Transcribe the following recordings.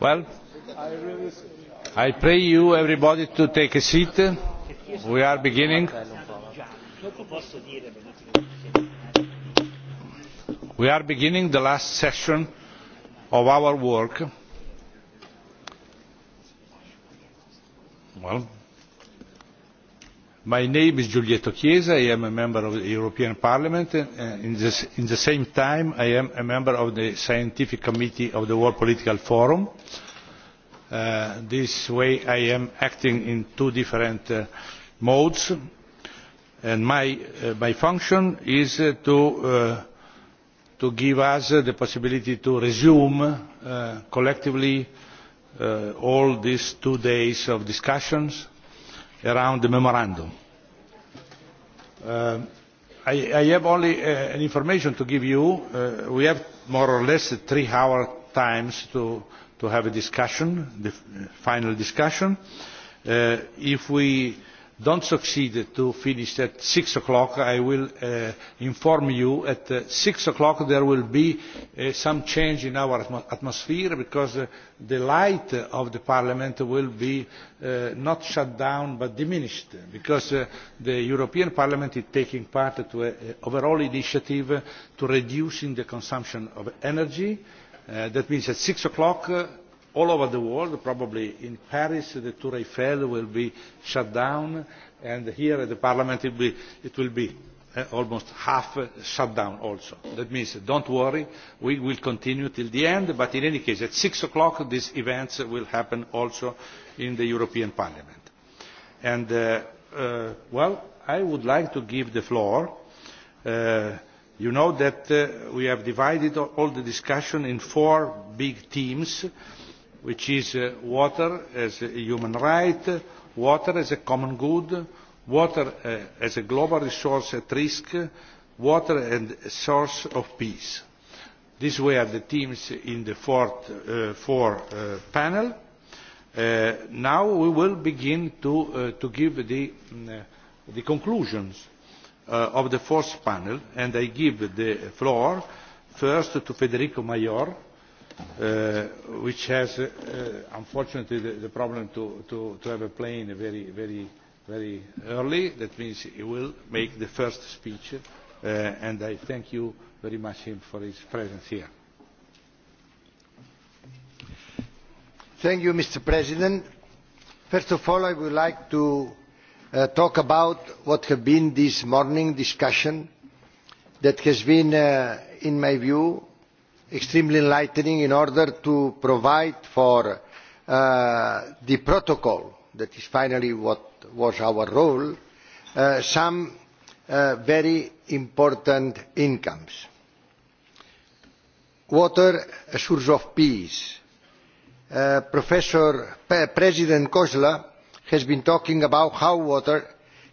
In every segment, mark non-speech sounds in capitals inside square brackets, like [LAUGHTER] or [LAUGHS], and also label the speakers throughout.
Speaker 1: well
Speaker 2: i pray you everybody to take a seat we are beginning we are beginning the last session of our work well my name is giulietto chiesa i am a member of the european parliament and at uh, the same time i am a member of the scientific committee of the world political forum. in uh, this way i am acting in two different uh, modes and my function is to give us the possibility to resume collectively all these two days of discussions around the memorandum. Uh, i have only uh, information to give you. Uh, we have more or less three hour time to have a discussion the final discussion. if do not succeed in finishing at six o'clock i will uh, inform you that at uh, six o'clock there will be uh, some change in our atmosphere because the light of the parliament will be not shut down but diminished because the european parliament is taking part in an overall initiative to reduce the consumption of energy. that means at six o'clock all over the world, probably in Paris, the Tour Eiffel will be shut down, and here at the Parliament it will be, it will be uh, almost half uh, shut down also. That means, don't worry, we will continue till the end, but in any case, at 6 o'clock these events will happen also in the European Parliament. And, uh, uh, well, I would like to give the floor. Uh, you know that uh, we have divided all the discussion in four big themes. Uh, which is uh, water as a human right water as a common good water uh, as a global resource at risk water as a source of peace. these were the themes in the fourth uh, panel. now we will begin to give the mm, conclusions of the fourth panel and i give the floor first to federica mayor Uh, which has uh, uh, unfortunately the problem of having a plane very early. that means he will make the first speech and i thank him very much for his presence here.
Speaker 3: mr president first of all i would like to talk about what has been this morning's discussion that has been in my view extremely enlightening in order to provide for uh, the protocol that is finally what was our role uh, some uh, very important incomes water a source of peace. president kozla has been talking about how water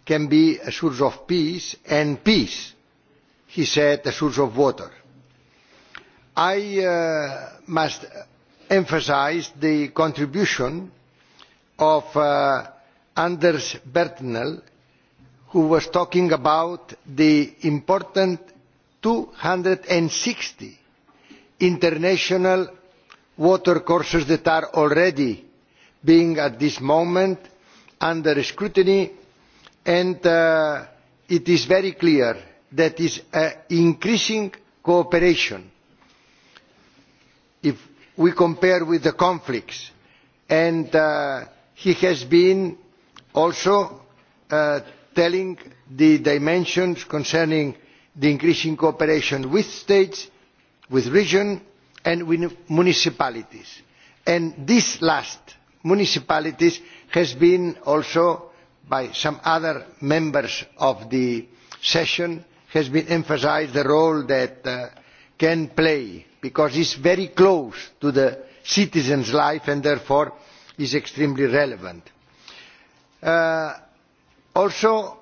Speaker 3: can be a source of peace and peace he said a source of water i uh, must emphasise the contribution of uh, anders bertel who was talking about the important two hundred and sixty international water courses that are already being at this moment under scrutiny and uh, it is very clear that there is increasing cooperation if we compare with the conflicts and uh, he has been also uh, telling the dimensions concerning the increasing cooperation with states with region and with municipalities and this last municipalities has been also by some other members of the session has been emphasized the role that uh, can play uh, because it is very close to citizens' lives and therefore is extremely relevant. Uh, also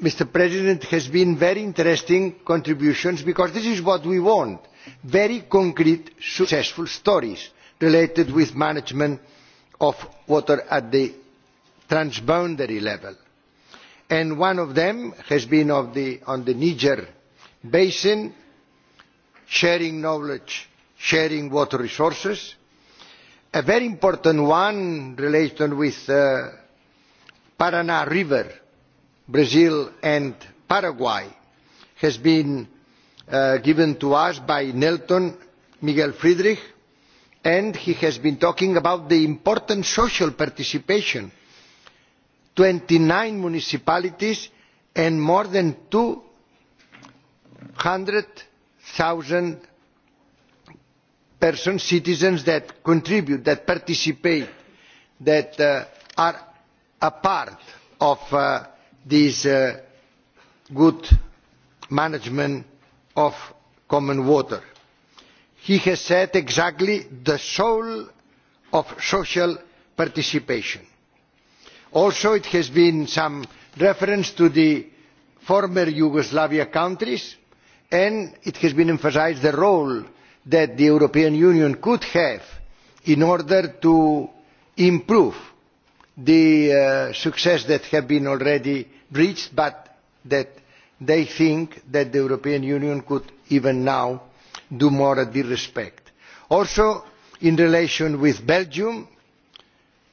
Speaker 3: mr president there have been very interesting contributions because this is what we want very concrete successful stories related with management of water at the transboundary level. one of them has been on the niger basin sharing knowledge, sharing water resources. A very important one related with the uh, Paraná River, Brazil and Paraguay, has been uh, given to us by Nelton Miguel Friedrich, and he has been talking about the important social participation. 29 municipalities and more than 200 thousand persons citizens that contribute that participate that uh, are a part of uh, this uh, good management of common water. He has said exactly the soul of social participation. Also, it has been some reference to the former Yugoslavia countries and it has been emphasised the role that the european union could have in order to improve the uh, successes that have been already reached but that they think that the european union could even now do more in this respect. also in relation with belgium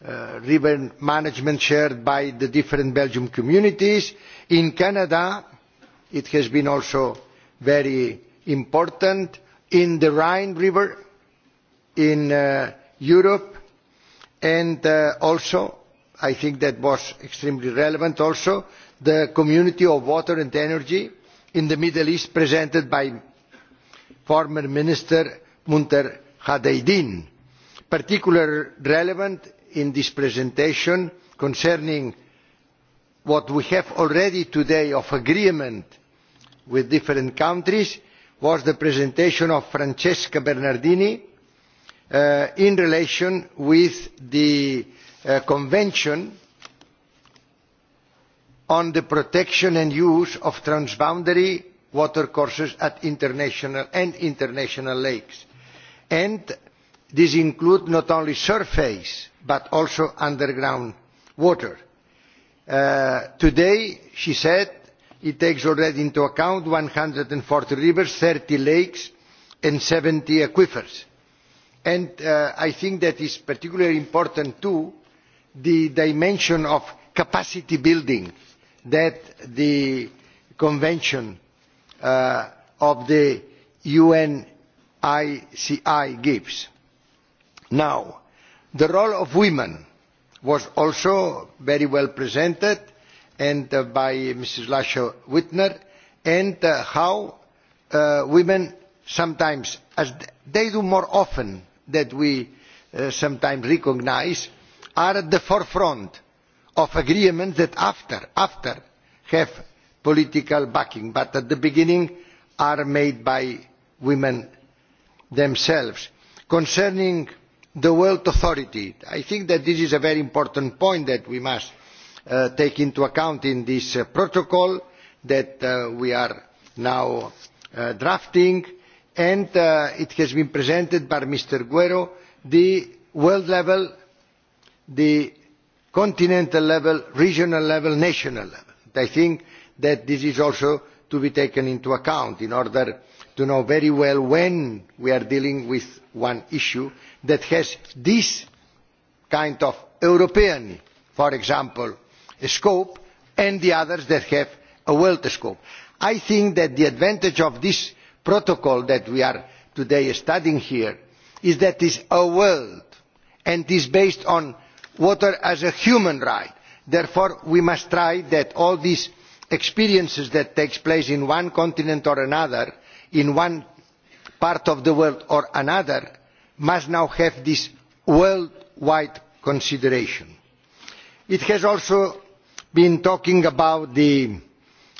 Speaker 3: uh, river management shared by the different belgian communities in canada it has been also very important in the Rhine River in uh, Europe and uh, also I think that was extremely relevant also the community of water and energy in the Middle East presented by former minister Munter Hadeidin. Particularly relevant in this presentation concerning what we have already today of agreement with different countries was the presentation of francesca bernardini uh, in relation with the uh, convention on the protection and use of transboundary watercourses at international and international lakes. this includes not only surface but also underground water. Uh, today she said it takes already into account one hundred and forty rivers thirty lakes and seventy aquifers. Uh, i think that is particularly important too the dimension of capacity building that the convention uh, of the unici gives. now the role of women was also very well presented and uh, by mrs lsa widner and uh, how uh, women sometimes as they do more often than we sometimes recognise are at the forefront of agreements that after after have political backing but at the beginning are made by women themselves. concerning the world authority i think that this is a very important point that we must Uh, take into account in this uh, protocol that uh, we are now drafting and it has been presented by mr guerro the world level the continental level regional level and national level. i think that this is also to be taken into account in order to know very well when we are dealing with one issue that has this kind of european for example scope and the others that have a world scope. i think that the advantage of this protocol that we are studying today here is that it is a world and it is based on water as a human right. therefore we must try to have all these experiences that take place in one continent or another in one part of the world or another must now have this worldwide consideration. it has also been talking about the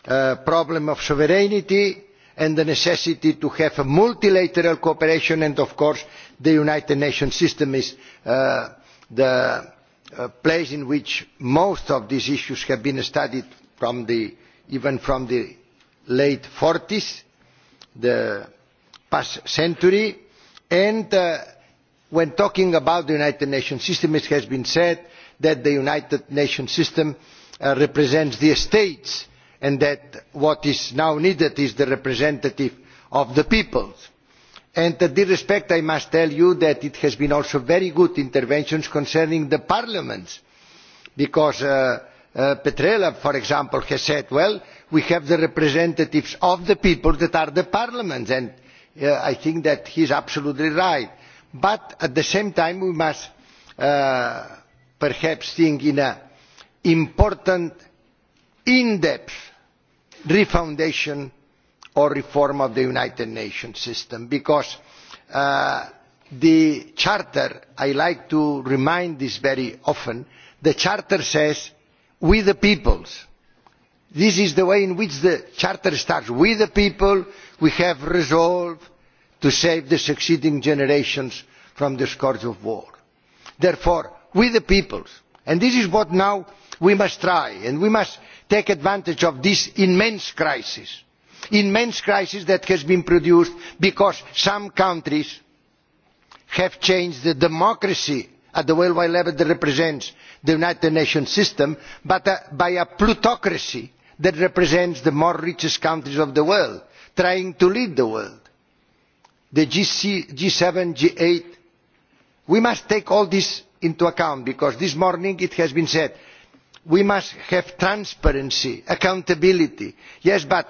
Speaker 3: uh, problem of sovereignty and the necessity to have a multilateral cooperation and of course the United Nations system is uh, the uh, place in which most of these issues have been studied from the, even from the late 40s, the past century. And uh, when talking about the United Nations system, it has been said that the United Nations system uh, Uh, represents the states and that what is now needed is the representative of the peoples. in this respect i must tell you that there have been also very good interventions concerning the parliaments because uh, uh, petrella for example has said well we have the representatives of the people that are the parliaments and i think that he is absolutely right. but at the same time we must perhaps think in important in depth refoundation or reform of the united nations system because uh, the charter i like to remind this very often the charter says we the peoples. this is the way in which the charter starts we the people we have resolved to save the succeeding generations from the scourge of war. therefore we the peoples and this is what now we must try and we must take advantage of this immense crisis immense crisis that has been produced because some countries have changed the democracy at the worldwide level that represents the united nations system but uh, by a plutocracy that represents the more richest countries of the world trying to lead the world the GC, g7 g8 we must take all this into account because this morning it has been said we must have transparency and accountability. yes but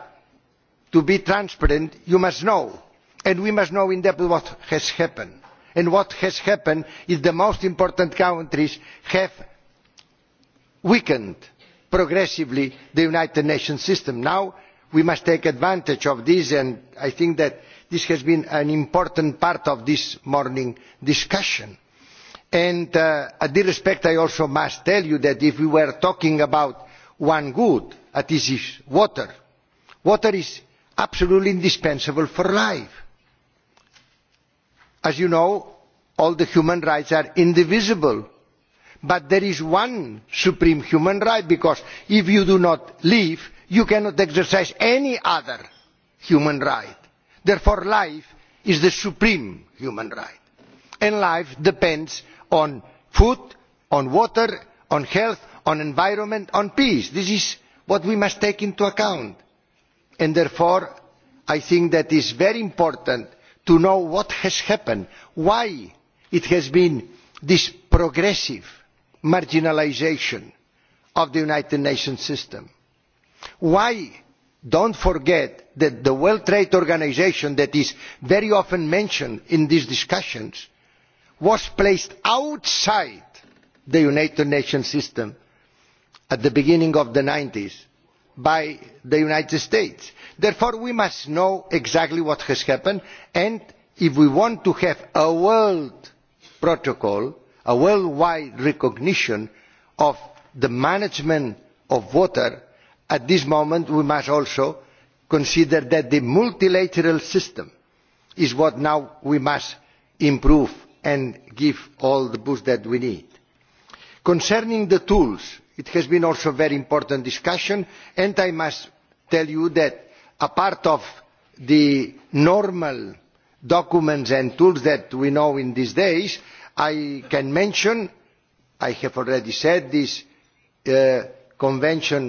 Speaker 3: to be transparent you must know and we must know in depth what has happened and what has happened is that the most important countries have weakened progressively the united nations system. now we must take advantage of this and i think that this has been an important part of this morning's discussion and in uh, this respect i also must tell you that if we were talking about one good uh, it is water. water is absolutely indispensable for life. as you know all the human rights are indivisible but there is one supreme human right because if you do not live you cannot exercise any other human right. therefore life is the supreme human right and life depends on food on water on health on the environment on peace. this is what we must take into account and therefore i think that it is very important to know what has happened why there has been this progressive marginalisation of the united nations system. why do not forget that the world trade organisation which is very often mentioned in these discussions was placed outside the united nations system at the beginning of the one thousand nine hundred and ninety s by the united states. therefore we must know exactly what has happened and if we want to have a world protocol a worldwide recognition of the management of water at this moment we must also consider that the multilateral system is what we now must improve and give all the boost that we need. concerning the tools it has been also a very important discussion and i must tell you that apart from the normal documents and tools that we know in these days i can mention i have already said this the uh, convention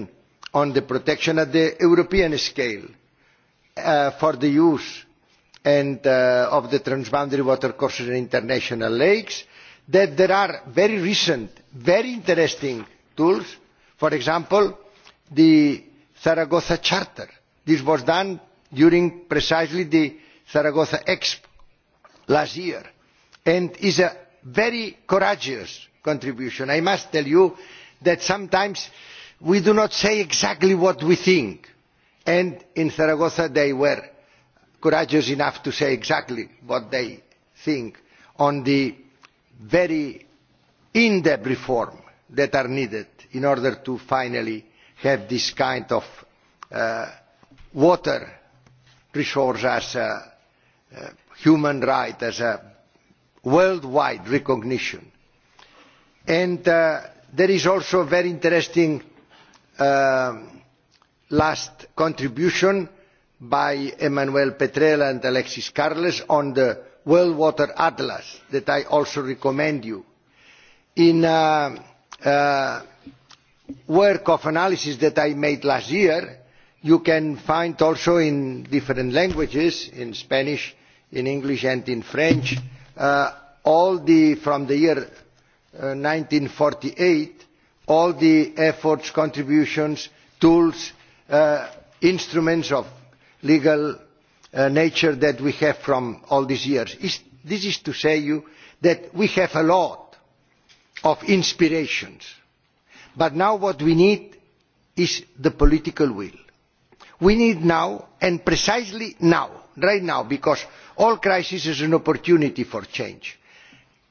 Speaker 3: on the protection at the european scale uh, for the use and uh, of the transboundary watercourses in international lakes that there are very recent very interesting tools for example the Zaragoza Charter. This was done during precisely the Zaragoza Expo last year and is a very courageous contribution. I must tell you that sometimes we do not say exactly what we think and in Zaragoza they were courageous enough to say exactly what they think on the very in-depth reform that are needed in order to finally have this kind of uh, water resource as a, a uh, human right, as a worldwide recognition. And uh, there is also a very interesting um, last contribution by emmanuel petrella and alexis carles on the world water atlas that i also recommend you. in the uh, uh, work of analysis that i made last year you can find also in different languages in spanish in english and in french uh, all the from the year one thousand nine hundred and forty eight all the efforts contributions tools instruments of legal uh, nature that we have from all these years. Is, this is to say you that we have a lot of inspirations. But now what we need is the political will. We need now, and precisely now, right now, because all crisis is an opportunity for change.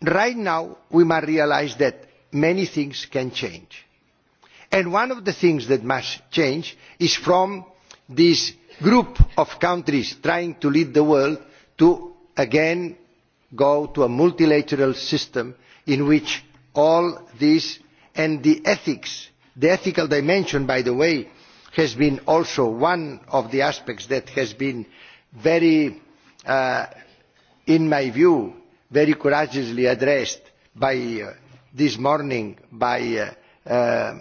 Speaker 3: Right now, we must realize that many things can change. And one of the things that must change is from this group of countries trying to lead the world to again go to a multilateral system in which all this and the ethics the ethical dimension by the way has been also one of the aspects that has been very uh, in my view very courageously addressed uh, this morning by uh,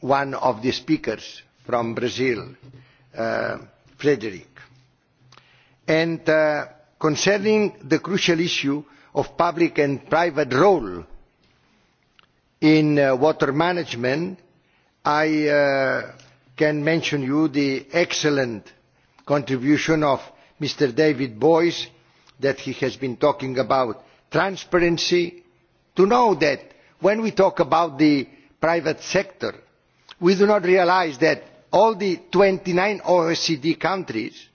Speaker 3: one of the speakers from brazil frdrik and uh, concerning the crucial issue of public and private role in uh, water management i uh, can mention you the excellent contribution of mr david boyce that he has been talking about transparency to know that when we talk about the private sector we do not realize that all the twenty nine oecd countries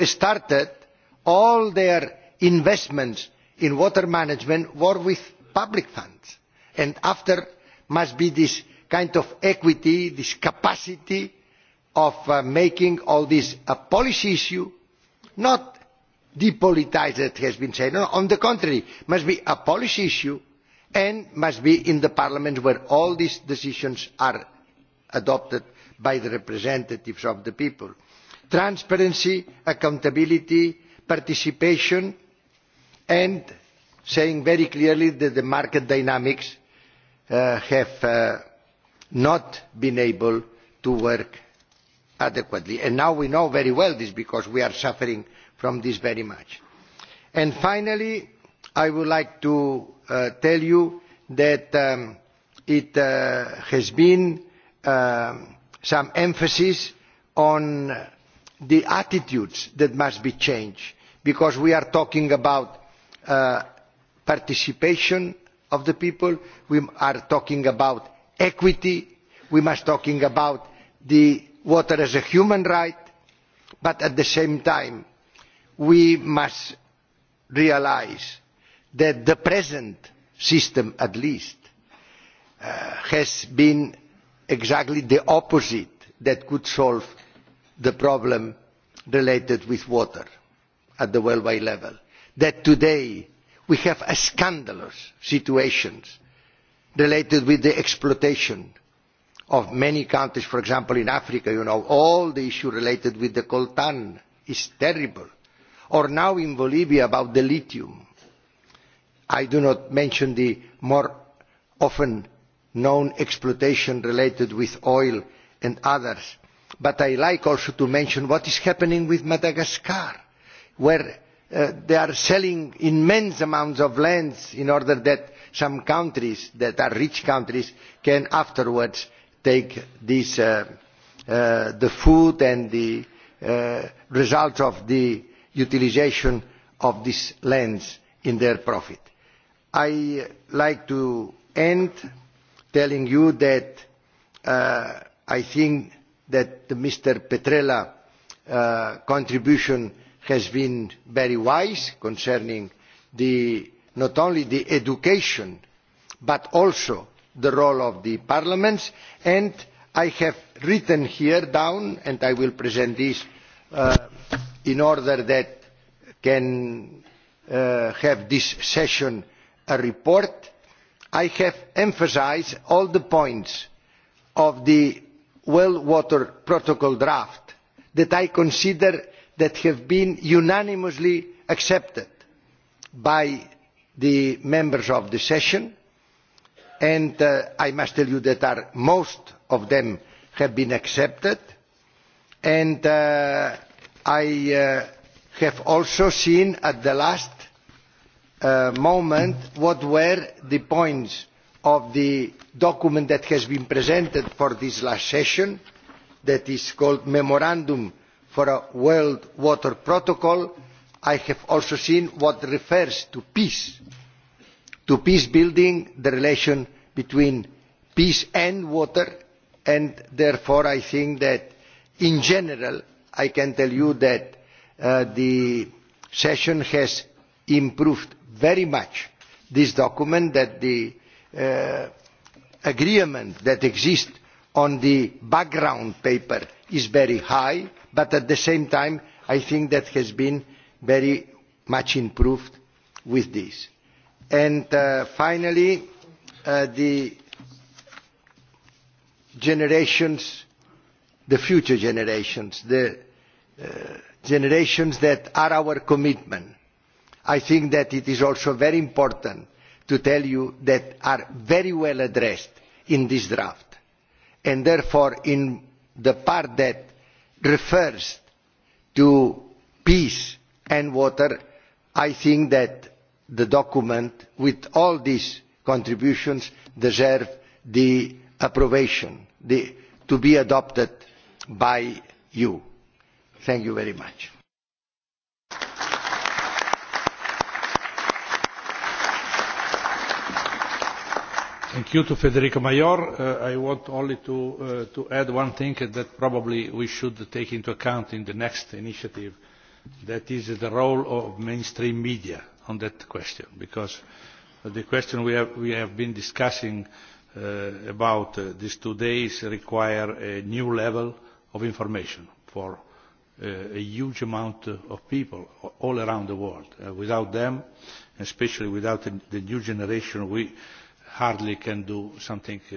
Speaker 3: started all their investments in water management were with public funds and after must be this kind of equity this capacity of uh, making all this a uh, policy issue not depoliticized it has been said no, on the contrary must be a policy issue and must be in the parliament where all these decisions are adopted by the representatives of the people. Transparency, accountability, participation and saying very clearly that the market dynamics uh, have uh, not been able to work adequately. And now we know very well this because we are suffering from this very much. And finally, I would like to uh, tell you that um, it uh, has been uh, some emphasis on the attitudes that must be changed because we are talking about the uh, participation of the people we are talking about equity we must talking about the water as a human right but at the same time we must realize that the present system at least uh, has been exactly the opposite that could solve the problem related with water at the worldwide level. That today we have a scandalous situation related with the exploitation of many countries, for example in Africa, you know, all the issues related with the coltan is terrible. Or now in Bolivia about the lithium. I do not mention the more often known exploitation related with oil and others. But I like also to mention what is happening with Madagascar, where uh, they are selling immense amounts of lands in order that some countries that are rich countries can afterwards take this, uh, uh, the food and the uh, results of the utilization of these lands in their profit. I like to end telling you that uh, I think that the Mr. Petrella uh, contribution has been very wise concerning the, not only the education, but also the role of the parliaments. And I have written here down, and I will present this uh, in order that can uh, have this session a report, uh, i have emphasised all the points of the well water protocol draft that i consider have been unanimously accepted by the members of the session and uh, i must tell you that most of them have been accepted and uh, i uh, have also seen at the last Uh, moment what were the points of the document that has been presented for this last session that is called memorandum for a world water protocol. i have also seen what refers to peace to peace building the relation between peace and water and therefore i think that in general i can tell you that uh, the session has improved very much this document that the uh, agreement that exists on the background paper is very high, but at the same time, I think that has been very much improved with this. And uh, finally, uh, the generations, the future generations, the uh, generations that are our commitment, i think that it is also very important to tell you that are very well addressed in this draft and therefore in the part that refers to peace and water i think that the document with all these contributions deserves the approbation to be adopted by you. thank you very much.
Speaker 2: federica mayor uh, i want only uh, to add one thing that probably we should take into account in the next initiative that is the role of mainstream media on that question because the question we have been discussing uh, about these two days requires a new level of information for a huge amount of people all around the world. without them especially without the new generation we hardly can do something uh,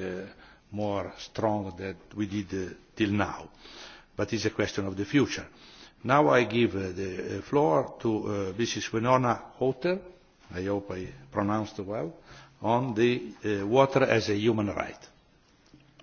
Speaker 2: more strong than we did uh, till now. But it's a question of the future. Now I give uh, the uh, floor to uh, Mrs. Winona Hotel, I hope I pronounced well, on the uh, water as a human right.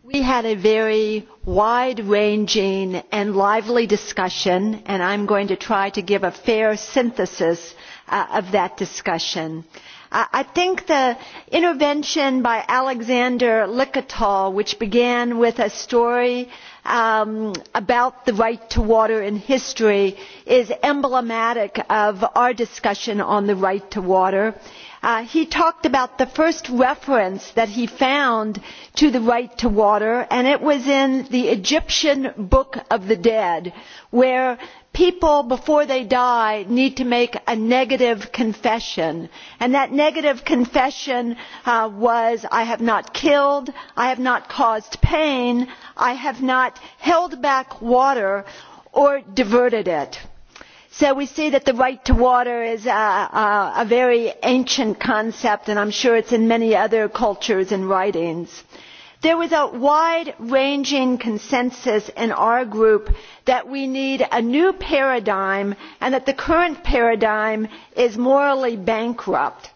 Speaker 4: We had a very wide-ranging and lively discussion, and I'm going to try to give a fair synthesis uh, of that discussion i think the intervention by alexander liketal which began with a story um, about the right to water in history is emblematic of our discussion on the right to water. Uh, he talked about the first reference that he found to the right to water and it was in the egyptian book of the dead where people before they die need to make a negative confession and that negative confession uh, was i have not killed i have not caused pain i have not held back water or diverted it'. so we see that the right to water is a very ancient concept and i am sure it is in many other cultures and writings there was a wide ranging consensus in our group that we need a new paradigm and that the current paradigm is morally bankrupt.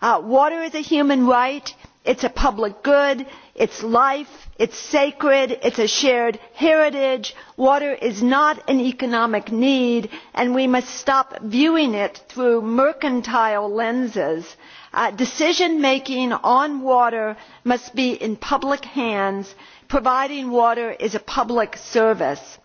Speaker 4: Uh, water is a human right it is a public good it is life it is sacred it is a shared heritage. water is not an economic need and we must stop viewing it through mercantile lenses. Uh, decision making on water must be in public hands providing water is a public service.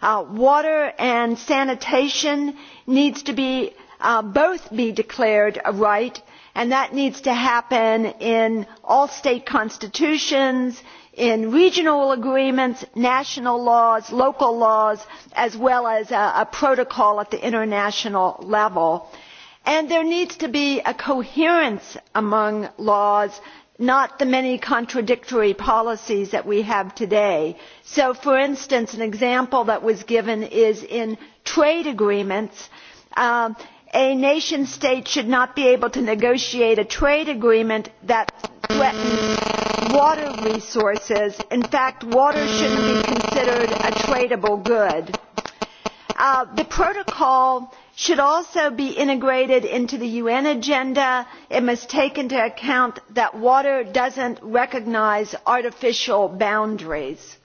Speaker 4: Uh, water and sanitation need to uh, both be declared a right and that needs to happen in all state constitutions in regional agreements national laws local laws as well as a protocol at the international level and there needs to be a coherence among laws not the many contradictory policies that we have today. for instance an example that was given is that in trade agreements um, a nation state should not be able to negotiate a trade agreement that threatens water resources. in fact water should not be considered a tradable good. Uh, the protocol should also be integrated into the un agenda. it must take into account that water does not recognise artificial boundaries.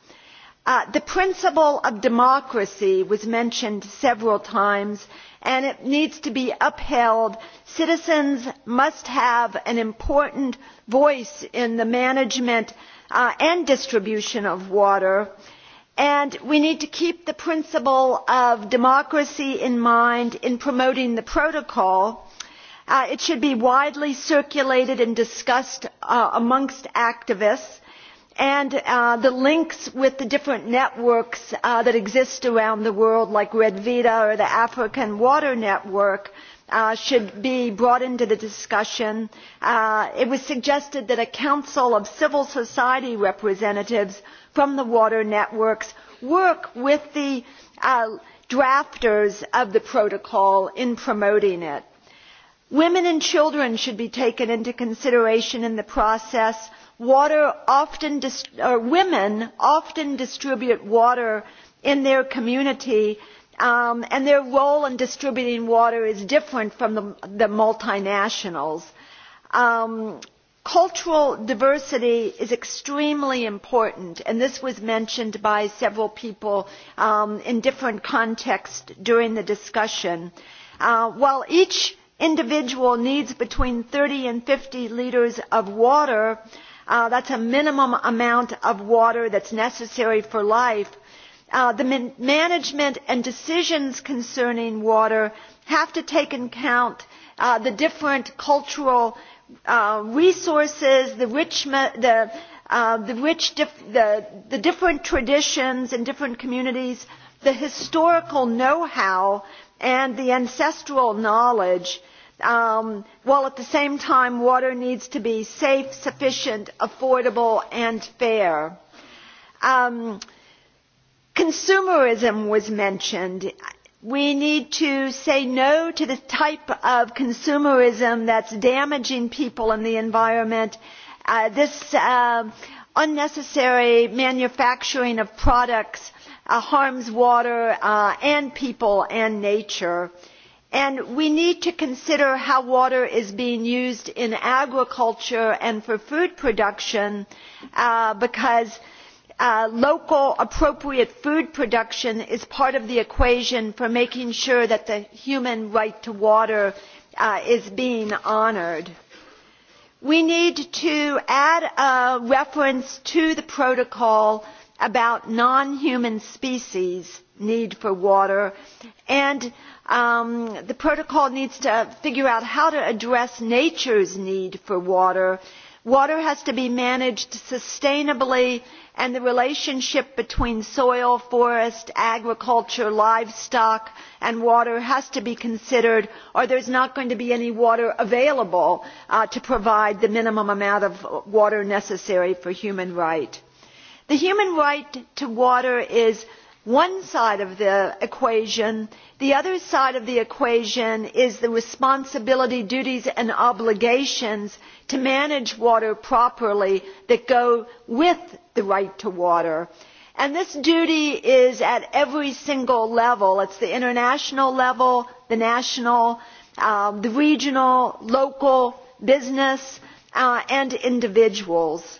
Speaker 4: Uh, the principle of democracy was mentioned several times and it needs to be upheld. citizens must have an important voice in the management uh, and distribution of water and and we need to keep the principle of democracy in mind in promoting the protocol. Uh, it should be widely circulated and discussed uh, amongst activists and uh, the links with the different networks that exist around the world like red vita or the african water network should be brought into the discussion. it was suggested that a council of civil society representatives from the water networks work with the uh, drafters of the protocol in promoting it. women and children should be taken into consideration in the process. Water often dis- or women often distribute water in their community um, and their role in distributing water is different from the, the multinationals. Um, cultural diversity is extremely important and this was mentioned by several people um, in different contexts during the discussion. Uh, while each individual needs between thirty and fifty litres of water uh, that is a minimum amount of water that is necessary for life uh, the management and decisions concerning water have to take account of the different cultural Uh, resources the rich the uh, the rich the different traditions in different communities the historical know how and the ancestral knowledge um, while at the same time water needs to be safe sufficient affordable and fair um, consumerism was mentioned we need to say no to the type of consumerism that is damaging people and the environment uh, this um, unnecessary manufacturing of products uh, harms water uh, and people and nature and we need to consider how water is being used in agriculture and for food production because Uh, local appropriate food production is part of the equation for making sure that the human right to water uh, is being honoured. we need to add a reference to the protocol about non human species' need for water and um, the protocol needs to figure out how to address nature's need for water. water has to be managed sustainably and the relationship between soil forest agriculture livestock and water has to be considered or there is not going to be any water available uh, to provide the minimum amount of water necessary for human rights. the human right to water is one side of the equation the other side of the equation is the responsibility duties and obligations to manage water properly that go with the right to water and this duty is at every single level it is the international level the national um, the regional local business uh, and individuals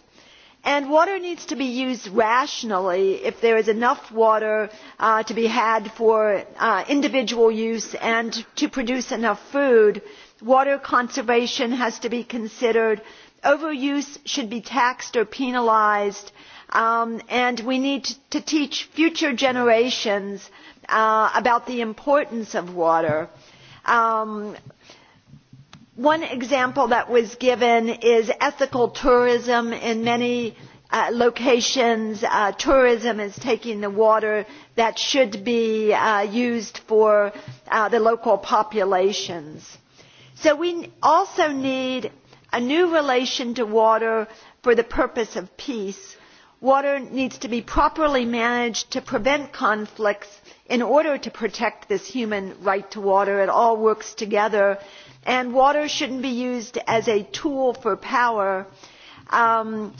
Speaker 4: and water needs to be used rationally if there is enough water uh, to be had for uh, individual use and to produce enough food water conservation has to be considered overuse should be taxed or penalised um, and we need to teach future generations uh, about the importance of water. Um, one example that was given is ethical tourism in many uh, locations uh, tourism is taking the water that should be uh, used for the local populations. so we also need a new relation to water for the purpose of peace. water needs to be properly managed to prevent conflicts in order to protect this human right to water. it all works together and water should not be used as a tool for power um,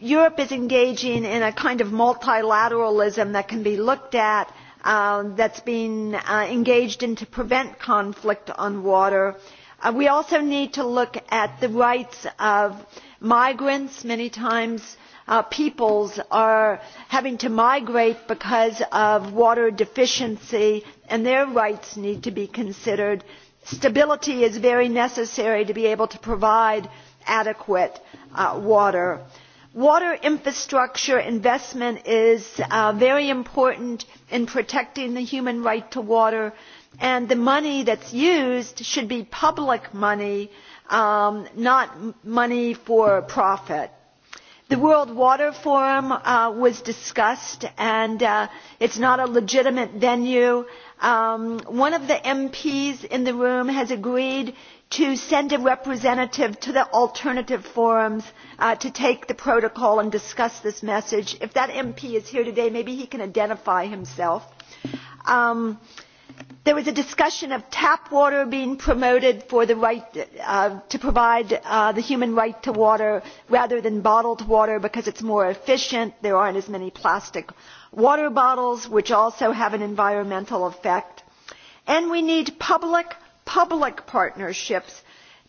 Speaker 4: europe is engaging in a kind of multilateralism that can be looked at uh, that is being uh, engaged in to prevent conflict on water. Uh, we also need to look at the rights of migrants many times peoples are having to migrate because of water deficiency and their rights need to be considered stability is very necessary to be able to provide adequate uh, water. water infrastructure investment is uh, very important in protecting the human right to water and the money that is used should be public money um, not money for profit. the world water forum uh, was discussed and it is not a legitimate venue. Um, one of the mps in the room has agreed to send a representative to the alternative forums uh, to take the protocol and discuss this message. if that mp is here today maybe he can identify himself. Um, there was a discussion of tap water being promoted for the right uh, to provide uh, the human right to water rather than bottled water because it is more efficient and there are not as many plastic water bottles which also have an environmental effect and we need public public partnerships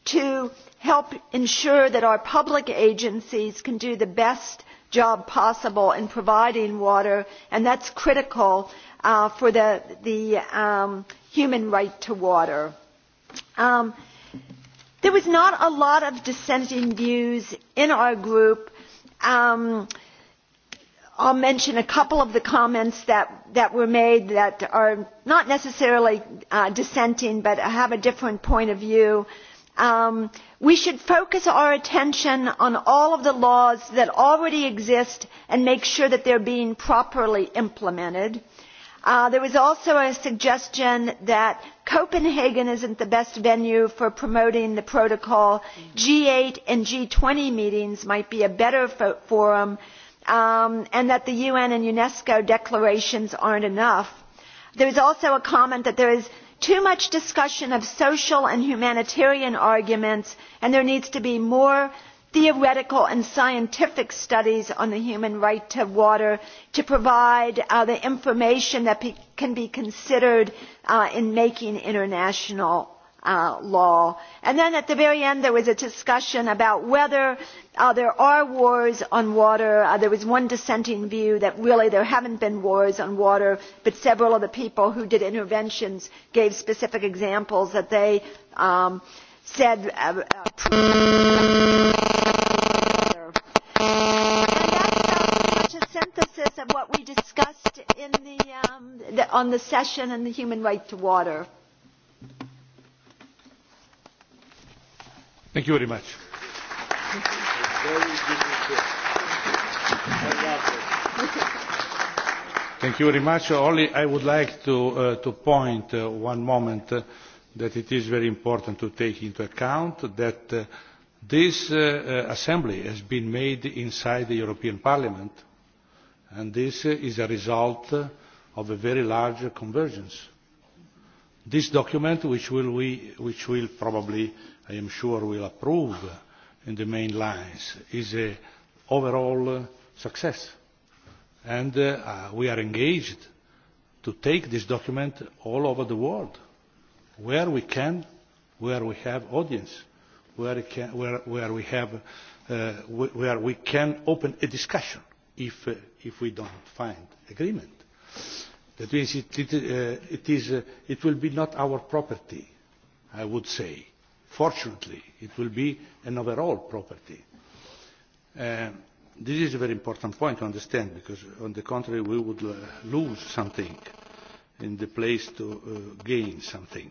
Speaker 4: to help ensure that our public agencies can do the best job possible in providing water and that's critical uh, for the, the um, human right to water. Um, there was not a lot of dissenting views in our group um, i will mention a couple of the comments that were made that are not necessarily uh, dissenting but have a different point of view. Um, we should focus our attention on all of the laws that already exist and make sure that they are being properly implemented. Uh, there was also a suggestion that copenhagen is not the best venue for promoting the protocol g eight and g twenty meetings might be a better forum um, and that the un and unesco declarations aren't enough. there is also a comment that there is too much discussion of social and humanitarian arguments and there needs to be more theoretical and scientific studies on the human right to water to provide uh, the information that pe- can be considered uh, in making international Uh, law. And then at the very end, there was a discussion about whether uh, there are wars on water. Uh, there was one dissenting view that really there haven't been wars on water, but several of the people who did interventions gave specific examples that they um, said. Uh, uh, synthesis of what we discussed in the, um, the, on the session on the human right to water.
Speaker 2: thank you very much. thank you very much. only i would like to, uh, to point uh, one moment uh, that it is very important to take into account that uh, this uh, uh, assembly has been made inside the european parliament and this uh, is a result uh, of a very large uh, convergence. this document, which will, we, which will probably i am sure will approve in the main lines is an overall uh, success and uh, uh, we are engaged to take this document all over the world where we can where we have audience where, can, where, where we have uh, where we can open a discussion if, uh, if we don't find agreement that means it, it, uh, it, is, uh, it will be not our property i would say uh, fortunately it will be an overall property. Uh, this is a very important point to understand because on the contrary we would uh, lose something in the place to uh, gain something.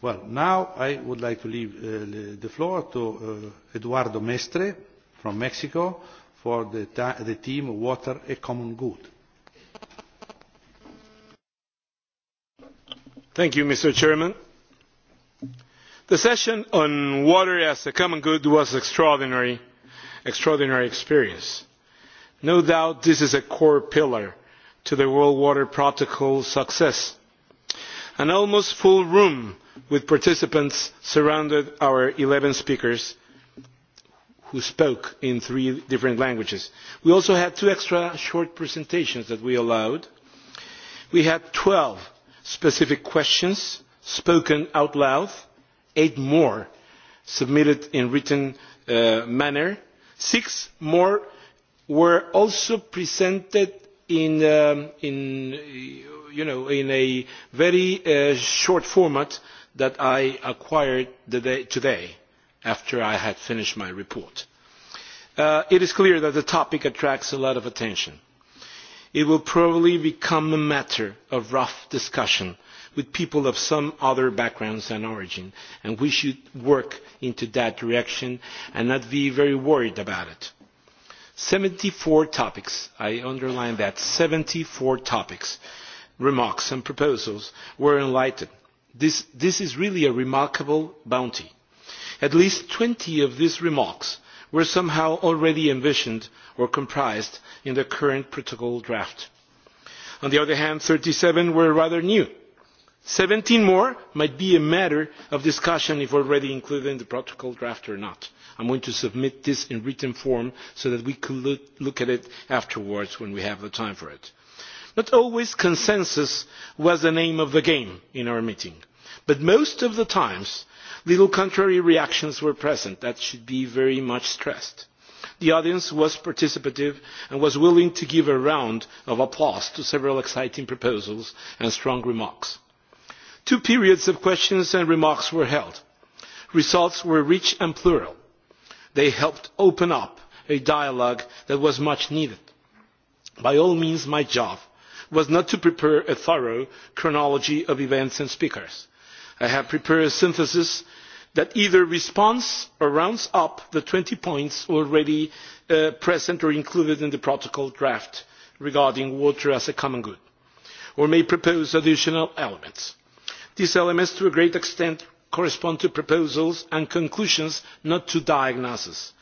Speaker 2: Well, now I would like to leave uh, the floor to uh, Eduardo Mestre from Mexico for the, the team Water a Common
Speaker 1: Good. Thank you, Mr. Chairman the session on water as a common good was an extraordinary, extraordinary experience. no doubt this is a core pillar to the world water protocol's success. an almost full room with participants surrounded our 11 speakers who spoke in three different languages. we also had two extra short presentations that we allowed. we had 12 specific questions spoken out loud eight more submitted in a written uh, manner six more were also presented in um, a very uh, short format that i acquired today after i had finished my report. Uh, it is clear that the topic attracts a lot of attention it will probably become a matter of rough discussion with people of some other backgrounds and origin, and we should work into that direction and not be very worried about it. 74 topics, I underline that, 74 topics, remarks and proposals were enlightened. This, this is really a remarkable bounty. At least 20 of these remarks were somehow already envisioned or comprised in the current protocol draft. on the other hand thirty seven were rather new. seventeen more might be a matter of discussion if already included in the protocol draft or not. i am going to submit this in written form so that we can look at it afterwards when we have the time for it. not always consensus was the name of the game in our meeting but most of the times little contrary reactions were present that should be very much stressed. The audience was participative and was willing to give a round of applause to several exciting proposals and strong remarks. Two periods of questions and remarks were held. Results were rich and plural. They helped open up a dialogue that was much needed. By all means, my job was not to prepare a thorough chronology of events and speakers i have prepared a synthesis that either responds or rounds up the twenty points already uh, present or included in the protocol draft regarding water as a common good or may propose additional elements. these elements to a great extent correspond to proposals and conclusions not to diagnoses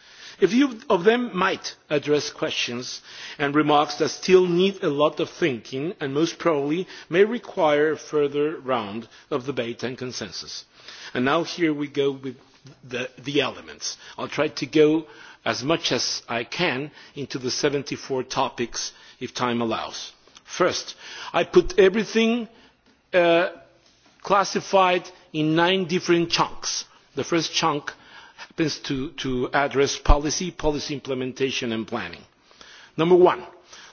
Speaker 1: a few of them might address questions and remarks that still need a lot of thinking and most probably may require a further round of debate and consensus. and now here we go with the, the elements. i'll try to go as much as i can into the 74 topics if time allows. first, i put everything uh, classified in nine different chunks. the first chunk happens to address policy policy implementation and planning. number one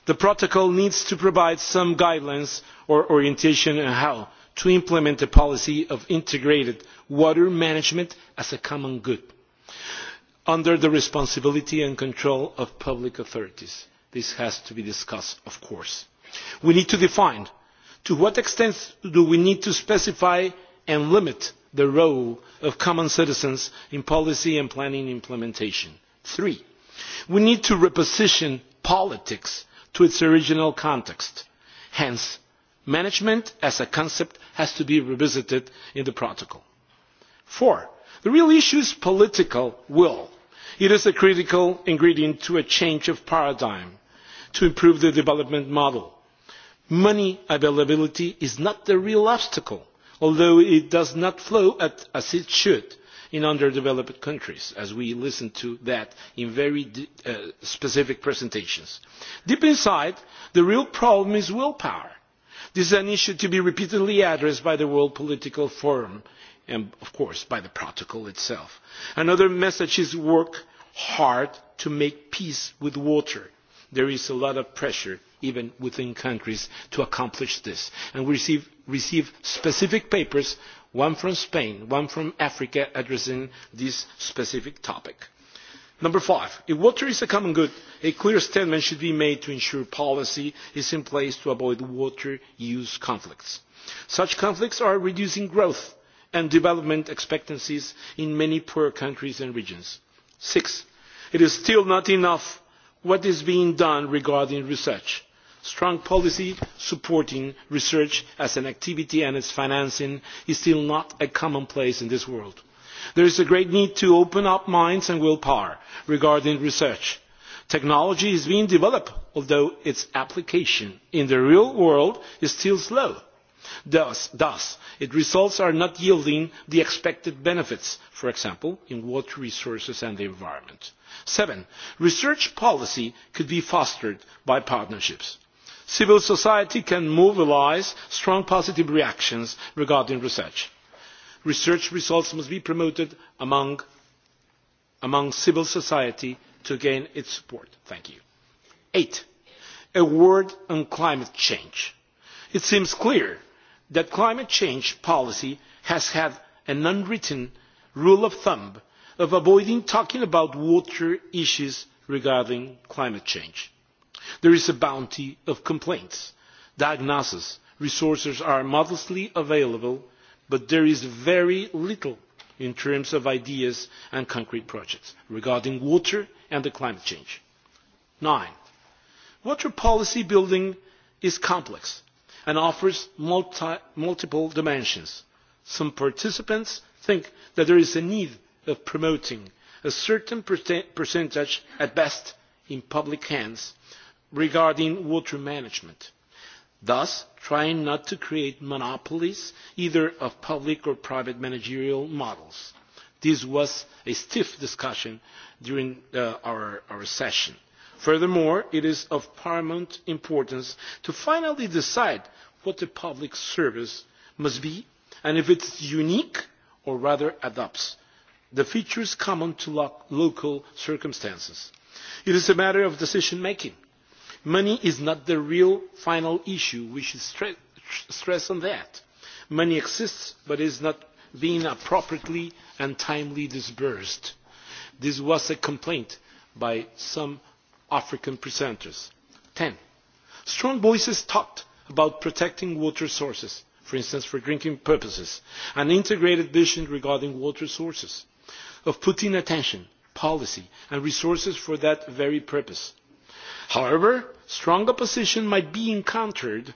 Speaker 1: the protocol needs to provide some guidelines or orientation on how to implement a policy of integrated water management as a common good under the responsibility and control of public authorities. this has to be discussed of course. we need to define to what extent do we need to specify and limit the role of common citizens in policy and planning implementation. three we need to reposition politics to its original context hence management as a concept has to be revisited in the protocol. four the real issue is political will. it is a critical ingredient to a change of paradigm to improve the development model. money availability is not the real obstacle although it does not flow as it should in underdeveloped countries as we listened to in very uh, specific presentations. deep inside the real problem is willpower. this is an issue to be repeatedly addressed by the world political forum and of course by the protocol itself. another message is work hard to make peace with water. there is a lot of pressure even within countries to accomplish this and we receive specific papers one from spain one from africa addressing this specific topic. number five if water is a common good a clear statement should be made to ensure policy is in place to avoid water use conflicts. such conflicts are reducing growth and development expectancies in many poor countries and regions. six it is still not enough what is being done regarding research strong policy supporting research as an activity and its financing is still not a commonplace in this world. there is a great need to open up minds and willpower regarding research. technology is being developed although its application in the real world is still slow. Thus, thus, its results are not yielding the expected benefits, for example, in water resources and the environment. seven, research policy could be fostered by partnerships civil society can mobilise strong positive reactions regarding research. research results must be promoted among civil society to gain its support. eighthly a word on climate change. it seems clear that climate change policy has had an unwritten rule of thumb of avoiding talking about water issues regarding climate change there is a bounty of complaints. Diagnosis resources are modestly available, but there is very little in terms of ideas and concrete projects regarding water and the climate change. 9. Water policy building is complex and offers multi multiple dimensions. Some participants think that there is a need of promoting a certain percentage at best in public hands regarding water management, thus trying not to create monopolies either of public or private managerial models. This was a stiff discussion during uh, our, our session. Furthermore, it is of paramount importance to finally decide what the public service must be and if it's unique or rather adopts the features common to lo local circumstances. It is a matter of decision making money is not the real final issue we should stress that. money exists but is not being appropriately and timely disbursed. this was a complaint by some african presenters. ten strong voices talked about protecting water sources for instance for drinking purposes an integrated vision regarding water sources of putting attention policy and resources for that very purpose however strong opposition might be encountered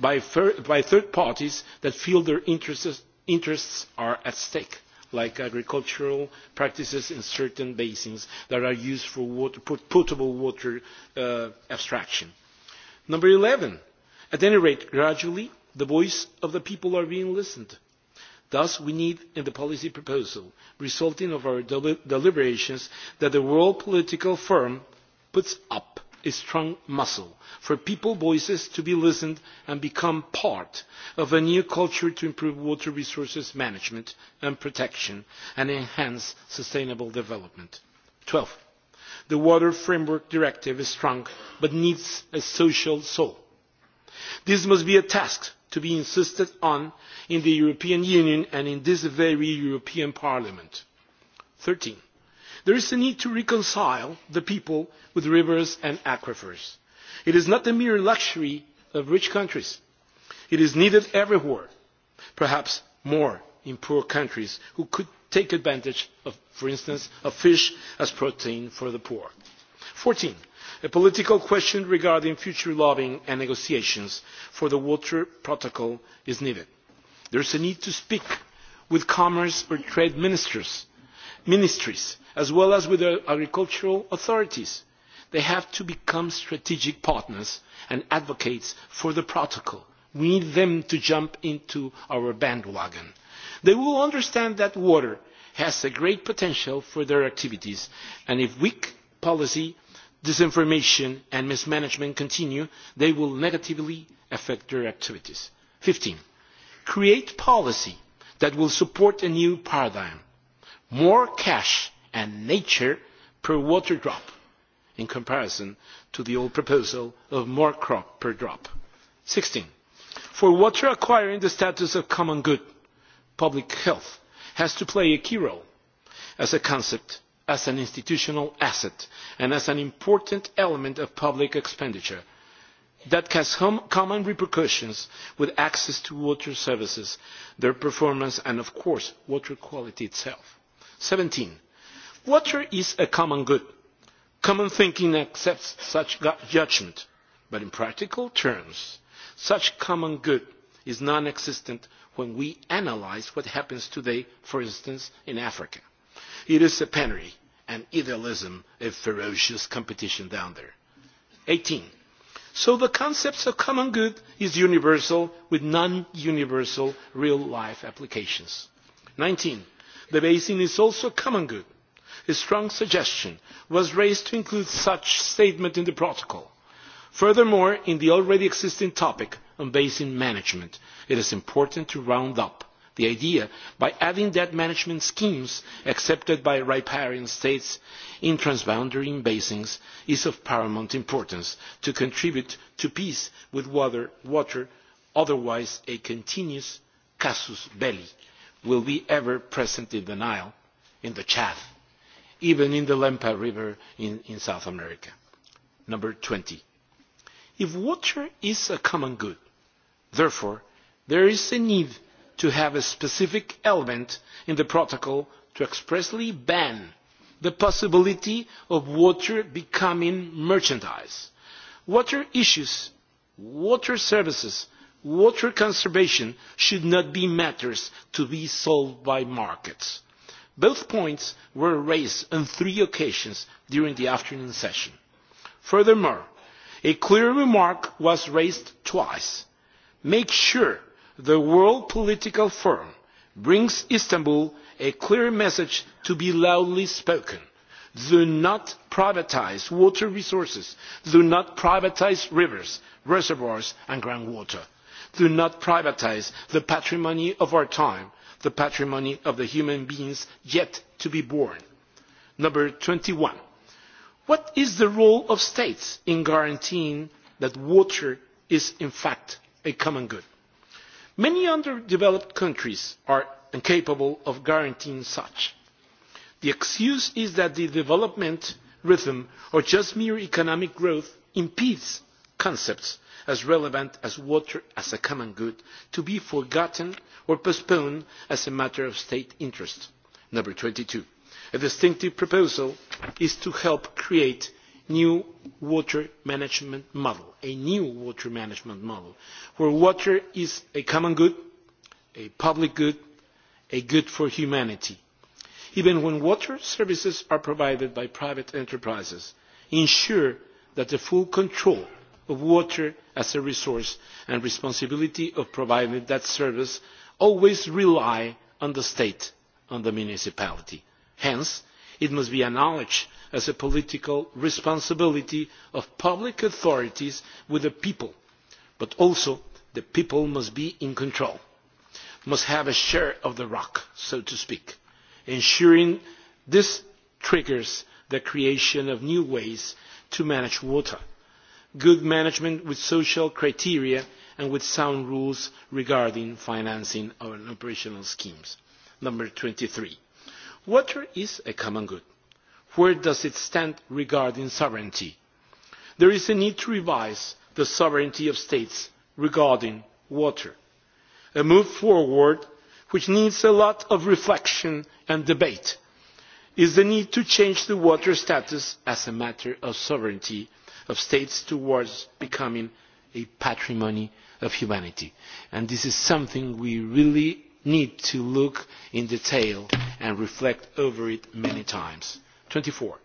Speaker 1: by third parties that feel their interests are at stake like agricultural practices in certain basins that are used for potable water uh, abstraction. eleven at any rate gradually the voice of the people is being listened to. thus we need in the policy proposal resulting from our deliberations that the world political forum puts a strong muscle for people's voices to be listened to and become part of a new culture to improve water resources management and protection and enhance sustainable development. twelve the water framework directive is strong but needs a social soul. this must be a task to be insisted on in the european union and in this very european parliament. thirteen there is a need to reconcile the people with rivers and aquifers. it is not the mere luxury of rich countries it is needed everywhere perhaps more in poor countries who could take advantage of for instance of fish as protein for the poor. fourteen a political question regarding future lobbying and negotiations for the water protocol is needed. there is a need to speak with commerce or trade ministers ministries as well as with the agricultural authorities. they have to become strategic partners and advocates for the protocol. we need them to jump into our bandwagon. they will understand that water has a great potential for their activities and if weak policy disinformation and mismanagement continue they will negatively affect their activities. fifteen create policy that will support a new paradigm more cash and nature per water drop in comparison to the old proposal of more crop per drop. 16. For water acquiring the status of common good, public health has to play a key role as a concept, as an institutional asset, and as an important element of public expenditure that has hum- common repercussions with access to water services, their performance, and of course, water quality itself seventeen water is a common good. Common thinking accepts such judgment, but in practical terms, such common good is non existent when we analyze what happens today, for instance, in Africa. It is a penury and idealism of ferocious competition down there. eighteen. So the concept of common good is universal with non universal real life applications. nineteen the basin is also a common good. a strong suggestion was raised to include such statement in the protocol. furthermore in the already existing topic on basin management it is important to round up the idea by adding that management schemes accepted by riparian states in transboundary basins is of paramount importance to contribute to peace with water, water otherwise a continuous casus belli will be ever present in the nile in the chad even in the lempa river in south america. number twenty if water is a common good therefore there is a need to have a specific element in the protocol to expressly ban the possibility of water becoming merchandise. water issues water services water conservation should not be matters to be solved by markets. Both points were raised on three occasions during the afternoon session. Furthermore, a clear remark was raised twice. Make sure the World Political Forum brings Istanbul a clear message to be loudly spoken. Do not privatize water resources. Do not privatize rivers, reservoirs and groundwater do not privatise the patrimony of our time the patrimony of the human beings yet to be born. number twenty one what is the role of states in guaranteeing that water is in fact a common good? many underdeveloped countries are incapable of guaranteeing such. the excuse is that the development rhythm or just mere economic growth impedes concepts as relevant as water as a common good to be forgotten or postponed as a matter of state interest. number twenty two a distinctive proposal is to help create a new water management model a new water management model where water is a common good a public good a good for humanity. even when water services are provided by private enterprises ensure that the full control of water as a resource and the responsibility of providing that service always rely on the state on the municipality. hence it must be acknowledged as a political responsibility of public authorities with the people but also the people must be in control must have a share of the rock so to speak. ensuring this triggers the creation of new ways to manage water good management with social criteria and with sound rules regarding financing and operational schemes. number twenty three water is a common good. where does it stand regarding sovereignty? there is a need to revise the sovereignty of states regarding water. a move forward which needs a lot of reflection and debate is the need to change the water status as a matter of sovereignty of states towards becoming a patrimony of humanity and this is something we really need to look at in detail and reflect over many times. twenty four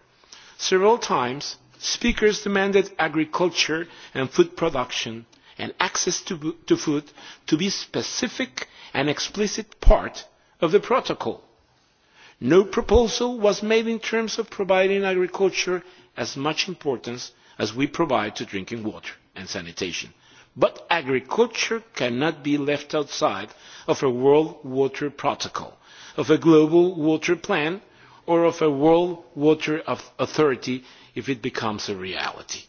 Speaker 1: several times speakers demanded agriculture and food production and access to food to be specific and explicit part of the protocol. no proposal was made in terms of providing agriculture as much importance as we provide to drinking water and sanitation. But agriculture cannot be left outside of a world water protocol, of a global water plan, or of a world water authority if it becomes a reality.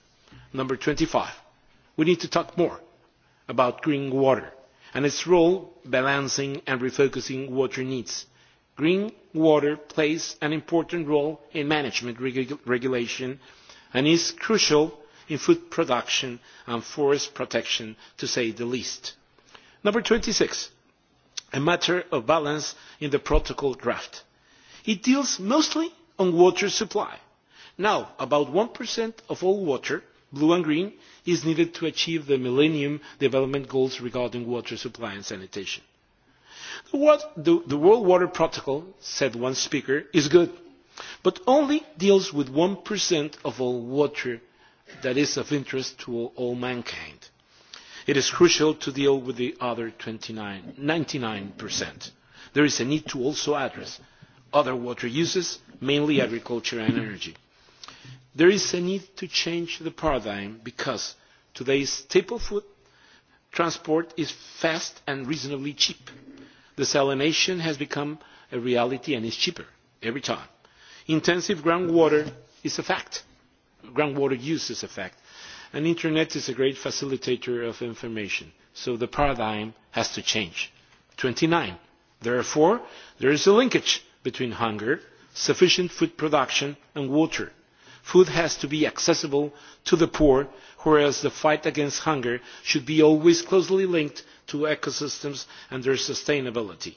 Speaker 1: Number 25, we need to talk more about green water and its role balancing and refocusing water needs. Green water plays an important role in management regu regulation and is crucial in food production and forest protection to say the least. number twenty six a matter of balance in the protocol draft it deals mostly on water supply. now about one percent of all water blue and green is needed to achieve the millennium development goals regarding water supply and sanitation. What the, the world water protocol said one speaker is good but only deals with one percent of all water that is of interest to all mankind. It is crucial to deal with the other 99 percent. There is a need to also address other water uses, mainly agriculture and energy. There is a need to change the paradigm because today's staple food transport is fast and reasonably cheap. Desalination has become a reality and is cheaper every time intensive groundwater is a fact. groundwater use is a fact. and the internet is a great facilitator of information. so the paradigm has to change. 29. therefore, there is a linkage between hunger, sufficient food production and water. food has to be accessible to the poor, whereas the fight against hunger should be always closely linked to ecosystems and their sustainability.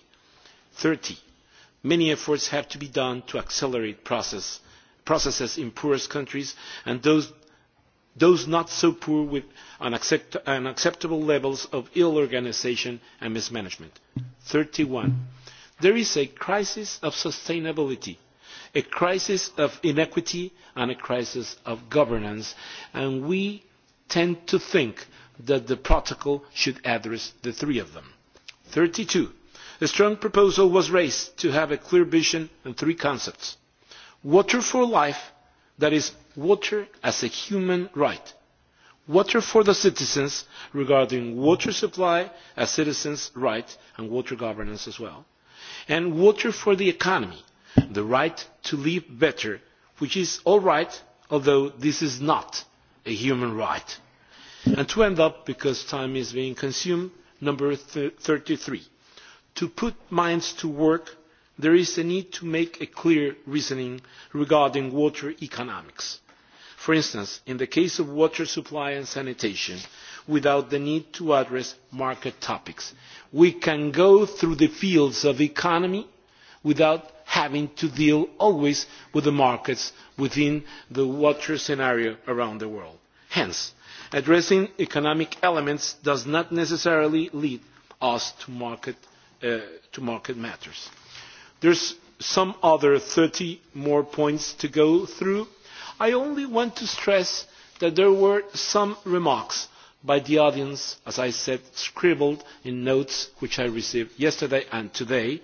Speaker 1: 30 many efforts have to be done to accelerate processes in poorest countries and those those not so poor with unaccept unacceptable levels of ill organisation and mismanagement. thirty one there is a crisis of sustainability a crisis of inequity and a crisis of governance and we tend to think that the protocol should address the three of them. thirty two a strong proposal was raised to have a clear vision and three concepts water for life that is water as a human right water for the citizens regarding water supply as citizens' right and water governance as well and water for the economy the right to live better which is all right although this is not a human right and to end up because time is being consumed number th thirty three to put minds to work there is a need to make a clear reasoning regarding water economics for instance in the case of water supply and sanitation without the need to address market topics we can go through the fields of economy without having to deal always with the markets within the water scenario around the world hence addressing economic elements does not necessarily lead us to market Uh, to market matters. there are some other thirty more points to go through. i only want to stress that there were some remarks by the audience as i said scribbled in notes which i received yesterday and today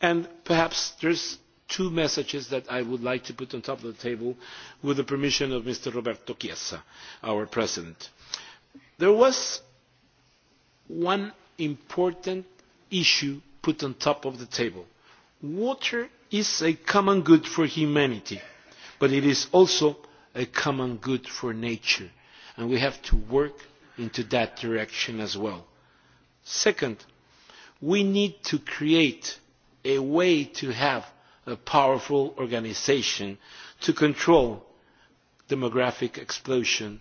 Speaker 1: and perhaps there are two messages that i would like to put on top of the table with the permission of mr roberto chiesa our president. there was one important issue put on top of the table. Water is a common good for humanity, but it is also a common good for nature, and we have to work into that direction as well. Second, we need to create a way to have a powerful organization to control demographic explosion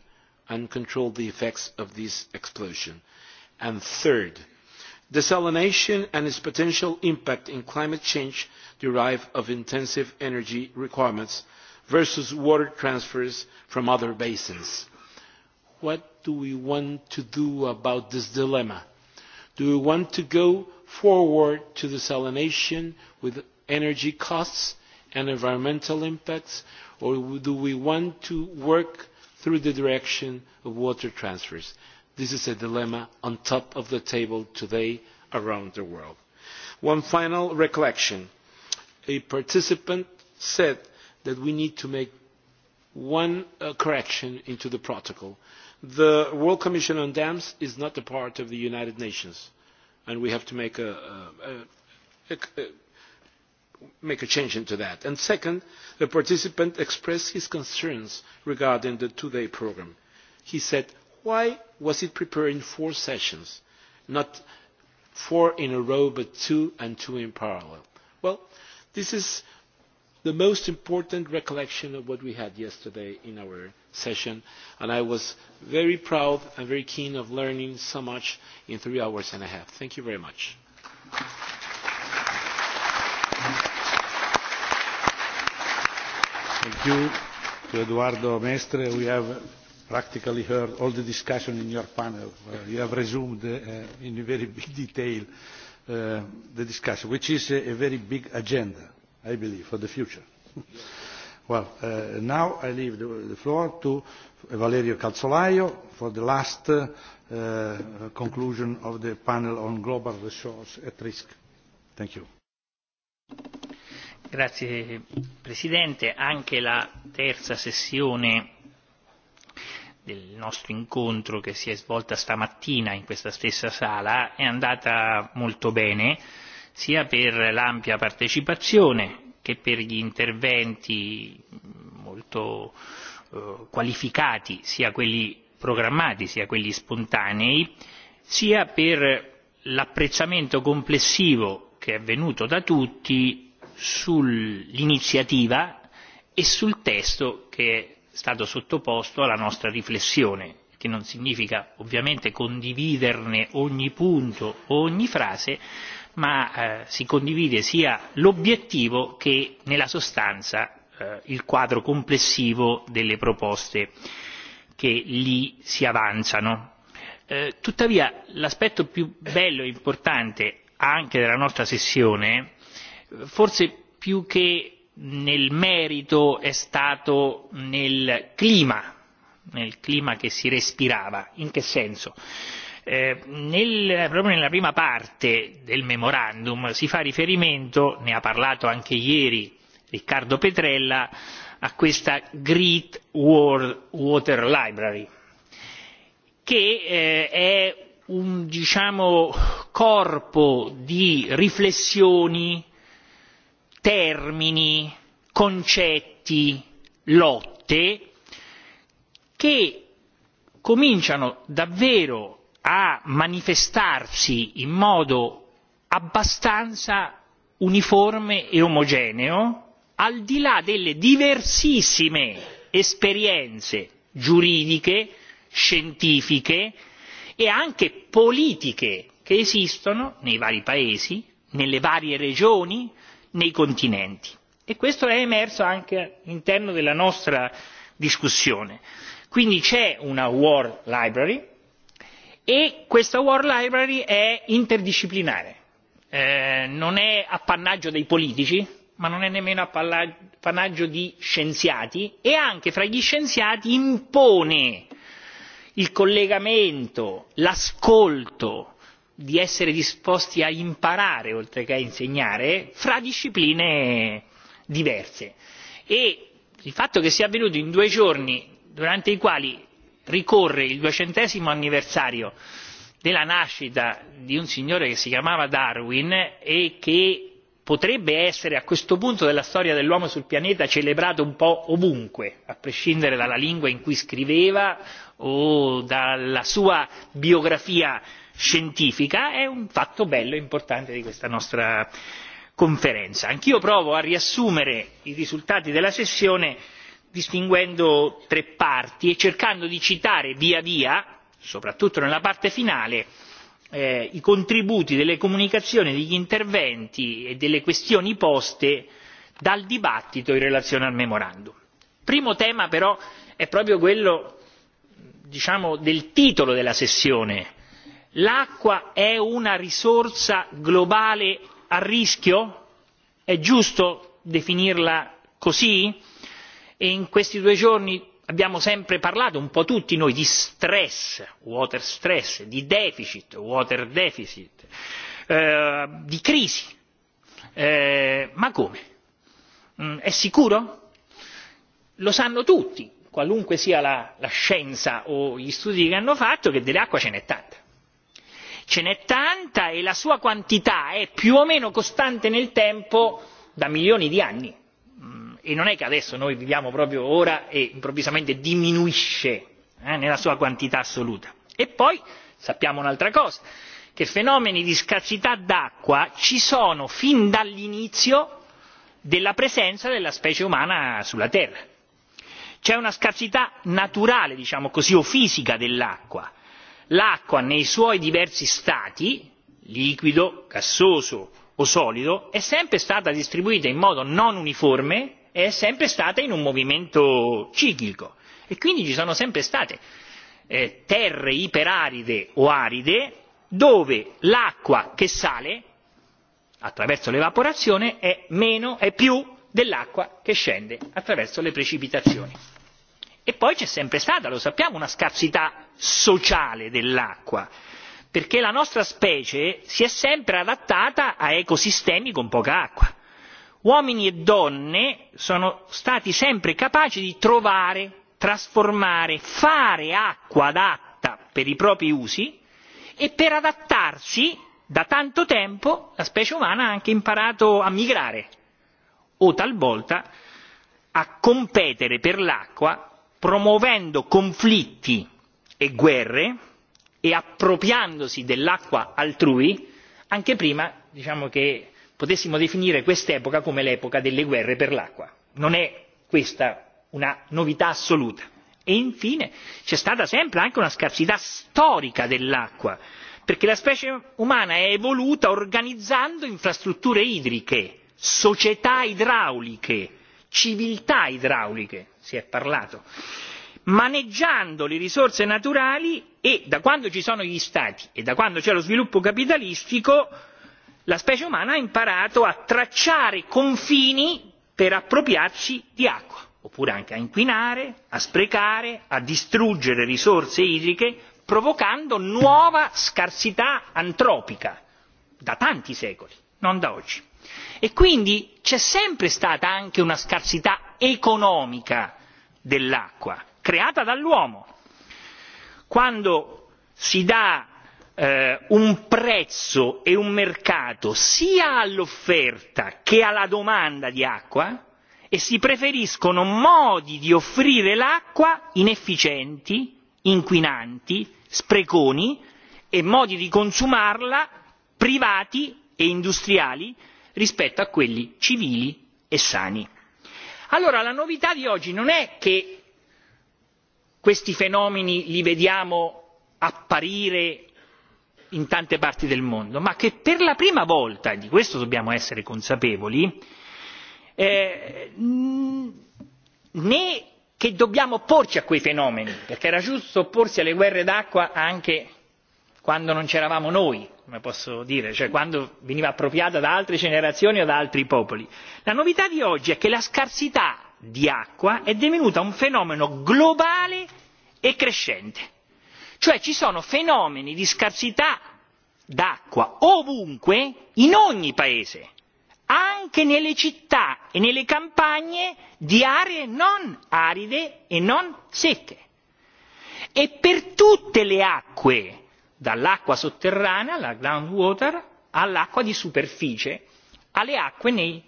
Speaker 1: and control the effects of this explosion. And third, desalination and its potential impact in climate change derived from intensive energy requirements versus water transfers from other basins. what do we want to do about this dilemma? do we want to go forward to desalination with energy costs and environmental impacts, or do we want to work through the direction of water transfers? this is a dilemma on top of the table today around the world. one final recollection a participant said that we need to make one uh, correction into the protocol the world commission on dams is not a part of the united nations and we have to make a, a, a, a make a change into that and second the participant expressed his concerns regarding the two day program he said why was it prepared in four sessions not four in a row but two and two in parallel well this is the most important recollection of what we had yesterday in our session and i was very proud and very keen of learning so much in three hours and a half thank you very much thank you
Speaker 2: to eduardo mestre we have practically heard all the discussion in your panel where you have resumed uh, in very [LAUGHS] big detail uh, the discussion which is a very big agenda i believe for the future. [LAUGHS] well uh, now i leave the, the floor to valerio calzolaio for the last uh, uh, conclusion of the panel on global resource at risk. thank you.
Speaker 5: Grazie Presidente, anche la terza sessione del nostro incontro che si è svolta stamattina in questa stessa sala è andata molto bene, sia per l'ampia partecipazione che per gli interventi molto eh, qualificati, sia quelli programmati sia quelli spontanei, sia per l'apprezzamento complessivo che è venuto da tutti sull'iniziativa e sul testo che è stato sottoposto alla nostra riflessione che non significa ovviamente condividerne ogni punto o ogni frase ma eh, si condivide sia l'obiettivo che nella sostanza eh, il quadro complessivo delle proposte che lì si avanzano. Eh, tuttavia l'aspetto più bello e importante anche della nostra sessione forse più che nel merito è stato nel clima, nel clima che si respirava. In che senso? Eh, nel, proprio nella prima parte del memorandum si fa riferimento, ne ha parlato anche ieri Riccardo Petrella, a questa Great World Water Library, che eh, è un diciamo, corpo di riflessioni termini, concetti, lotte che cominciano davvero a manifestarsi in modo abbastanza uniforme e omogeneo, al di là delle diversissime esperienze giuridiche, scientifiche e anche politiche che esistono nei vari paesi, nelle varie regioni, nei continenti e questo è emerso anche all'interno della nostra discussione. quindi c'è una war library e questa war library è interdisciplinare eh, non è appannaggio dei politici ma non è nemmeno appannaggio di scienziati e anche fra gli scienziati impone il collegamento, l'ascolto, di essere disposti a imparare oltre che a insegnare fra discipline diverse e il fatto che sia avvenuto in due giorni durante i quali ricorre il duecentesimo anniversario della nascita di un signore che si chiamava Darwin e che potrebbe essere a questo punto della storia dell'uomo sul pianeta celebrato un po' ovunque, a prescindere dalla lingua in cui scriveva o dalla sua biografia scientifica è un fatto bello e importante di questa nostra conferenza. anch'io provo a riassumere i risultati della sessione distinguendo tre parti e cercando di citare via via soprattutto nella parte finale eh, i contributi delle comunicazioni degli interventi e delle questioni poste dal dibattito in relazione al memorandum. primo tema però è proprio quello diciamo del titolo della sessione l'acqua è una risorsa globale a rischio? È giusto definirla così? E in questi due giorni abbiamo sempre parlato, un po' tutti noi, di stress, water stress, di deficit, water deficit, eh, di crisi. Eh, ma come? Mm, è sicuro? Lo sanno tutti, qualunque sia la, la scienza o gli studi che hanno fatto, che dell'acqua ce n'è tanta ce n'è tanta e la sua quantità è più o meno costante nel tempo da milioni di anni mm, e non è che adesso noi viviamo proprio ora e improvvisamente diminuisce eh, nella sua quantità assoluta e poi sappiamo un'altra cosa che fenomeni di scarsità d'acqua ci sono fin dall'inizio della presenza della specie umana sulla terra c'è una scarsità naturale diciamo così o fisica dell'acqua l'acqua nei suoi diversi stati liquido gassoso o solido è sempre stata distribuita in modo non uniforme ed è sempre stata in un movimento ciclico e quindi ci sono sempre state eh, terre iperaride o aride dove l'acqua che sale attraverso l'evaporazione è meno è più dell'acqua che scende attraverso le precipitazioni. e poi c'è sempre stata lo sappiamo una scarsità sociale dell'acqua perché la nostra specie si è sempre adattata a ecosistemi con poca acqua uomini e donne sono stati sempre capaci di trovare trasformare fare acqua adatta per i propri usi e per adattarsi da tanto tempo la specie umana ha anche imparato a migrare o talvolta a competere per l'acqua promuovendo conflitti e guerre e appropriandosi dell'acqua altrui anche prima diciamo che potessimo definire quest'epoca come l'epoca delle guerre per l'acqua non è questa una novità assoluta e infine c'è stata sempre anche una scarsità storica dell'acqua perché la specie umana è evoluta organizzando infrastrutture idriche società idrauliche civiltà idrauliche si è parlato maneggiando le risorse naturali e da quando ci sono gli stati e da quando c'è lo sviluppo capitalistico la specie umana ha imparato a tracciare confini per appropriarsi di acqua oppure anche a inquinare a sprecare a distruggere risorse idriche provocando nuova scarsità antropica da tanti secoli non da oggi. e quindi c'è sempre stata anche una scarsità economica dell'acqua creata dall'uomo. Quando si dà eh, un prezzo e un mercato sia all'offerta che alla domanda di acqua e si preferiscono modi di offrire l'acqua inefficienti, inquinanti, spreconi e modi di consumarla privati e industriali rispetto a quelli civili e sani. Allora la novità di oggi non è che questi fenomeni li vediamo apparire in tante parti del mondo ma che per la prima volta e di questo dobbiamo essere consapevoli eh, né che dobbiamo opporci a quei fenomeni perché era giusto opporsi alle guerre d'acqua anche quando non c'eravamo noi come posso dire cioè quando veniva appropriata da altre generazioni o da altri popoli la novità di oggi è che la scarsità di acqua è divenuta un fenomeno globale e crescente cioè ci sono fenomeni di scarsità d'acqua ovunque in ogni paese anche nelle città e nelle campagne di aree non aride e non secche e per tutte le acque dall'acqua sotterranea la groundwater all'acqua di superficie alle acque nei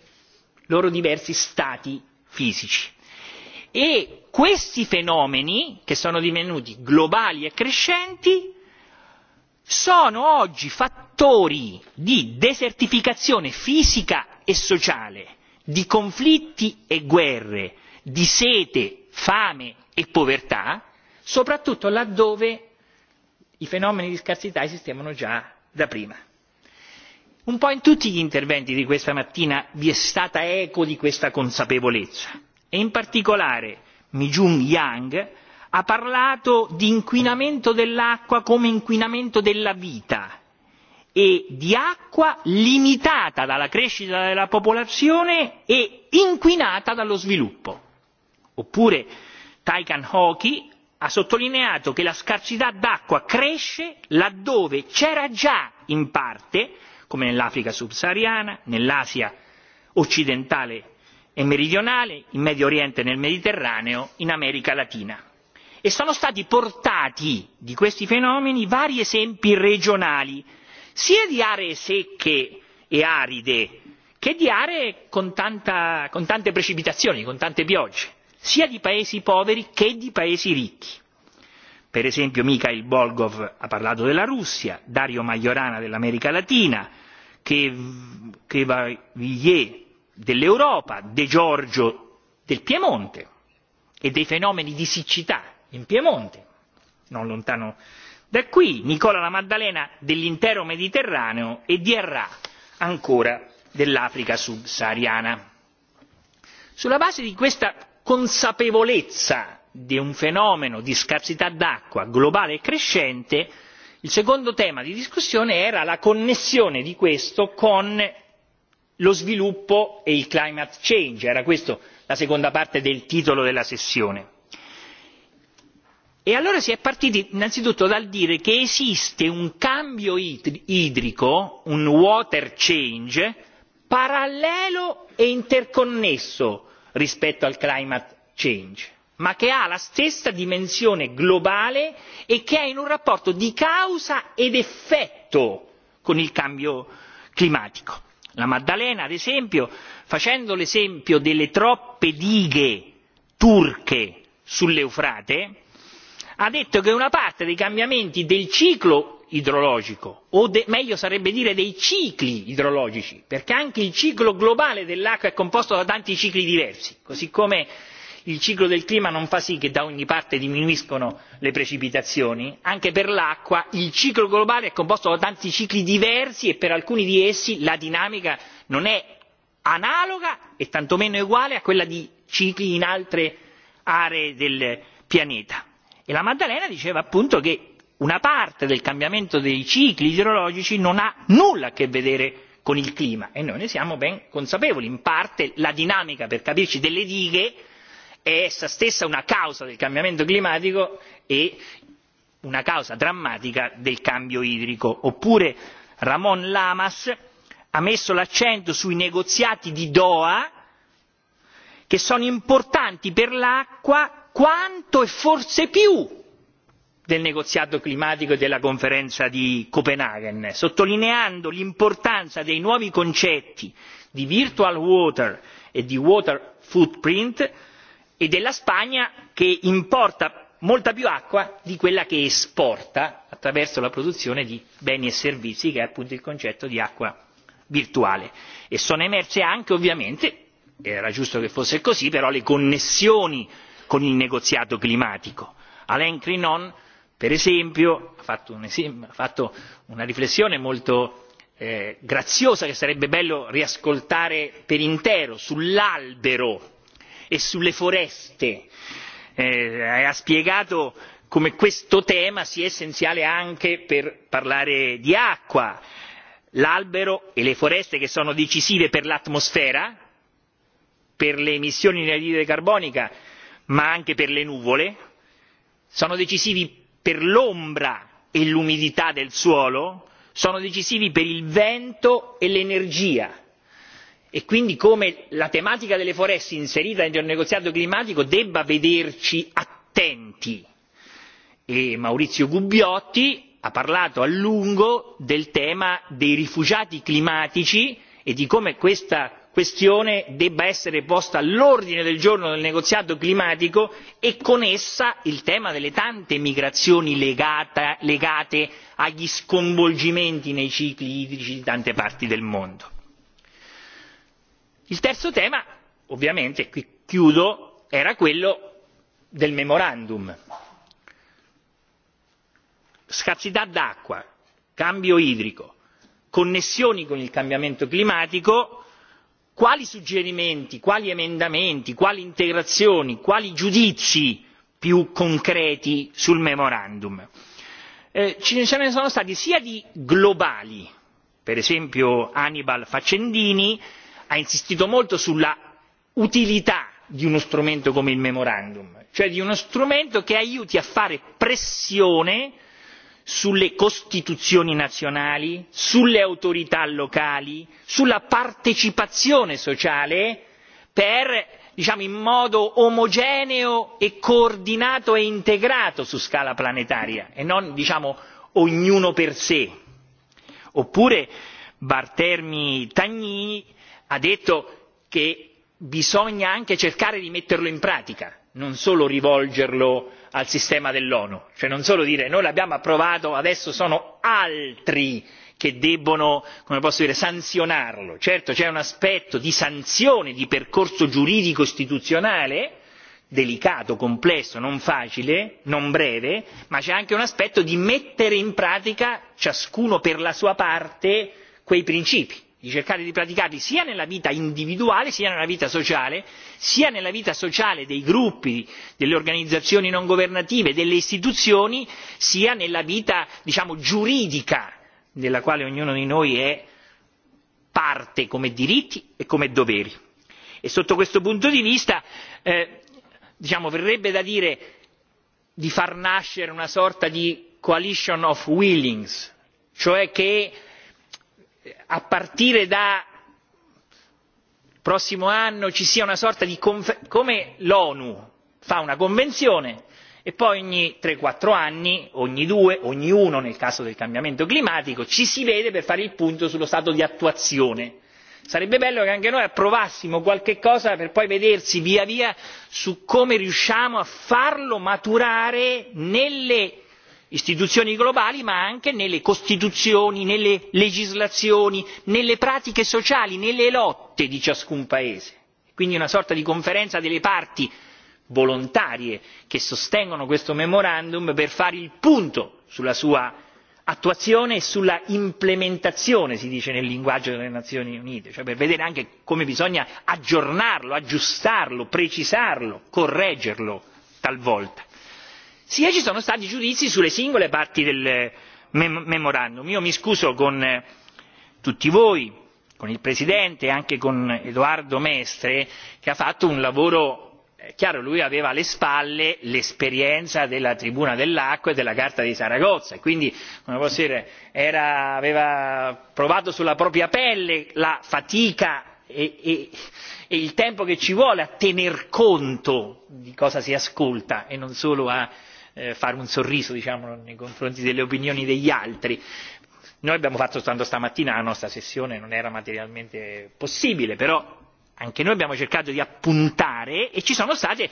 Speaker 5: loro diversi stati fisici e questi fenomeni che sono divenuti globali e crescenti sono oggi fattori di desertificazione fisica e sociale di conflitti e guerre di sete fame e povertà soprattutto laddove i fenomeni di scarsità esistevano già da prima un po' in tutti gli interventi di questa mattina vi è stata eco di questa consapevolezza e in particolare mijung yang ha parlato di inquinamento dell'acqua come inquinamento della vita e di acqua limitata dalla crescita della popolazione e inquinata dallo sviluppo. oppure taikan hoki ha sottolineato che la scarsità d'acqua cresce laddove c'era già in parte come nell'Africa subsahariana, nell'Asia occidentale e meridionale, in Medio Oriente e nel Mediterraneo, in America Latina. E sono stati portati di questi fenomeni vari esempi regionali, sia di aree secche e aride, che di aree con, tanta, con tante precipitazioni, con tante piogge, sia di paesi poveri che di paesi ricchi per esempio mikhail bogov ha parlato della russia dario majorana dell'america latina kevalyé dell'europa de giorgio del piemonte e dei fenomeni di siccità in piemonte non lontano da qui nicola la maddalena dell'intero mediterraneo e di arras ancora dell'africa subsahariana. sulla base di questa consapevolezza di un fenomeno di scarsità d'acqua globale e crescente il secondo tema di discussione era la connessione di questo con lo sviluppo e il climate change era questa la seconda parte del titolo della sessione e allora si è partiti innanzitutto dal dire che esiste un cambio idrico un water change parallelo e interconnesso rispetto al climate change ma che ha la stessa dimensione globale e che è in un rapporto di causa ed effetto con il cambio climatico. la maddalena ad esempio facendo l'esempio delle troppe dighe turche sull'eufrate ha detto che una parte dei cambiamenti del ciclo idrologico o meglio sarebbe dire dei cicli idrologici perché anche il ciclo globale dell'acqua è composto da tanti cicli diversi così come il ciclo del clima non fa sì che da ogni parte diminuiscano le precipitazioni anche per l'acqua il ciclo globale è composto da tanti cicli diversi e per alcuni di essi la dinamica non è analoga e tantomeno eguale a quella di cicli in altre aree del pianeta e la maddalena diceva appunto che una parte del cambiamento dei cicli idrologici non ha nulla a che vedere con il clima e noi ne siamo ben consapevoli in parte la dinamica per capirci delle dighe è essa stessa una causa del cambiamento climatico e una causa drammatica del cambio idrico oppure ramon lamas ha messo l'accento sui negoziati di doha che sono importanti per l'acqua quanto e forse più del negoziato climatico e della conferenza di copenaghen sottolineando l'importanza dei nuovi concetti di virtual water e di water footprint e della spagna che importa molta più acqua di quella che esporta attraverso la produzione di beni e servizi che è appunto il concetto di acqua virtuale e sono emerse anche ovviamente era giusto che fosse così però le connessioni con il negoziato climatico Alain Crinon per esempio ha fatto un esempio ha fatto una riflessione molto eh, graziosa che sarebbe bello riascoltare per intero sull'albero e sulle foreste e ha spiegato come questo tema sia essenziale anche per parlare di acqua l'albero e le foreste che sono decisive per l'atmosfera per le emissioni di anidride carbonica ma anche per le nuvole sono decisivi per l'ombra e l'umidità del suolo sono decisivi per il vento e l'energia e quindi come la tematica delle foreste inserita nel negoziato climatico debba vederci attenti e maurizio gubbiotti ha parlato a lungo del tema dei rifugiati climatici e di come questa questione debba essere posta all'ordine del giorno del negoziato climatico e con essa il tema delle tante migrazioni legate agli sconvolgimenti nei cicli idrici di tante parti del mondo il terzo tema ovviamente e qui chiudo era quello del memorandum scarsità d'acqua cambio idrico connessioni con il cambiamento climatico quali suggerimenti quali emendamenti quali integrazioni quali giudizi più concreti sul memorandum? Eh, ce ne sono stati sia di globali per esempio hannibal faccendini ha insistito molto sull'utilità di uno strumento come il memorandum cioè di uno strumento che aiuti a fare pressione sulle costituzioni nazionali sulle autorità locali sulla partecipazione sociale per diciamo in modo omogeneo e coordinato e integrato su scala planetaria e non diciamo ognuno per sé. oppure barthelemy tagnini ha detto che bisogna anche cercare di metterlo in pratica non solo rivolgerlo al sistema dell'onu cioè non solo dire noi l'abbiamo approvato adesso sono altri che debbono come posso dire sanzionarlo certo c'è un aspetto di sanzione di percorso giuridico istituzionale delicato complesso non facile non breve ma c'è anche un aspetto di mettere in pratica ciascuno per la sua parte quei principi di cercare di praticarli sia nella vita individuale sia nella vita sociale sia nella vita sociale dei gruppi delle organizzazioni non governative delle istituzioni sia nella vita diciamo giuridica della quale ognuno di noi è parte come diritti e come doveri. e sotto questo punto di vista eh, diciamo verrebbe da dire di far nascere una sorta di coalition of willings cioè che a partire dal prossimo anno ci sia una sorta di come l'onu fa una convenzione e poi ogni tre quattro anni ogni due ogni uno nel caso del cambiamento climatico ci si vede per fare il punto sullo stato di attuazione. sarebbe bello che anche noi approvassimo qualche cosa per poi vedersi via via su come riusciamo a farlo maturare nelle istituzioni globali ma anche nelle costituzioni nelle legislazioni nelle pratiche sociali nelle lotte di ciascun paese quindi una sorta di conferenza delle parti volontarie che sostengono questo memorandum per fare il punto sulla sua attuazione e sulla implementazione si dice nel linguaggio delle nazioni unite cioè per vedere anche come bisogna aggiornarlo aggiustarlo precisarlo correggerlo talvolta sia ci sono stati giudizi sulle singole parti del eh, memorandum. io mi scuso con eh, tutti voi con il presidente e anche con edoardo mestre che ha fatto un lavoro eh, chiaro lui aveva alle spalle l'esperienza della tribuna dell'acqua e della carta di saragozza e quindi come posso dire era aveva provato sulla propria pelle la fatica e, e, e il tempo che ci vuole a tener conto di cosa si ascolta e non solo a eh, fare un sorriso diciamo, nei confronti delle opinioni degli altri. Noi abbiamo fatto soltanto stamattina la nostra sessione, non era materialmente possibile, però anche noi abbiamo cercato di appuntare e ci sono state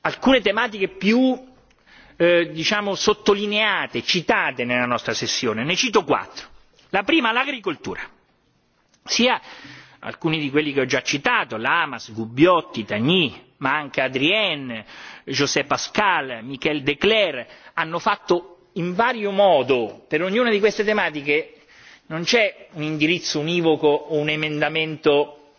Speaker 5: alcune tematiche più eh, diciamo, sottolineate, citate nella nostra sessione. Ne cito quattro. La prima, l'agricoltura. Sia alcuni di quelli che ho già citato, Lamas, Gubbiotti, Tagni, ma anche adrien josé pascal michel de clercq hanno fatto in vario modo per ognuna di queste tematiche non c'è un indirizzo univoco o un emendamento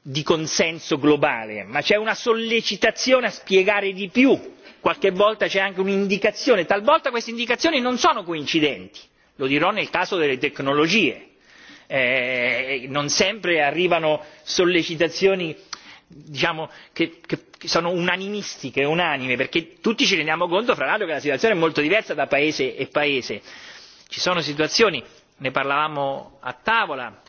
Speaker 5: di consenso globale ma c'è una sollecitazione a spiegare di più qualche volta c'è anche un'indicazione talvolta queste indicazioni non sono coincidenti lo dirò nel caso delle tecnologie eh, non sempre arrivano sollecitazioni diciamo che sono unanimistiche unanimi perché tutti ci rendiamo conto fra l'altro che la situazione è molto diversa da paese a e paese ci sono situazioni ne parlavamo a tavola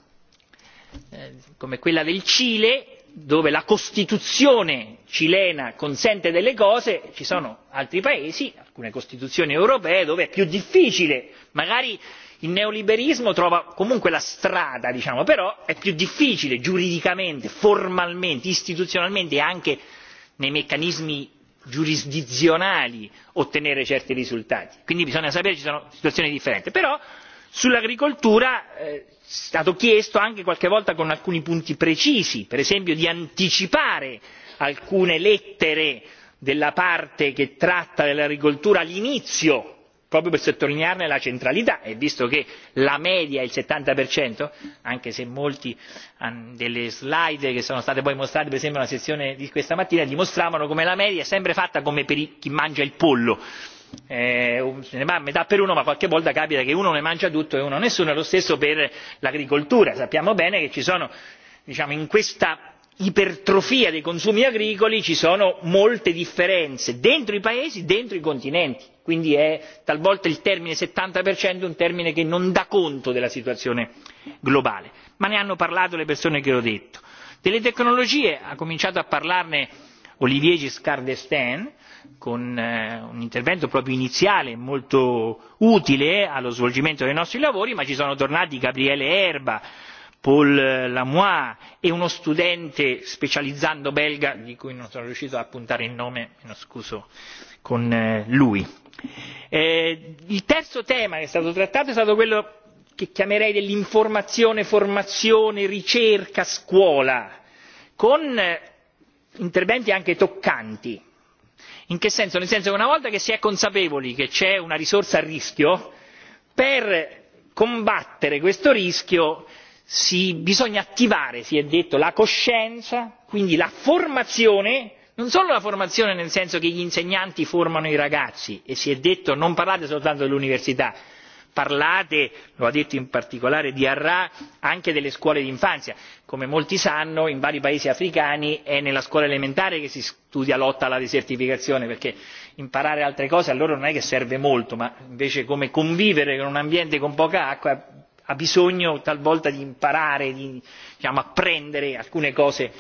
Speaker 5: eh, come quella del cile dove la costituzione cilena consente delle cose ci sono altri paesi alcune costituzioni europee dove è più difficile magari il neoliberismo trova comunque la strada diciamo però è più difficile giuridicamente formalmente istituzionalmente e anche nei meccanismi giurisdizionali ottenere certi risultati quindi bisogna sapere ci sono situazioni differenti però sull'agricoltura eh, è stato chiesto anche qualche volta con alcuni punti precisi per esempio di anticipare alcune lettere della parte che tratta dell'agricoltura all'inizio proprio per sottolinearne la centralità e visto che la media è il settanta anche se molte delle slide che sono state poi mostrate per esempio nella sessione di questa mattina dimostravano come la media è sempre fatta come per chi mangia il pollo eh, se ne va a metà per uno ma qualche volta capita che uno ne mangia tutto e uno nessuno e lo stesso per l'agricoltura sappiamo bene che ci sono diciamo in questa ipertrofia dei consumi agricoli ci sono molte differenze dentro i paesi dentro i continenti quindi talvolta il termine settanta percento è un termine che non dà conto della situazione globale ma ne hanno parlato le persone che ho detto. delle tecnologie ha cominciato a parlarne olivier giscard d'estaing con eh, un intervento proprio iniziale molto utile eh, allo svolgimento dei nostri lavori ma ci sono tornati gabriele erba paul lamoi e uno studente specializzando belga di cui non sono riuscito ad appuntare il nome me ne scuso con eh, lui. Eh, il terzo tema che è stato trattato è stato quello che chiamerei dell'informazione formazione ricerca scuola con eh, interventi anche toccanti. In che senso? Nel senso che una volta che si è consapevoli che c'è una risorsa a rischio, per combattere questo rischio bisogna attivare si è detto la coscienza quindi la formazione non solo la formazione nel senso che gli insegnanti formano i ragazzi e si è detto non parlate soltanto dell'università parlate lo ha detto in particolare diarra anche delle scuole d'infanzia come molti sanno in vari paesi africani è nella scuola elementare che si studia lotta alla desertificazione perché imparare altre cose a loro non è che serve molto ma invece come convivere con un ambiente con poca acqua ha bisogno talvolta di imparare, di diciamo, apprendere alcune cose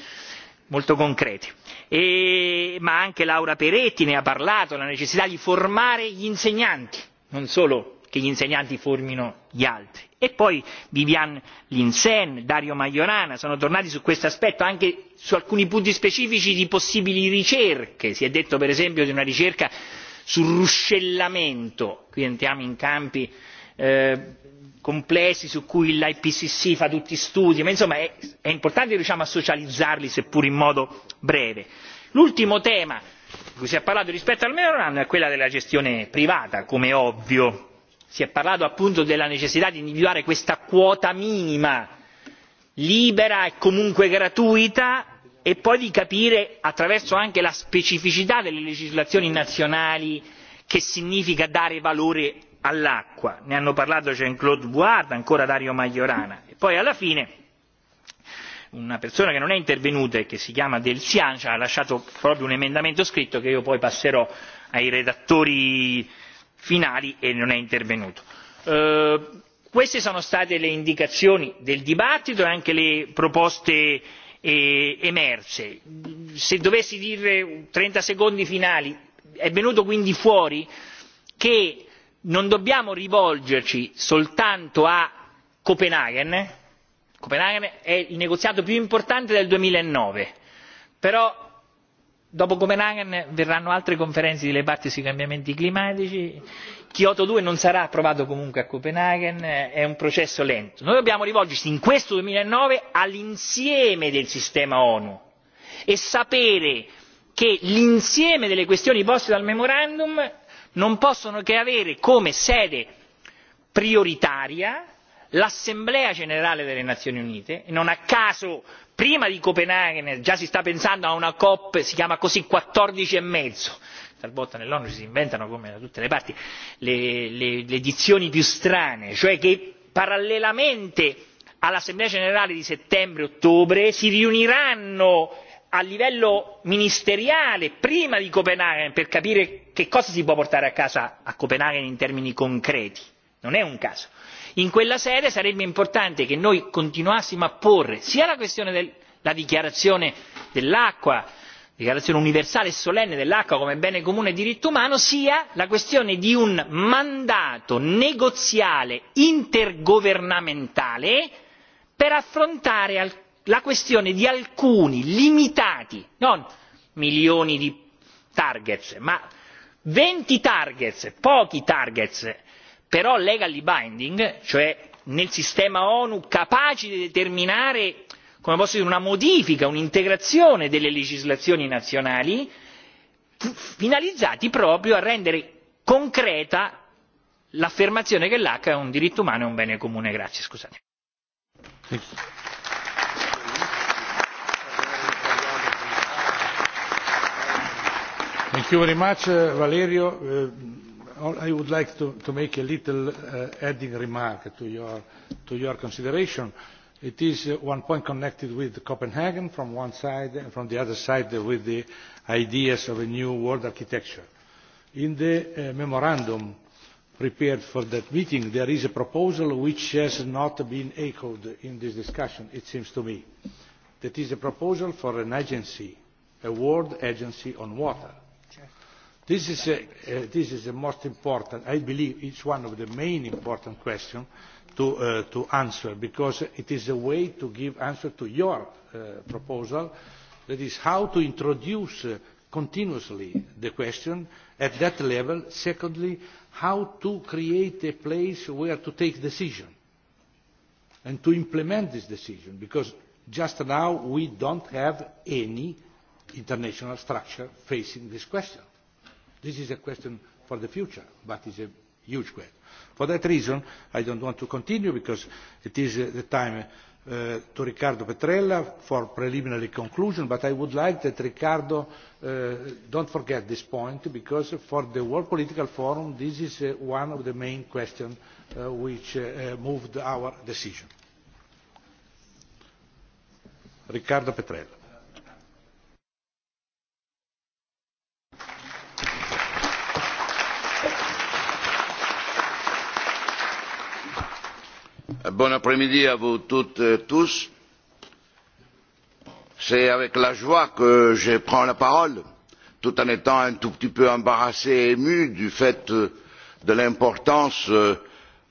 Speaker 5: molto concrete. E, ma anche Laura Peretti ne ha parlato, la necessità di formare gli insegnanti, non solo che gli insegnanti formino gli altri. E poi Vivian Linsen, Dario Maiorana sono tornati su questo aspetto, anche su alcuni punti specifici di possibili ricerche. Si è detto per esempio di una ricerca sul ruscellamento, qui entriamo in campi eh, complessi su cui l'ipcc fa tutti studi ma insomma è importante che riusciamo a socializzarli seppur in modo breve. l'ultimo tema di cui si è parlato rispetto al memorandum è quello della gestione privata come è ovvio si è parlato appunto della necessità di individuare questa quota minima libera e comunque gratuita e poi di capire attraverso anche la specificità delle legislazioni nazionali che significa dare valore all'acqua ne hanno parlato jean claude voart ancora dario majorana e poi alla fine una persona che non è intervenuta e che si chiama delcian ci ha lasciato proprio un emendamento scritto che io poi passerò ai redattori finali e non è intervenuto. Eh, queste sono state le indicazioni del dibattito e anche le proposte eh, emerse. Se dovessi dire 30 secondi finali, è venuto quindi fuori che non dobbiamo rivolgerci soltanto a copenaghen copenaghen è il negoziato più importante del duemilanove però dopo copenaghen verranno altre conferenze delle parti sui cambiamenti climatici kyoto due non sarà approvato comunque a copenaghen è un processo lento noi dobbiamo rivolgerci in questo duemilanove all'insieme del sistema onu e sapere che l'insieme delle questioni poste dal memorandum non possono che avere come sede prioritaria l'assemblea generale delle nazioni unite e non a caso prima di copenaghen già si sta pensando a una cop si chiama così quattordici e mezzo talvolta nell'onu si inventano come da tutte le parti le dizioni più strane cioè che parallelamente all'assemblea generale di settembre ottobre si riuniranno a livello ministeriale prima di copenaghen per capire che cosa si può portare a casa a copenaghen in termini concreti non è un caso in quella sede sarebbe importante che noi continuassimo a porre sia la questione della dichiarazione dell'acqua dichiarazione universale e solenne dell'acqua come bene comune e diritto umano sia la questione di un mandato negoziale intergovernamentale la questione di alcuni limitati non milioni di target ma venti target pochi target però legally binding cioè nel sistema onu capaci di determinare come posso dire una modifica un'integrazione delle legislazioni nazionali finalizzati proprio a rendere concreta l'affermazione che l'acqua è un diritto umano e un bene comune.
Speaker 2: Uh, valerio uh, i would like to make a little uh, adding remark to your consideration. it is one point connected with copenhagen from one side and from the other side with the ideas of a new world architecture. in the memorandum prepared for that meeting there is a proposal which has not been echoed in this discussion it seems to me. that is a proposal for an agency a world agency on water. Uh, this is the most important i believe it is one of the main important questions to uh, answer because it is the way to give answer to your uh, proposal that is how to introduce continuously the question at that level and secondly how to create a place where to take decisions and to implement these decisions because just now we do not have any international structure facing this question this is a question for the future but it is a huge question. for that reason i do not want to continue because it is uh, the time uh, to ricardo petrella for preliminary conclusion but i would like that ricardo uh, do not forget this point because for the world political forum this is uh, one of the main questions uh, which uh, moved our decision. ricardo petrella.
Speaker 6: Bon après-midi à vous toutes et tous. C'est avec la joie que je prends la parole, tout en étant un tout petit peu embarrassé et ému du fait de l'importance euh,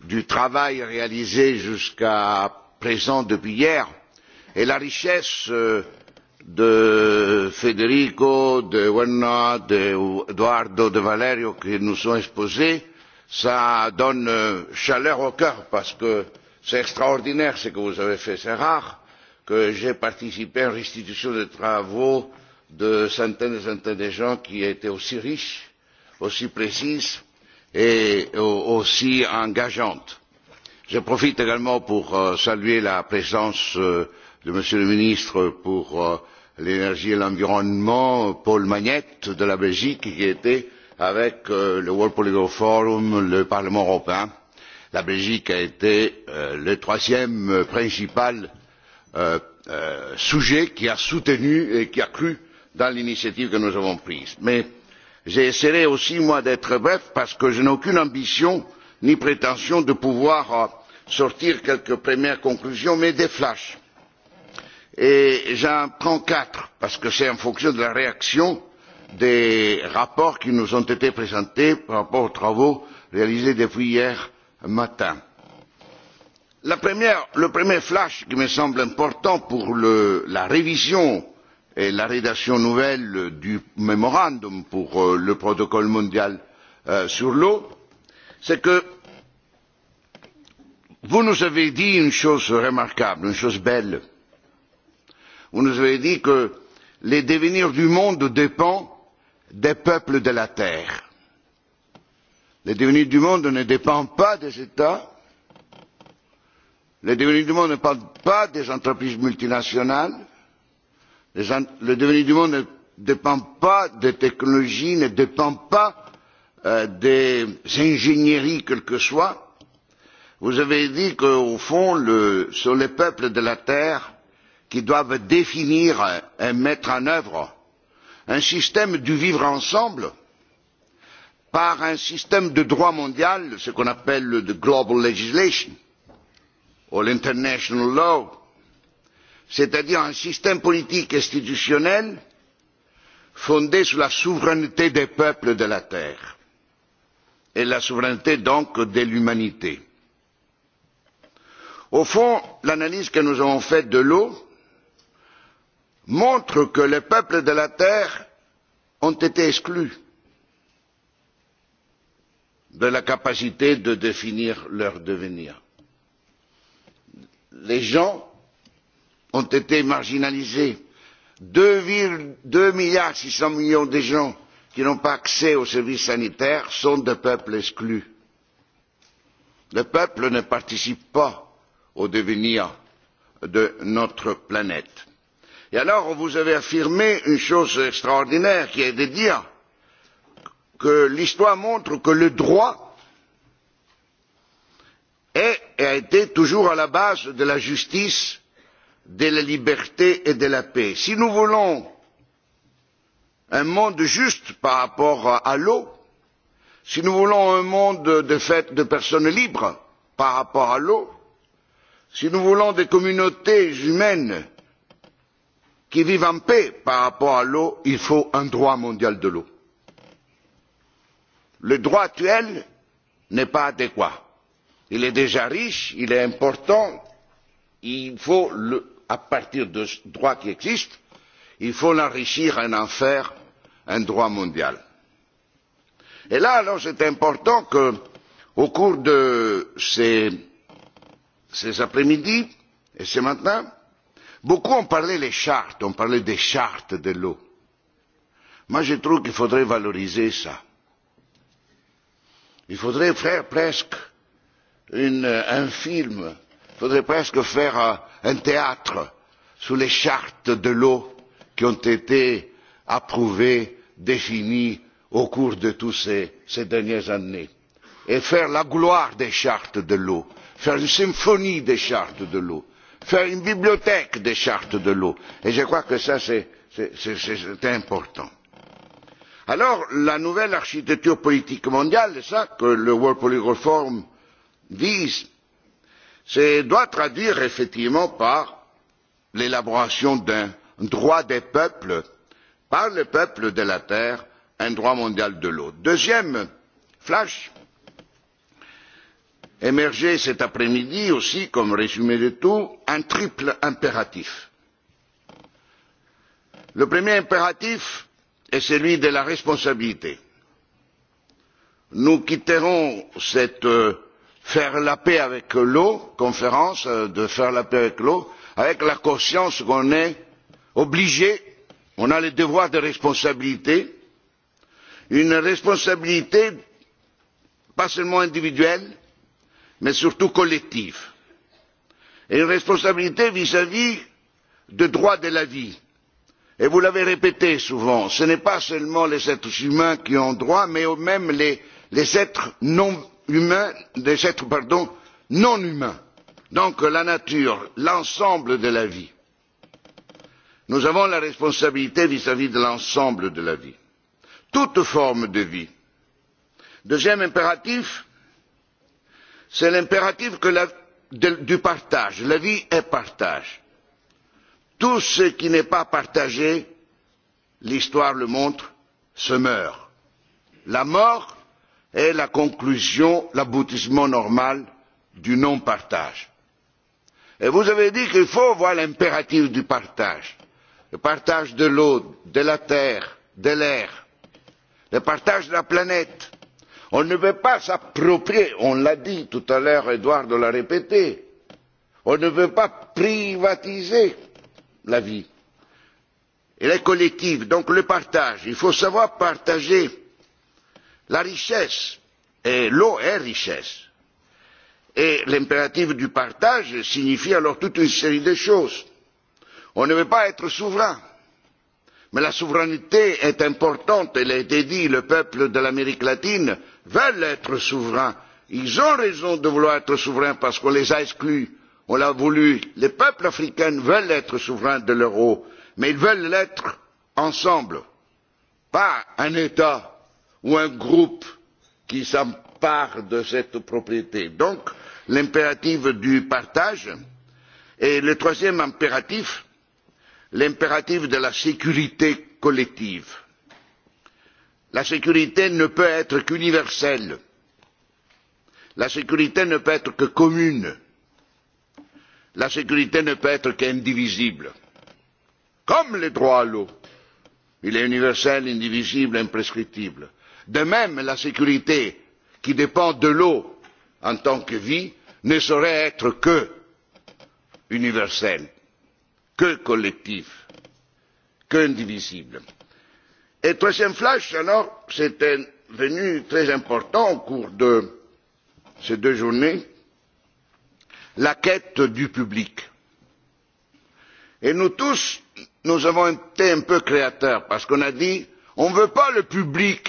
Speaker 6: du travail réalisé jusqu'à présent depuis hier et la richesse euh, de Federico, de Werner, de Eduardo, de Valerio qui nous sont exposés, ça donne euh, chaleur au cœur parce que euh, C'est extraordinaire ce que vous avez fait. C'est rare que j'ai participé à une restitution de travaux de centaines et centaines de gens qui étaient aussi riches, aussi précises et aussi engageantes. Je profite également pour euh, saluer la présence euh, de Monsieur le ministre pour euh, l'énergie et l'environnement, Paul Magnette de la Belgique, qui était avec le World Political Forum, le Parlement européen la belgique a été euh, le troisième euh, principal euh, sujet qui a soutenu et qui a cru dans l'initiative que nous avons prise. mais j'essaierai aussi moi d'être bref parce que je n'ai aucune ambition ni prétention de pouvoir sortir quelques premières conclusions mais des flashs. et j'en prends quatre parce que c'est en fonction de la réaction des rapports qui nous ont été présentés par rapport aux travaux réalisés depuis hier matin. le premier flash qui me semble important pour la révision et la rédaction nouvelle du mémorandum pour euh, le protocole mondial euh, sur l'eau c'est que vous nous avez dit une chose remarquable une chose belle vous nous avez dit que le devenir du monde dépend des peuples de la terre le devenir du monde ne dépend pas des états le devenir du monde ne dépend pas des entreprises multinationales le devenir du monde ne dépend pas des technologies ne dépend pas euh, des ingénieries quelles que soient. vous avez dit qu'au fond ce sont les peuples de la terre qui doivent définir et mettre en œuvre un système du vivre ensemble par un système de droit mondial ce qu'on appelle le global legislation ou l'international law c'est à dire un système politique institutionnel fondé sur la souveraineté des peuples de la terre et la souveraineté donc de l'humanité. Au fond, l'analyse que nous avons faite de l'eau montre que les peuples de la terre ont été exclus de la capacité de définir leur devenir. les gens ont été marginalisés deux deux milliards six cents millions de gens qui n'ont pas accès aux services sanitaires sont des peuples exclus. le peuple ne participe pas au devenir de notre planète. et alors vous avez affirmé une chose extraordinaire qui est de dire que l'histoire montre que le droit est et a été toujours à la base de la justice de la liberté et de la paix. si nous voulons un monde juste par rapport à l'eau si nous voulons un monde de fait de personnes libres par rapport à l'eau si nous voulons des communautés humaines qui vivent en paix par rapport à l'eau il faut un droit mondial de l'eau le droit actuel n'est pas adéquat. il est déjà riche il est important il faut à partir de ce droit qui existe il faut l'enrichir et en faire un droit mondial. et là alors c'est important que au cours de ces, ces après midi et ce matin beaucoup ont parlé des chartes ont parlé des chartes de l'eau. moi je trouve qu'il faudrait valoriser cela. Il faudrait faire presque une, euh, un film, il faudrait presque faire euh, un théâtre sous les chartes de l'eau qui ont été approuvées, définies au cours de toutes ces, ces dernières années, et faire la gloire des chartes de l'eau, faire une symphonie des chartes de l'eau, faire une bibliothèque des chartes de l'eau. Et je crois que ça, c'est important alors la nouvelle architecture politique mondiale c'est cela que le world political forum vise se doit traduire effectivement par l'élaboration d'un droit des peuples par les peuples de la terre un droit mondial de l'eau. deuxième flash émergé cet après midi aussi comme résumé de tout un triple impératif. le premier impératif c'est est celui de la responsabilité. Nous quitterons cette euh, faire la paix avec l'eau conférence euh, de faire la paix avec l'eau avec la conscience qu'on est obligé, on a le devoir de responsabilité, une responsabilité pas seulement individuelle, mais surtout collective, et une responsabilité vis à vis des droits de la vie, et vous l'avez répété souvent ce n'est pas seulement les êtres humains qui ont des droits mais même les êtres non humains donc la nature l'ensemble de la vie. nous avons la responsabilité vis à vis de l'ensemble de la vie toute forme de vie. deuxième impératif c'est l'impératif du partage la vie est partage tout ce qui n'est pas partagé, l'histoire le montre, se meurt. La mort est la conclusion, l'aboutissement normal du non-partage. Et vous avez dit qu'il faut voir l'impératif du partage. Le partage de l'eau, de la terre, de l'air. Le partage de la planète. On ne veut pas s'approprier, on l'a dit tout à l'heure, Edouard l'a répété. On ne veut pas privatiser la vie. Elle est collective, donc le partage. Il faut savoir partager la richesse. Et l'eau est richesse. Et l'impératif du partage signifie alors toute une série de choses. On ne veut pas être souverain. Mais la souveraineté est importante. Elle a été dit, le peuple de l'Amérique latine veulent être souverains. Ils ont raison de vouloir être souverains parce qu'on les a exclus on l'a voulu les peuples africains veulent être souverains de l'euro mais ils veulent l'être ensemble pas un état ou un groupe qui s'empare de cette propriété. donc l'impératif du partage et le troisième impératif l'impératif de la sécurité collective. La sécurité ne peut être qu'universelle. La sécurité ne peut être que commune la sécurité ne peut être qu'indivisible. Comme le droit à l'eau, il est universel, indivisible, imprescriptible. De même, la sécurité qui dépend de l'eau en tant que vie ne saurait être que universelle, que collective, que indivisible. Et troisième flash, alors, c'était venu très important au cours de ces deux journées, la quête du public. Et nous tous, nous avons été un peu créateurs parce qu'on a dit on ne veut pas le public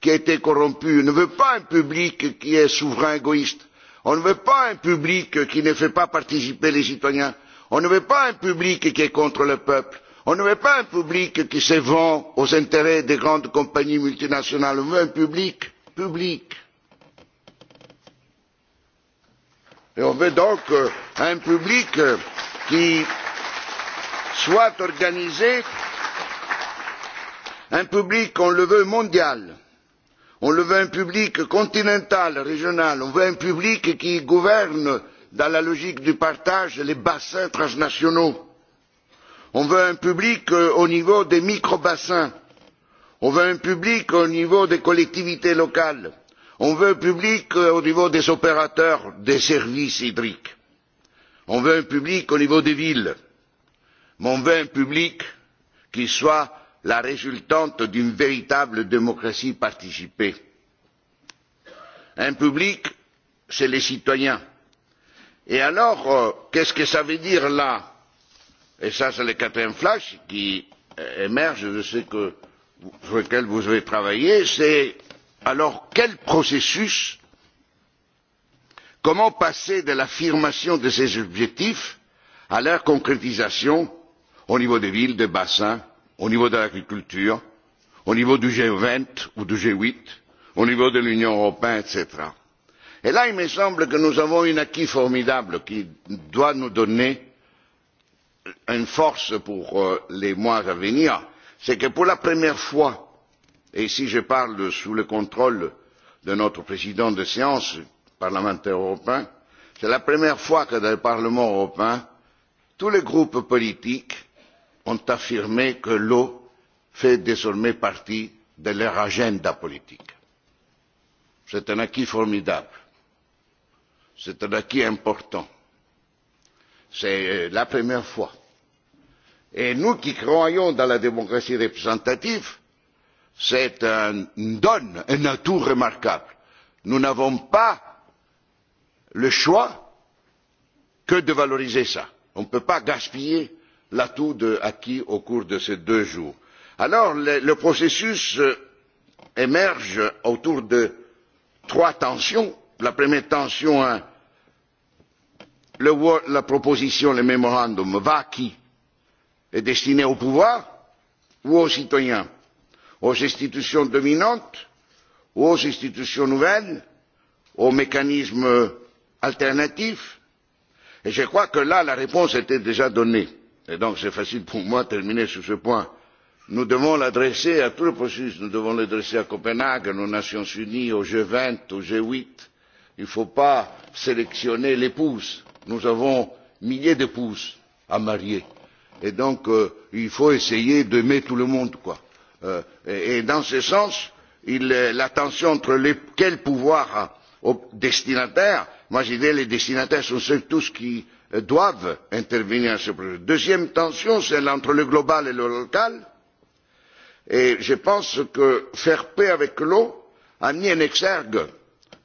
Speaker 6: qui a été corrompu, on ne veut pas un public qui est souverain égoïste, on ne veut pas un public qui ne fait pas participer les citoyens, on ne veut pas un public qui est contre le peuple, on ne veut pas un public qui se vend aux intérêts des grandes compagnies multinationales, on veut un public public. et on veut donc euh, un public euh, qui soit organisé un public on le veut mondial on le veut un public continental régional on veut un public qui gouverne dans la logique du partage les bassins transnationaux on veut un public euh, au niveau des micro bassins on veut un public au niveau des collectivités locales on veut un public euh, au niveau des opérateurs des services hydriques on veut un public au niveau des villes mais on veut un public qui soit la résultante d'une véritable démocratie participée. un public c'est les citoyens. et alors euh, qu'est ce que ça veut dire là? et ça c'est le quatrième flash qui émerge de ce sur lequel vous avez travaillé c'est alors quel processus? comment passer de l'affirmation de ces objectifs à leur concrétisation au niveau des villes des bassins au niveau de l'agriculture au niveau du g vingt ou du g huit au niveau de l'union européenne etc. et là il me semble que nous avons un acquis formidable qui doit nous donner une force pour euh, les mois à venir c'est que pour la première fois et si je parle sous le contrôle de notre président de séance parlementaire européen c'est la première fois que dans le parlement européen tous les groupes politiques ont affirmé que l'eau fait désormais partie de leur agenda politique. c'est un acquis formidable. c'est un acquis important. c'est euh, la première fois. et nous qui croyons dans la démocratie représentative c'est un don, un atout remarquable. Nous n'avons pas le choix que de valoriser ça. On ne peut pas gaspiller l'atout acquis au cours de ces deux jours. Alors, le, le processus euh, émerge autour de trois tensions. La première tension, hein, le, la proposition, le mémorandum, va à qui Est destiné au pouvoir ou aux citoyens aux institutions dominantes ou aux institutions nouvelles aux mécanismes alternatifs et je crois que là la réponse était déjà donnée et donc c'est facile pour moi de terminer sur ce point nous devons l'adresser à tout le processus nous devons l'adresser à copenhague aux nations unies au g vingt au g huit il ne faut pas sélectionner l'épouse nous avons milliers d'épouses à marier et donc euh, il faut essayer d'aimer tout le monde quoi. Euh, et dans ce sens euh, la tension entre quel pouvoir aux destinataires moi je dirais que les destinataires sont surtout ceux qui euh, doivent intervenir dans ce projet. deuxième tension celle entre le global et le local et je pense que faire paix avec l'eau a mis en exergue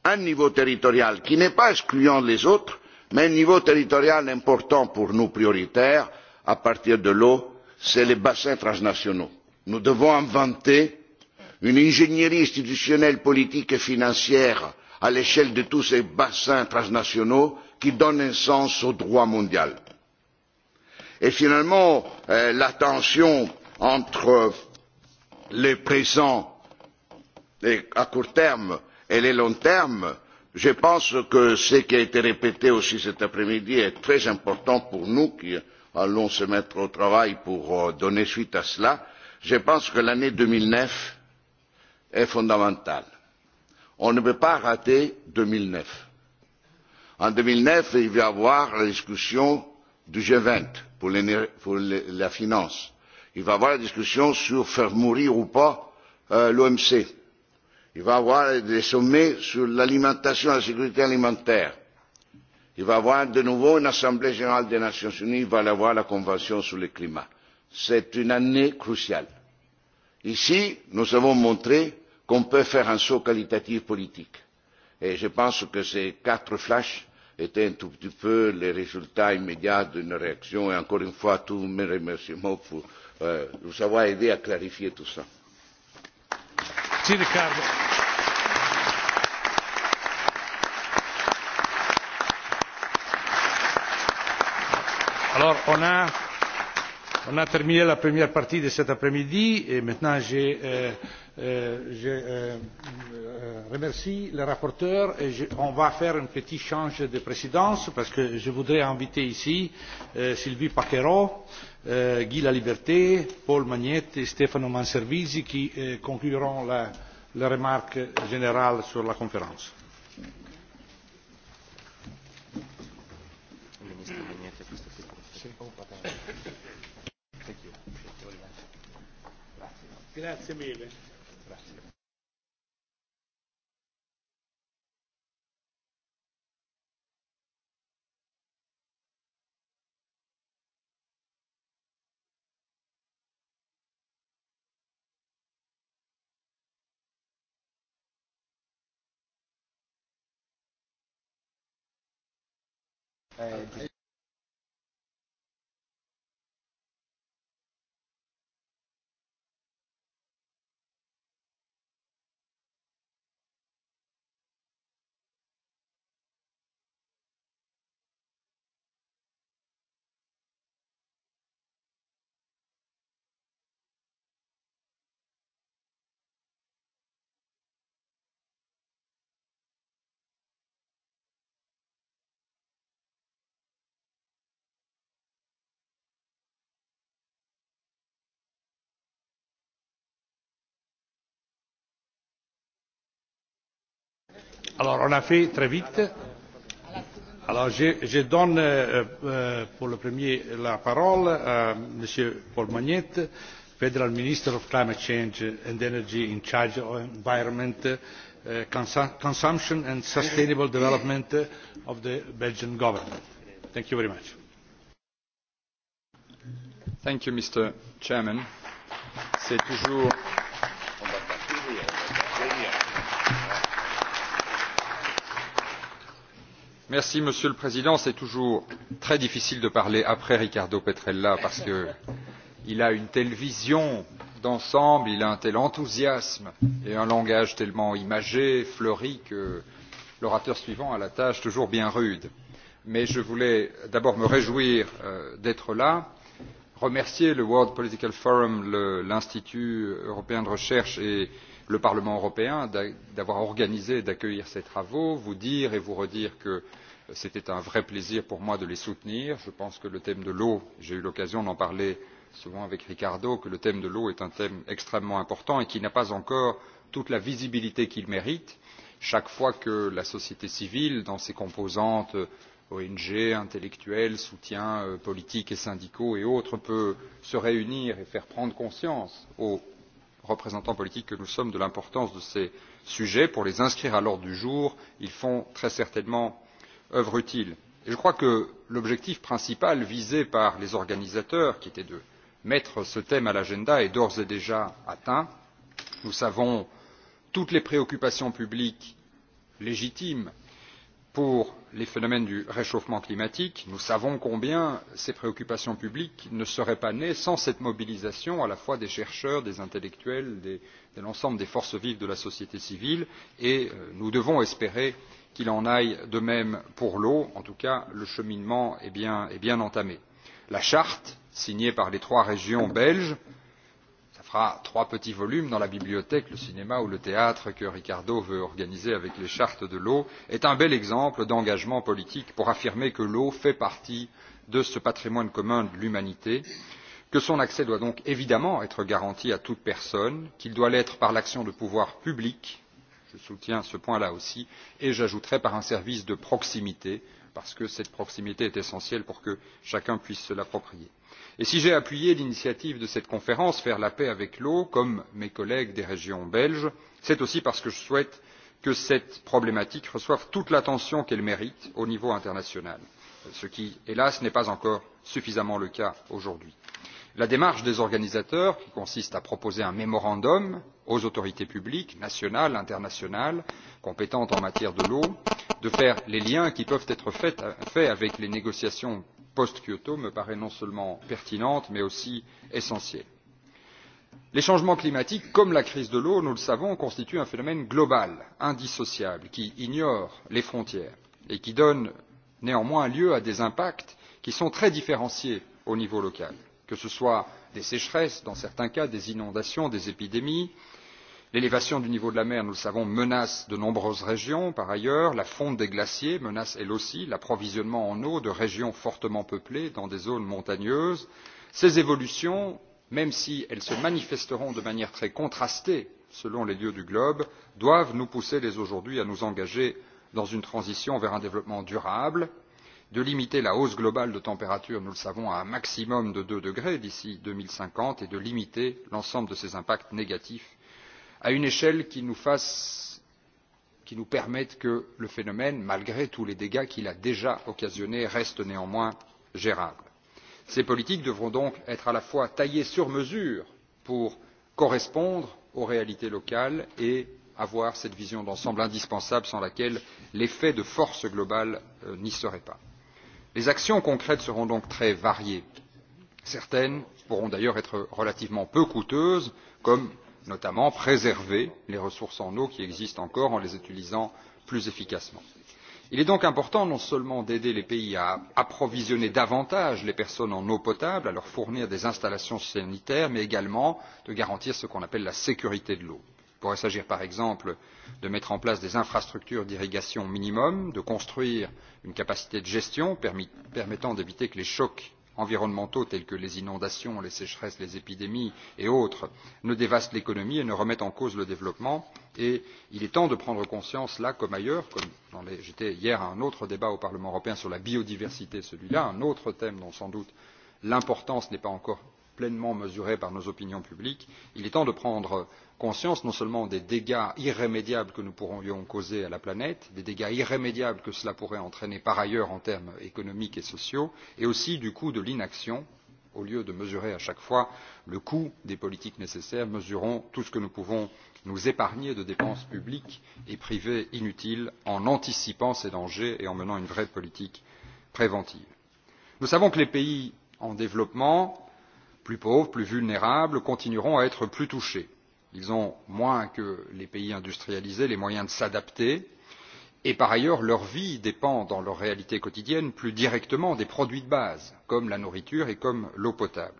Speaker 6: un niveau territorial qui n'est pas excluant les autres mais un niveau territorial important pour nous prioritaire à partir de l'eau c'est les bassins transnationaux nous devons inventer une ingénierie institutionnelle politique et financière à l'échelle de tous ces bassins transnationaux qui donne un sens au droit mondial. et finalement euh, la tension entre le présent à court terme et le long terme je pense que ce qui a été répété aussi cet après midi est très important pour nous qui allons nous mettre au travail pour euh, donner suite à cela je pense que l'année deux mille neuf est fondamentale. On ne peut pas rater deux mille neuf. En deux mille neuf, il va y avoir la discussion du G vingt pour, pour la finance, il va y avoir la discussion sur faire mourir ou pas euh, l'OMC, il va y avoir des sommets sur l'alimentation, la sécurité alimentaire, il va y avoir de nouveau une Assemblée générale des Nations unies, il va y avoir la Convention sur le climat c'est une année cruciale. Ici, nous avons montré qu'on peut faire un saut qualitatif politique. Et je pense que ces quatre flashs étaient un tout petit peu les résultats immédiats d'une réaction. Et encore une fois, tous mes remerciements pour euh, vous avoir aidé à clarifier tout ça.
Speaker 2: Merci, Ricardo. Alors, on a on a terminé la première partie de cet après midi et maintenant je euh, euh, euh, remercie le rapporteur et on va faire un petit changement de présidence parce que je voudrais inviter ici sylvie paquero guy laliberté paul magnette et stefano manservisi qui concluront leurs remarques générales sur la conférence. Grazie mille. Grazie. Thank you. on a fait très vite. je donne euh, euh, pour le premier la parole à m. paul magnet federal minister of climate change and energy in charge of environment uh, consumption and sustainable development of the belgian government.
Speaker 7: thank you very much. thank you mr president. c'est toujours monsieur le président c'est toujours très difficile de parler après riccardo petrella parce qu'il a une telle vision d'ensemble un tel enthousiasme et un langage tellement imagé fleuri que l'orateur suivant a la tâche toujours bien rude. mais je voulais d'abord me réjouir euh, d'être là remercier le world political forum l'institut européen de recherche et le parlement européen d'avoir organisé et d'accueillir ces travaux vous dire et vous redire que c'était un vrai plaisir pour moi de les soutenir. je pense que le thème de l'eau j'ai eu l'occasion d'en parler souvent avec ricardo que le thème de l'eau est un thème extrêmement important et qui n'a pas encore toute la visibilité qu'il mérite. chaque fois que la société civile dans ses composantes euh, ong intellectuels soutiens euh, politiques et syndicaux et autres peut se réunir et faire prendre conscience aux représentants politiques que nous sommes de l'importance de ces sujets pour les inscrire à l'ordre du jour ils font très certainement œuvre utile. Et je crois que l'objectif principal visé par les organisateurs, qui était de mettre ce thème à l'agenda, est d'ores et déjà atteint. Nous savons toutes les préoccupations publiques légitimes pour les phénomènes du réchauffement climatique. Nous savons combien ces préoccupations publiques ne seraient pas nées sans cette mobilisation à la fois des chercheurs, des intellectuels, des, de l'ensemble des forces vives de la société civile. Et euh, nous devons espérer euh, qu'il en aille de même pour l'eau en tout cas le cheminement est bien, est bien entamé. La charte signée par les trois régions belges ça fera trois petits volumes dans la bibliothèque, le cinéma ou le théâtre que Ricardo veut organiser avec les chartes de l'eau est un bel exemple d'engagement politique pour affirmer que l'eau fait partie de ce patrimoine commun de l'humanité, que son accès doit donc évidemment être garanti à toute personne, qu'il doit l'être par l'action de pouvoirs publics je soutiens ce point là aussi et j'ajouterai par un service de proximité parce que cette proximité est essentielle pour que chacun puisse se l'approprier. Et si j'ai appuyé l'initiative de cette conférence faire la paix avec l'eau comme mes collègues des régions belges, c'est aussi parce que je souhaite que cette problématique reçoive toute l'attention qu'elle mérite au niveau international, ce qui, hélas, n'est pas encore suffisamment le cas aujourd'hui. La démarche des organisateurs, qui consiste à proposer un mémorandum aux autorités publiques nationales et internationales compétentes en matière de l'eau de faire les liens qui peuvent être faits avec les négociations post kyoto me paraît non seulement pertinente mais aussi essentielle. les changements climatiques comme la crise de l'eau nous le savons constituent un phénomène global indissociable qui ignore les frontières et qui donne néanmoins lieu à des impacts qui sont très différenciés au niveau local que ce soit des sécheresses dans certains cas des inondations des épidémies l'élévation du niveau de la mer nous le savons menace de nombreuses régions par ailleurs la fonte des glaciers menace elle aussi l'approvisionnement en eau de régions fortement peuplées dans des zones montagneuses. ces évolutions même si elles se manifesteront de manière très contrastée selon les lieux du globe doivent nous pousser dès aujourd'hui à nous engager dans une transition vers un développement durable à limiter la hausse globale de température nous le savons à un maximum de deux degrés d'ici deux mille cinquante et à limiter l'ensemble de ses impacts négatifs à une échelle qui nous permette que le phénomène malgré tous les dégâts qu'il a déjà occasionnés reste néanmoins gérable. ces politiques devront donc être à la fois taillées sur mesure pour correspondre aux réalités locales et avoir cette vision d'ensemble indispensable sans laquelle l'effet de force globale euh, n'y serait pas. les actions concrètes seront donc très variées. certaines pourront d'ailleurs être relativement peu coûteuses comme notamment préserver les ressources en eau qui existent encore en les utilisant plus efficacement. il est donc important non seulement d'aider les pays à approvisionner davantage les personnes en eau potable à leur fournir des installations sanitaires mais également de garantir ce qu'on appelle la sécurité de l'eau. Il pourrait s'agir par exemple de mettre en place des infrastructures d'irrigation minimum de construire une capacité de gestion permettant d'éviter que les chocs environnementaux tels que les inondations, les sécheresses, les épidémies et autres ne dévastent l'économie et ne remettent en cause le développement. Et il est temps de prendre conscience, là comme ailleurs, comme les... j'étais hier à un autre débat au Parlement européen sur la biodiversité, celui-là, un autre thème dont sans doute l'importance n'est pas encore pleinement mesurée par nos opinions publiques il est temps de prendre conscience non seulement des dégâts irrémédiables que nous pourrions causer à la planète des dégâts irrémédiables que cela pourrait entraîner par ailleurs en termes économiques et sociaux mais aussi du coût de l'inaction au lieu de mesurer à chaque fois le coût des politiques nécessaires mesurons tout ce que nous pouvons nous épargner de dépenses publiques et privées inutiles en anticipant ces dangers et en menant une vraie politique préventive. nous savons que les pays en développement plus pauvres, plus vulnérables, continueront à être plus touchés. Ils ont moins que les pays industrialisés les moyens de s'adapter et par ailleurs leur vie dépend dans leur réalité quotidienne plus directement des produits de base comme la nourriture et comme l'eau potable.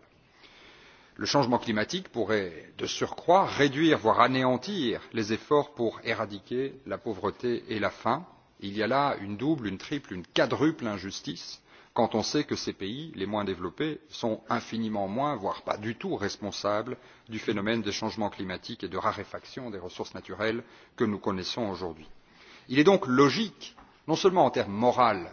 Speaker 7: Le changement climatique pourrait de surcroît réduire voire anéantir les efforts pour éradiquer la pauvreté et la faim. Il y a là une double, une triple, une quadruple injustice quand on sait que ces pays les moins développés sont infiniment moins voire pas du tout responsables du phénomène des changements climatiques et de raréfaction des ressources naturelles que nous connaissons aujourd'hui. il est donc logique non seulement en termes moraux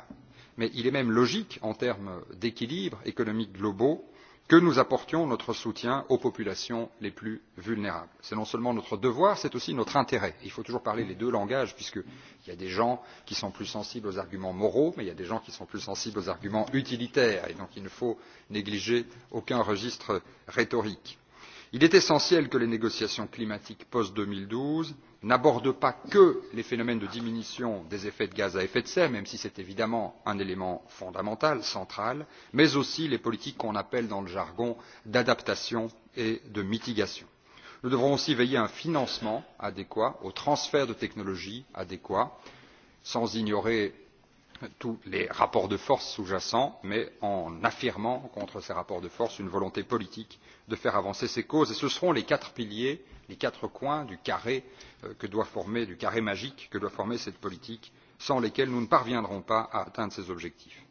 Speaker 7: mais il est même logique en termes d'équilibres économiques globaux que nous apportions notre soutien aux populations les plus vulnérables. C'est non seulement notre devoir, c'est aussi notre intérêt. Il faut toujours parler les deux langages, puisqu'il y a des gens qui sont plus sensibles aux arguments moraux, mais il y a des gens qui sont plus sensibles aux arguments utilitaires, et donc il ne faut négliger aucun registre rhétorique. Il est essentiel que les négociations climatiques post deux mille douze n'aborde pas que les phénomènes de diminution des effets de gaz à effet de serre même si c'est évidemment un élément fondamental central mais aussi les politiques qu'on appelle dans le jargon d'adaptation et de mitigation. nous devrons aussi veiller à un financement adéquat au transfert de technologies adéquat sans ignorer tous les rapports de force sous jacents mais en affirmant contre ces rapports de force une volonté politique de faire avancer ces causes. ce seront les quatre piliers les quatre coins du carré euh, que doit former du carré magique que doit former cette politique sans lesquels nous ne parviendrons pas à atteindre ces objectifs.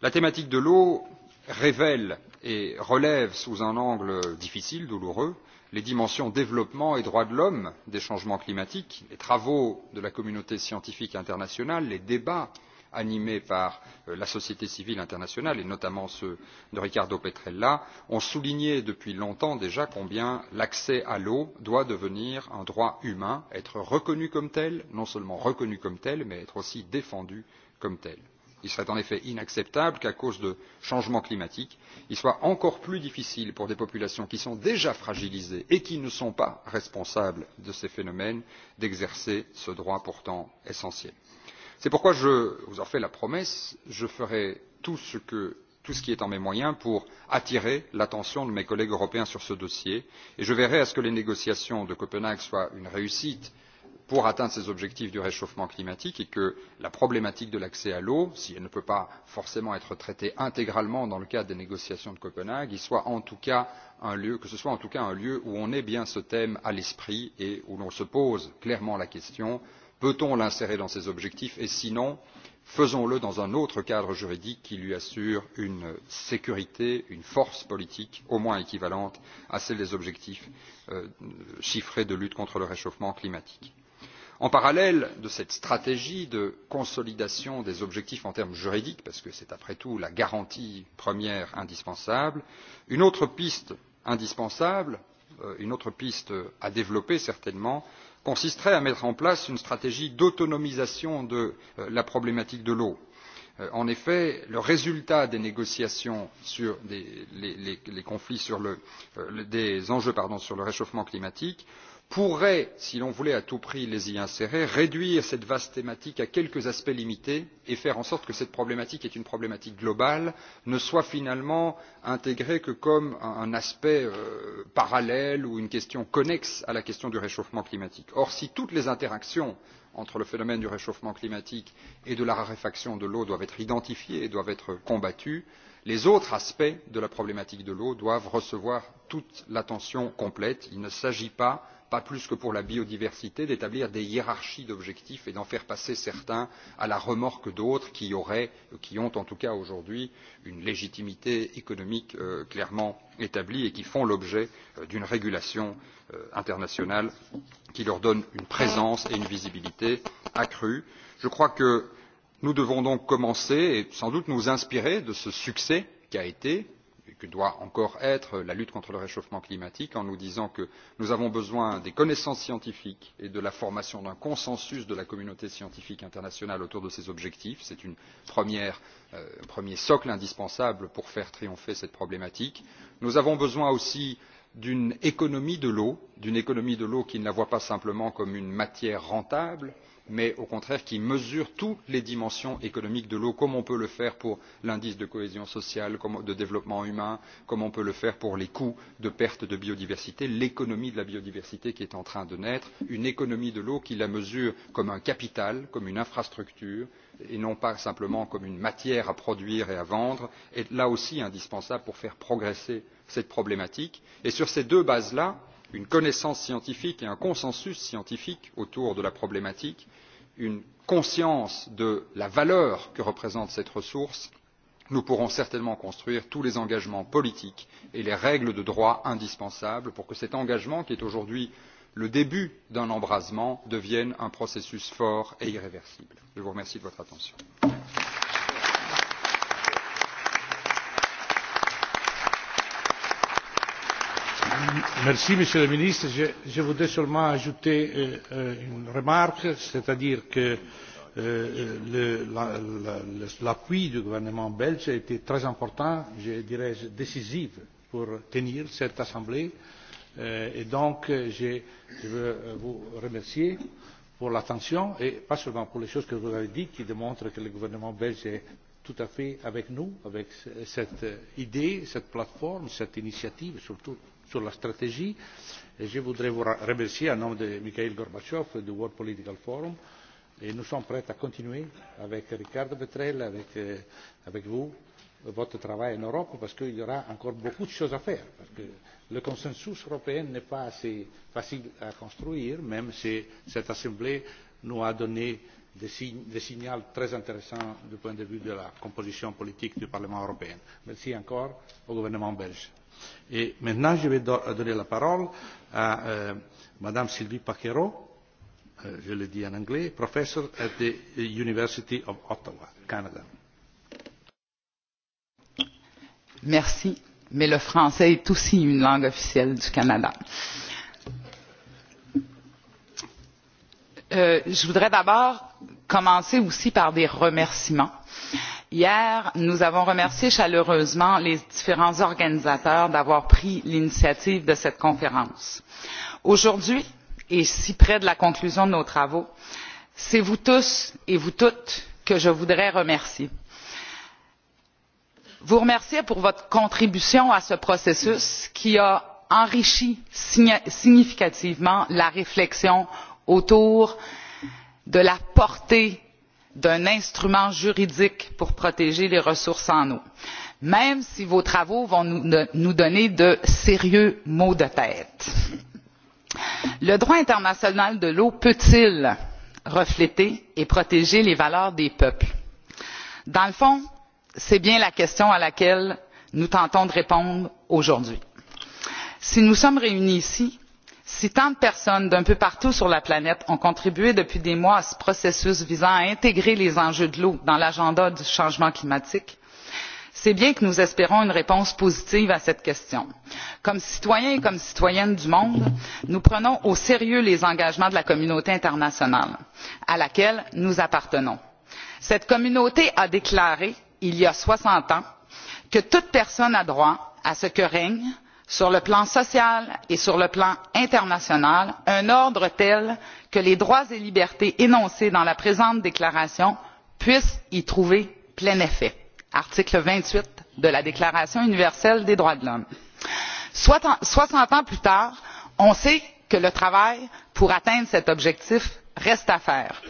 Speaker 7: La thématique de l'eau révèle et relève sous un angle difficile, douloureux, les dimensions développement et droits de l'homme des changements climatiques, les travaux de la communauté scientifique internationale, les débats animés par euh, la société civile internationale et notamment ceux de Ricardo Petrella, ont souligné depuis longtemps déjà combien l'accès à l'eau doit devenir un droit humain, être reconnu comme tel, non seulement reconnu comme tel, mais être aussi défendu comme tel. Il serait en effet inacceptable qu'à cause de changements climatiques, il soit encore plus difficile pour des populations qui sont déjà fragilisées et qui ne sont pas responsables de ces phénomènes d'exercer ce droit pourtant essentiel c'est pourquoi je vous en fais la promesse je ferai tout ce qui est en mes moyens pour attirer l'attention de mes collègues européens sur ce dossier et je veillerai à ce que les négociations de copenhague soient une réussite pour atteindre ces objectifs du réchauffement climatique et que la problématique de l'accès à l'eau si elle ne peut pas forcément être traitée intégralement dans le cadre des négociations de copenhague soit en tout cas un lieu que ce soit en tout cas un lieu où on ait bien ce thème à l'esprit et où l'on se pose clairement la question de peut on l'insérer dans ces objectifs et sinon faisons le dans un autre cadre juridique qui lui assure une sécurité une force politique au moins équivalente à celle des objectifs euh, chiffrés de lutte contre le réchauffement climatique. en parallèle de cette stratégie de consolidation des objectifs en termes juridiques parce que c'est après tout la garantie première indispensable une autre piste indispensable euh, une autre piste à développer certainement consisterait à mettre en place une stratégie d'autonomisation de euh, la problématique de l'eau. Euh, en effet, le résultat des négociations sur des, les, les, les conflits sur le, euh, des enjeux pardon, sur le réchauffement climatique pourrait si l'on voulait à tout prix les y insérer réduire cette vaste thématique à quelques aspects limités et faire en sorte que cette problématique qui est une problématique globale ne soit finalement intégrée que comme un aspect euh, parallèle ou une question connexe à la question du réchauffement climatique. Or, si toutes les interactions entre le phénomène du réchauffement climatique et de la raréfaction de l'eau doivent être identifiées et doivent être combattues, les autres aspects de la problématique de l'eau doivent recevoir toute l'attention complète. Il ne s'agit pas pas plus que pour la biodiversité d'établir des hiérarchies d'objectifs et d'en faire passer certains à la remorque d'autres qui auraient qui ont en tout cas aujourd'hui une légitimité économique euh, clairement établie et qui font l'objet euh, d'une régulation euh, internationale qui leur donne une présence et une visibilité accrues. je crois que nous devons donc commencer et sans doute nous inspirer de ce succès qu'a été que doit encore être la lutte contre le réchauffement climatique en nous disant que nous avons besoin des connaissances scientifiques et de la formation d'un consensus de la communauté scientifique internationale autour de ces objectifs. C'est euh, un euh, premier socle indispensable pour faire triompher cette problématique. Nous avons besoin aussi d'une économie de l'eau, d'une économie de l'eau qui ne la voit pas simplement comme une matière rentable, mais au contraire qui mesure toutes les dimensions économiques de l'eau comme on peut le faire pour l'indice de cohésion sociale de développement humain comme on peut le faire pour les coûts de perte de biodiversité l'économie de la biodiversité qui est en train de naître une économie de l'eau qui la mesure comme un capital comme une infrastructure et non pas simplement comme une matière à produire et à vendre est là aussi indispensable pour faire progresser cette problématique. sur ces deux bases là une connaissance scientifique et un consensus scientifique autour de la problématique une conscience de la valeur que représente cette ressource nous pourrons certainement construire tous les engagements politiques et les règles de droit indispensables pour que cet engagement qui est aujourd'hui le début d'un embrasement devienne un processus fort et irréversible. je vous remercie de votre attention.
Speaker 2: monsieur le ministre je voudrais seulement ajouter euh, euh, une remarque c'est à dire que euh, l'appui du gouvernement belge a été très important je dirais même décisif pour tenir cette assemblée et donc je veux vous remercier pour l'attention et pas seulement pour les choses que vous avez dites qui démontrent que le gouvernement belge est tout à fait avec nous avec cette idée cette plateforme cette initiative surtout sur la stratégie et je voudrais vous remercier au nom de mikhaïl gorbatchev et du world political forum et nous sommes prêts à continuer avec ricardo petrel euh, avec vous votre travail en europe parce qu'il y aura encore beaucoup de choses à faire parce que le consensus européen n'est pas assez facile à construire même si cette assemblée nous a donné des signaux très intéressants du point de vue de la composition politique du parlement européen. merci encore au gouvernement belge. Et maintenant, je vais euh, donner la parole à euh, Madame Sylvie Paquero, euh, je le dis en anglais, professor at the University of Ottawa, Canada.
Speaker 8: Merci, mais le français est aussi une langue officielle du Canada. Euh, Euh, je voudrais d'abord commencer par des remerciements. hier nous avons remercié chaleureusement les différents organisateurs d'avoir pris l'initiative de cette conférence. aujourd'hui et si près de la conclusion de nos travaux c'est vous tous et vous toutes que je voudrais remercier. vous remercier pour votre contribution à ce processus qui a enrichi significativement la réflexion autour de la portée d'un instrument juridique pour protéger les ressources en eau même si vos travaux vont nous donner de sérieux maux de tête. le droit international de l'eau peut il refléter et protéger les valeurs des peuples? dans le fond c'est bien la question à laquelle nous tentons de répondre aujourd'hui. si nous sommes réunis ici si tant de personnes d'un peu partout sur la planète ont contribué depuis des mois à ce processus visant à intégrer les enjeux de l'eau dans l'agenda du changement climatique c'est bien que nous espérons une réponse positive à cette question. comme citoyens et comme citoyennes du monde nous prenons au sérieux les engagements de la communauté internationale à laquelle nous appartenons. cette communauté a déclaré il y a soixante ans que toute personne a droit à ce que règne sur le plan social et sur le plan international un ordre tel que les droits et libertés énoncés dans la présente déclaration puissent y trouver plein effet article vingt huit de la déclaration universelle des droits de l'homme. soixante ans plus tard on sait que le travail pour atteindre cet objectif reste à faire.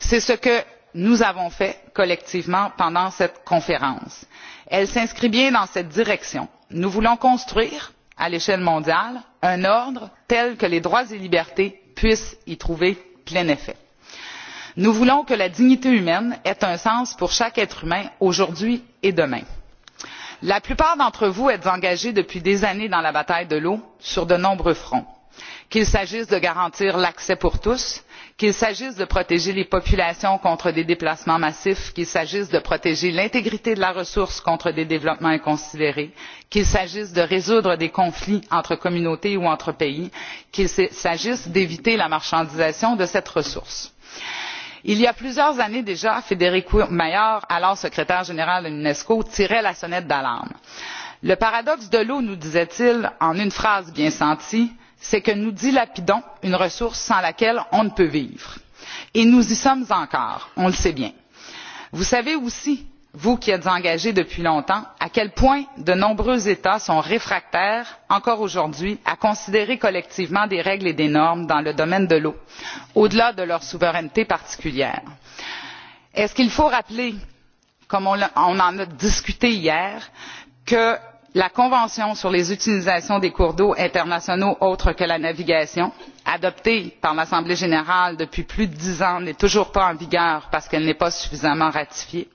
Speaker 8: c'est ce que nous avons fait collectivement pendant cette conférence. elle s'inscrit bien dans cette direction. nous voulons construire à l'échelle mondiale un ordre tel que les droits et libertés puissent y trouver plein effet. nous voulons que la dignité humaine ait un sens pour chaque être humain aujourd'hui et demain. la plupart d'entre vous êtes engagés depuis des années dans la bataille de l'eau sur de nombreux fronts qu'il s'agisse de garantir l'accès pour tous qu'il s'agisse de protéger les populations contre des déplacements massifs qu'il s'agisse de protéger l'intégrité de la ressource contre des développements inconsidérés qu'il s'agisse de résoudre des conflits entre communautés ou entre pays qu'il s'agisse d'éviter la marchandisation de cette ressource. il y a plusieurs années déjà federico mayor alors secrétaire général de l'unesco tirait la sonnette d'alarme. le paradoxe de l'eau nous disait il en une phrase bien sentie c'est que nous dilapidons une ressource sans laquelle on ne peut vivre et nous y sommes encore on le sait bien. vous savez aussi vous qui êtes engagé depuis longtemps à quel point de nombreux états sont réfractaires encore aujourd'hui à considérer collectivement des règles et des normes dans le domaine de l'eau au delà de leur souveraineté particulière. est ce qu'il faut rappeler comme on en a discuté hier que la convention sur les utilisations des cours d'eau internationaux autres que la navigation adoptée par l'assemblée générale depuis plus de dix ans n'est toujours pas en vigueur parce qu'elle n'est pas suffisamment ratifiée.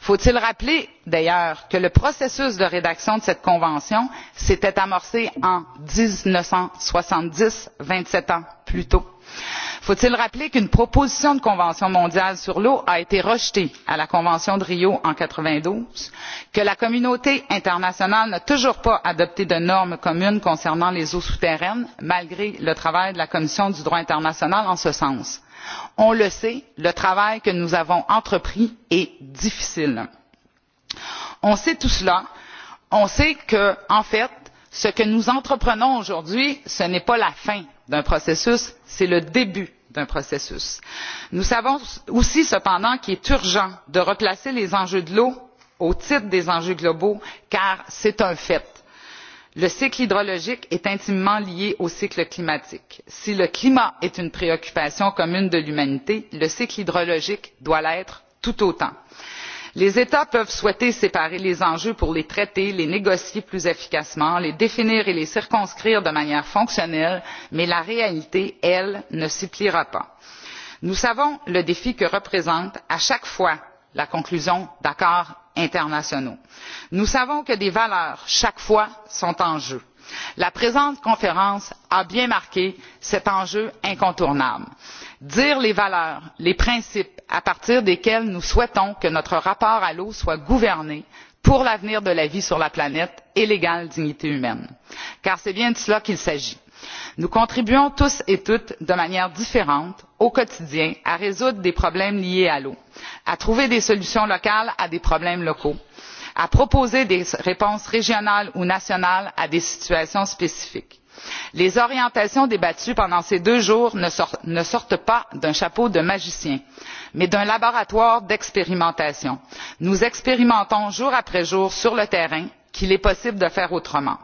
Speaker 8: faut il rappeler d'ailleurs que le processus de rédaction de cette convention s'était amorcé en mille neuf cent soixante dix vingt sept ans plus tôt? faut il rappeler qu'une proposition de convention mondiale sur l'eau a été rejetée à la convention de rio en mille neuf cent quatre vingt douze que la communauté internationale n'a toujours pas adopté de normes communes concernant les eaux souterraines malgré le travail de la commission du droit international en ce sens? on le sait le travail que nous avons entrepris est difficile. on sait tout cela on sait que en fait ce que nous entreprenons aujourd'hui ce n'est pas la fin d'un processus c'est le début d'un processus. nous savons aussi cependant qu'il est urgent de replacer les enjeux de l'eau au titre des enjeux globaux car c'est un fait le cycle hydrologique est intimement lié au cycle climatique. si le climat est une préoccupation commune de l'humanité le cycle hydrologique doit l'être tout autant. il les états peuvent souhaiter séparer les enjeux pour les traiter les négocier plus efficacement les définir et les circonscrire de manière fonctionnelle mais la réalité elle ne s'y pliera pas. nous savons le défi que représente à chaque fois la conclusion d'accords internationaux. nous savons que des valeurs chaque fois sont en jeu. la présente conférence a bien marqué cet enjeu incontournable dire les valeurs les principes à partir desquels nous souhaitons que notre rapport à l'eau soit gouverné pour l'avenir de la vie sur la planète et l'égale dignité humaine car c'est bien de cela qu'il s'agit. nous contribuons tous et toutes de manière différente au quotidien à résoudre des problèmes liés à l'eau à trouver des solutions locales à des problèmes locaux à proposer des réponses régionales ou nationales à des situations spécifiques les orientations débattues pendant ces deux jours ne sortent pas d'un chapeau de magicien mais d'un laboratoire d'expérimentation. nous expérimentons jour après jour sur le terrain qu'il est possible de faire autrement.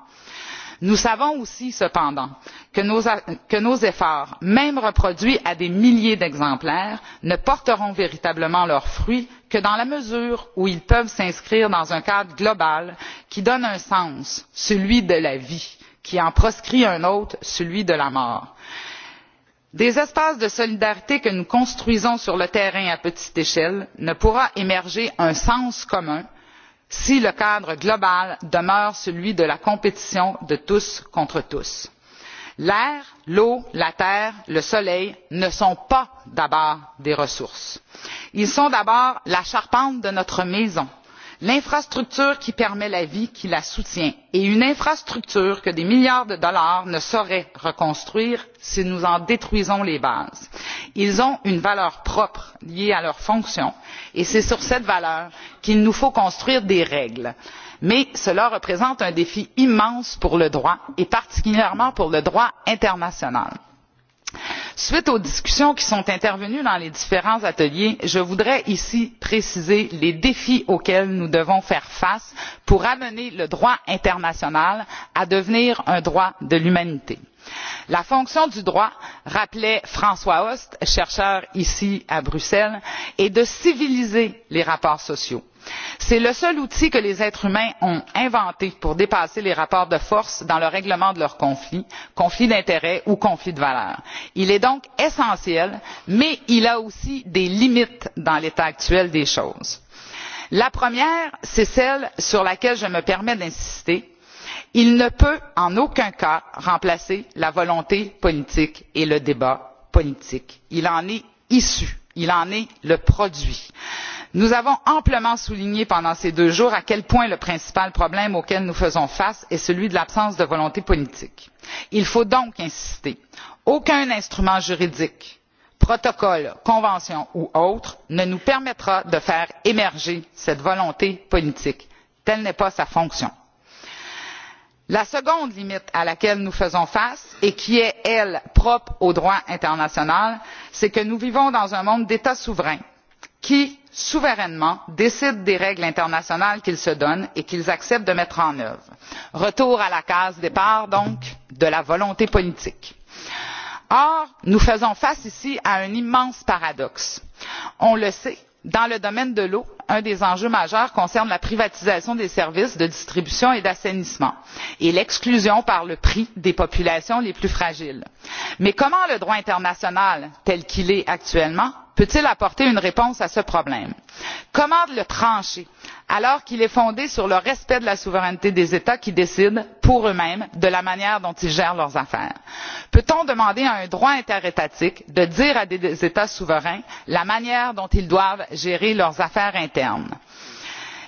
Speaker 8: nous savons aussi cependant que nos efforts même reproduits à des milliers d'exemplaires ne porteront véritablement leurs fruits que dans la mesure où ils peuvent s'inscrire dans un cadre global qui donne un sens celui de la vie qui en proscrit un autre celui de la mort. des espaces de solidarité que nous construisons sur le terrain à petite échelle ne pourra émerger un sens commun si le cadre global demeure celui de la compétition de tous contre tous. l'air l'eau la terre le soleil ne sont pas d'abord des ressources ils sont d'abord la charpente de notre maison l'infrastructure qui permet la vie qui la soutient et une infrastructure que des milliards de dollars ne sauraient reconstruire si nous en détruisons les bases. ils ont une valeur propre liée à leur fonction et c'est sur cette valeur qu'il nous faut construire des règles mais cela représente un défi immense pour le droit et particulièrement pour le droit international suite aux discussions qui sont intervenues dans les différents ateliers je voudrais ici préciser les défis auxquels nous devons faire face pour amener le droit international à devenir un droit de l'humanité. la fonction du droit rappelait françois host chercheur ici à bruxelles est de civiliser les rapports sociaux c'est le seul outil que les êtres humains ont inventé pour dépasser les rapports de force dans le règlement de leurs conflits conflits d'intérêts ou conflits de valeurs. il est donc essentiel mais il a aussi des limites dans l'état actuel des choses. la première c'est celle sur laquelle je me permets d'insister il ne peut en aucun cas remplacer la volonté politique et le débat politique. il en est issu il en est le produit nous avons amplement souligné pendant ces deux jours à quel point le principal problème auquel nous faisons face est celui de l'absence de volonté politique. il faut donc insister aucun instrument juridique protocole convention ou autre ne nous permettra de faire émerger cette volonté politique telle n'est pas sa fonction. la seconde limite à laquelle nous faisons face et qui est elle propre au droit international c'est que nous vivons dans un monde d'états souverains qui souverainement décident des règles internationales qu'ils se donnent et qu'ils acceptent de mettre en œuvre. retour à la case départ donc de la volonté politique. or nous faisons face ici à un immense paradoxe. on le sait dans le domaine de l'eau un des enjeux majeurs concerne la privatisation des services de distribution et d'assainissement et l'exclusion par le prix des populations les plus fragiles. mais comment le droit international tel qu'il est actuellement peut il apporter une réponse à ce problème? comment le trancher alors qu'il est fondé sur le respect de la souveraineté des états qui décident pour eux mêmes de la manière dont ils gèrent leurs affaires? peut on demander à un droit interétatique de dire à des états souverains la manière dont ils doivent gérer leurs affaires internes?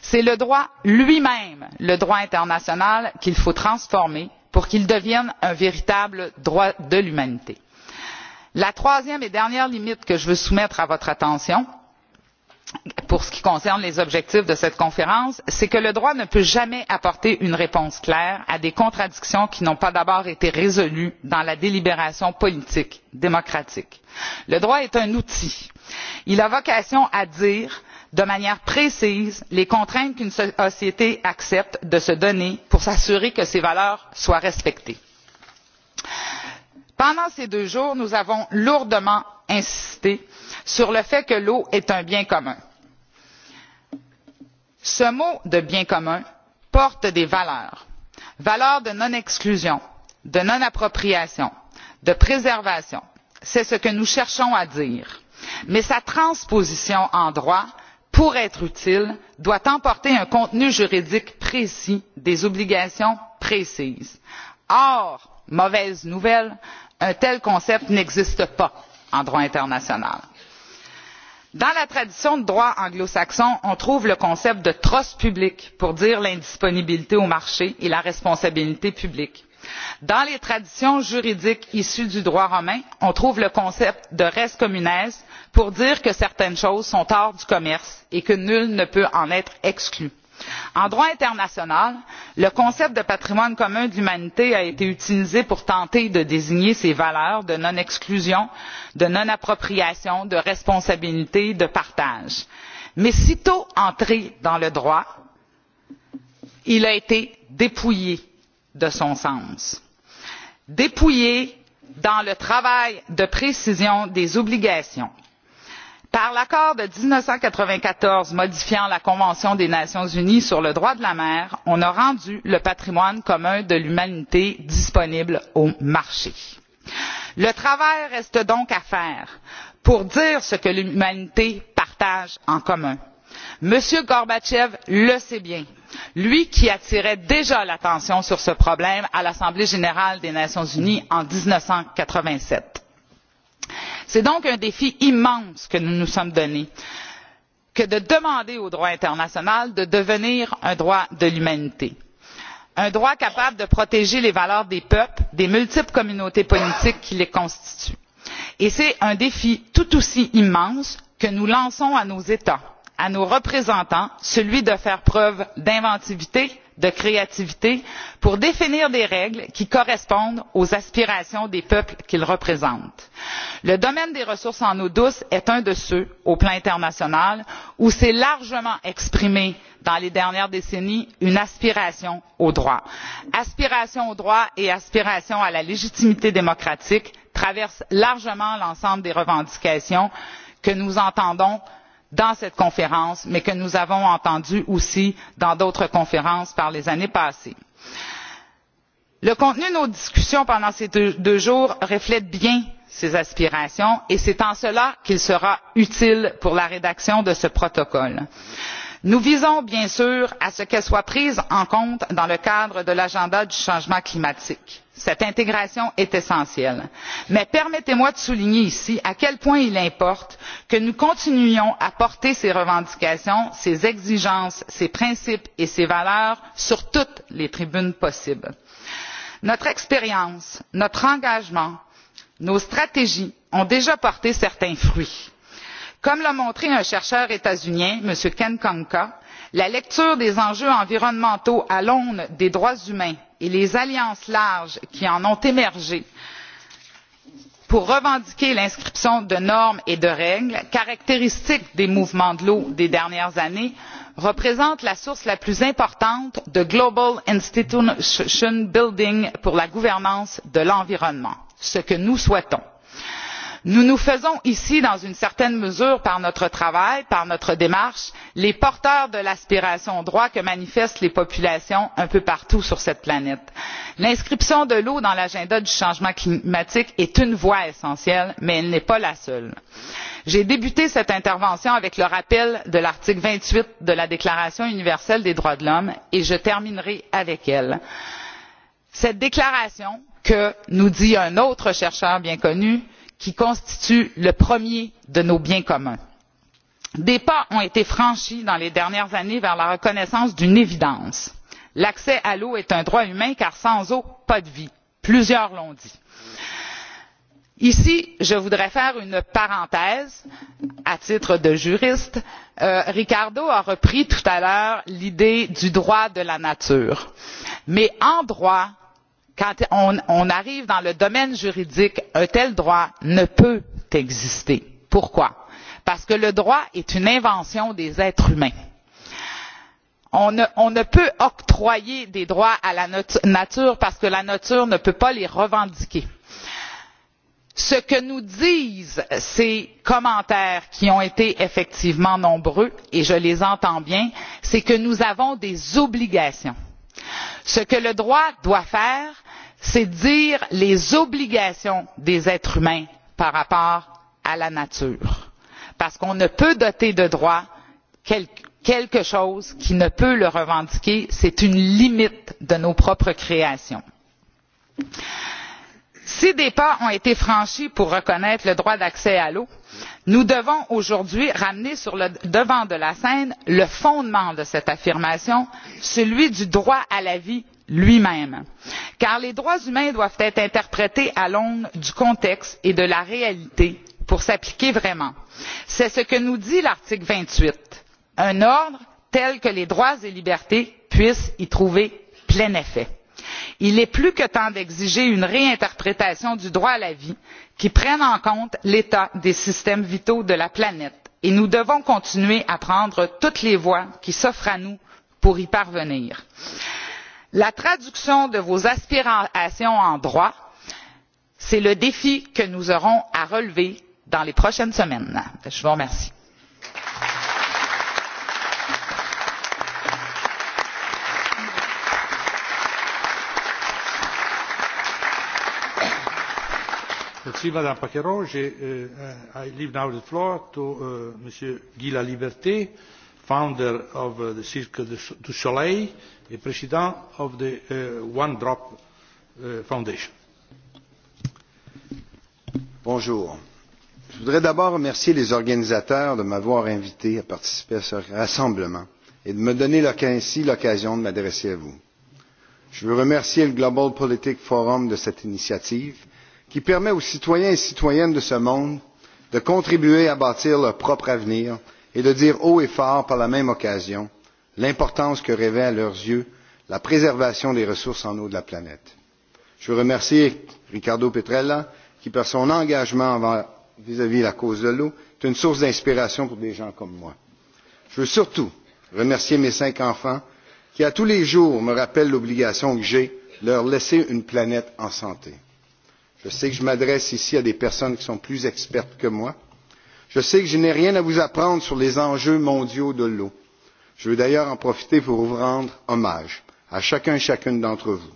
Speaker 8: c'est le droit lui même le droit international qu'il faut transformer pour qu'il devienne un véritable droit de l'humanité la troisième et dernière limite que je veux soumettre à votre attention pour ce qui concerne les objectifs de cette conférence c'est que le droit ne peut jamais apporter une réponse claire à des contradictions qui n'ont pas d'abord été résolues dans la délibération politique démocratique. le droit est un outil il a vocation à dire de manière précise les contraintes qu'une société accepte de se donner pour s'assurer que ses valeurs soient respectées pendant ces deux jours nous avons lourdement insisté sur le fait que l'eau est un bien commun. ce mot de bien commun porte des valeurs valeurs de non exclusion de non appropriation de préservation c'est ce que nous cherchons à dire mais sa transposition en droit pour être utile doit emporter un contenu juridique précis des obligations précises. or mauvaise nouvelle un tel concept n'existe pas en droit international. dans la tradition du droit anglo saxon on trouve le concept de trust public pour dire l'indisponibilité au marché et la responsabilité publique. dans les traditions juridiques issues du droit romain on trouve le concept de res communes pour dire que certaines choses sont hors du commerce et que nul ne peut en être exclu en droit international le concept de patrimoine commun de l'humanité a été utilisé pour tenter de désigner ces valeurs de non exclusion de non appropriation de responsabilité de partage mais sitôt entré dans le droit il a été dépouillé de son sens dépouillé dans le travail de précision des obligations par l'accord de mille neuf cent quatre vingt quatorze modifiant la convention des nations unies sur le droit de la mer on a rendu le patrimoine commun de l'humanité disponible au marché. le travail reste donc à faire pour dire ce que l'humanité partage en commun. m. gorbatchev le sait bien lui qui attirait déjà l'attention sur ce problème à l'assemblée générale des nations unies en mille neuf cent quatre vingt sept c'est donc un défi immense que nous nous sommes donné que de demander au droit international de devenir un droit de l'humanité un droit capable de protéger les valeurs des peuples des multiples communautés politiques qui les constituent et c'est un défi tout aussi immense que nous lançons à nos états à nos représentants celui de faire preuve d'inventivité de créativité pour définir des règles qui correspondent aux aspirations des peuples qu'ils représentent. le domaine des ressources en eau douce est un de ceux au plan international où s'est largement exprimée dans les dernières décennies une aspiration aux droits. aspiration aux droits et aspiration à la légitimité démocratique traversent largement l'ensemble des revendications que nous entendons dans cette conférence mais que nous avons entendu aussi dans d'autres conférences par les années passées. le contenu de nos discussions pendant ces deux jours reflète bien ces aspirations et c'est en cela qu'il sera utile pour la rédaction de ce protocole nous visons bien sûr à ce qu'elle soit prise en compte dans le cadre de l'agenda du changement climatique. cette intégration est essentielle mais permettez moi de souligner ici à quel point il importe que nous continuions à porter ces revendications ces exigences ces principes et ces valeurs sur toutes les tribunes possibles. notre expérience notre engagement nos stratégies ont déjà porté certains fruits comme l'a montré un chercheur états unien m. ken kamkha la lecture des enjeux environnementaux à l'aune des droits humains et les alliances larges qui en ont émergé pour revendiquer l'inscription de normes et de règles caractéristiques des mouvements de l'eau des dernières années représentent la source la plus importante de global institution building pour la gouvernance de l'environnement ce que nous souhaitons nous nous faisons ici dans une certaine mesure par notre travail par notre démarche les porteurs de l'aspiration au droit que manifestent les populations un peu partout sur cette planète. l'inscription de l'eau dans l'agenda du changement climatique est une voie essentielle mais elle n'est pas la seule. j'ai débuté cette intervention avec le rappel de l'article vingt huit de la déclaration universelle des droits de l'homme et je terminerai avec elle. cette déclaration que nous dit un autre chercheur bien connu qui constitue le premier de nos biens communs. des pas ont été franchis dans les dernières années vers la reconnaissance d'une évidence l'accès à l'eau est un droit humain car sans eau pas de vie plusieurs l'ont dit. ici je voudrais faire une parenthèse à titre de juriste euh, ricardo a repris tout à l'heure l'idée du droit de la nature mais en droit quand on arrive dans le domaine juridique un tel droit ne peut exister. pourquoi? parce que le droit est une invention des êtres humains. on ne peut octroyer des droits à la nature parce que la nature ne peut pas les revendiquer. ce que nous disent ces commentaires qui ont été effectivement nombreux et je les entends bien c'est que nous avons des obligations. ce que le droit doit faire c'est dire les obligations des êtres humains par rapport à la nature parce qu'on ne peut doter de droits quelque chose qui ne peut le revendiquer c'est une limite de nos propres créations. si des pas ont été franchis pour reconnaître le droit d'accès à l'eau nous devons aujourd'hui ramener sur le devant de la scène le fondement de cette affirmation celui du droit à la vie lui même car les droits humains doivent être interprétés à l'aune du contexte et de la réalité pour s'appliquer vraiment. c'est ce que nous dit l'article vingt huit un ordre tel que les droits et libertés puissent y trouver plein effet. il est plus que temps d'exiger une réinterprétation du droit à la vie qui prenne en compte l'état des systèmes vitaux de la planète et nous devons continuer à prendre toutes les voies qui s'offrent à nous pour y parvenir la traduction de vos aspirations en droit c'est le défi que nous aurons à relever dans les prochaines semaines. je vous remercie.
Speaker 2: Merci, Madame Paquerot. Euh, I leave now the floor to uh, Monsieur Guy Laliberté, founder of uh, the Cirque du Soleil et président of the uh, one drop uh, foundation.
Speaker 9: bonjour. je voudrais d'abord remercier les organisateurs de m'avoir invité à participer à ce rassemblement et de me donner ainsi l'occasion de m'adresser à vous. je veux remercier le global political forum de cette initiative qui permet aux citoyens et citoyennes de ce monde de contribuer à bâtir leur propre avenir et de dire haut et fort par la même occasion l'importance que revêt à leurs yeux la préservation des ressources en eau de la planète. je veux remercier riccardo pittella qui par son engagement vis à vis de la cause de l'eau est une source d'inspiration pour des gens comme moi. je veux surtout remercier mes cinq enfants qui à tous les jours me rappellent l'obligation que j'ai de leur laisser une planète en santé. je sais que je m'adresse ici à des personnes qui sont plus expertes que moi. je sais que je n'ai rien à vous apprendre sur les enjeux mondiaux de l'eau je veux d'ailleurs en profiter pour vous rendre hommage à chacun et chacune d'entre vous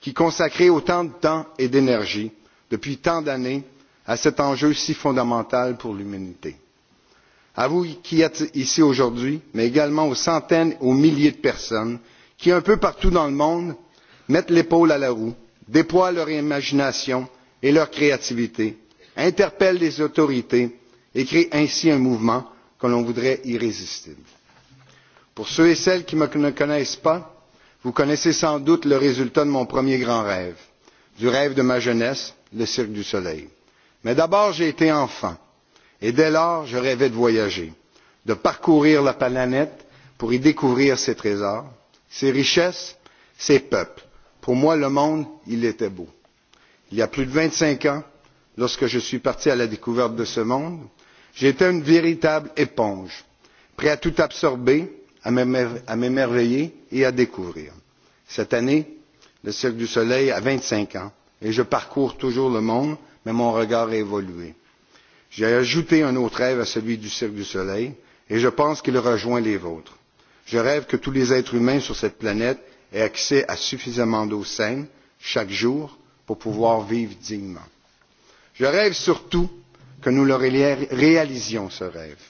Speaker 9: qui consacrez autant de temps et d'énergie depuis tant d'années à cet enjeu si fondamental pour l'humanité à vous qui êtes ici aujourd'hui mais également aux centaines et aux milliers de personnes qui un peu partout dans le monde mettent l'épaule à la roue déploient leur imagination et leur créativité interpellent les autorités et créent ainsi un mouvement que l'on voudrait irrésistible pour ceux et celles qui ne me connaissent pas vous connaissez sans doute le résultat de mon premier grand rêve du rêve de ma jeunesse le cirque du soleil. mais d'abord j'ai été enfant et dès lors je rêvais de voyager de parcourir la planète pour y découvrir ses trésors ses richesses ses peuples. pour moi le monde il était beau. il y a plus de vingt cinq ans lorsque je suis parti à la découverte de ce monde j'étais une véritable éponge prêt à tout absorber à m'émerveiller et à découvrir. cette année le cirque du soleil a vingt cinq ans et je parcours toujours le monde mais mon regard a évolué. j'ai ajouté un autre rêve à celui du cirque du soleil et je pense qu'il rejoint les vôtres. je rêve que tous les êtres humains sur cette planète aient accès à suffisamment d'eau saine chaque jour pour pouvoir vivre dignement. je rêve surtout que nous le réalisions ce rêve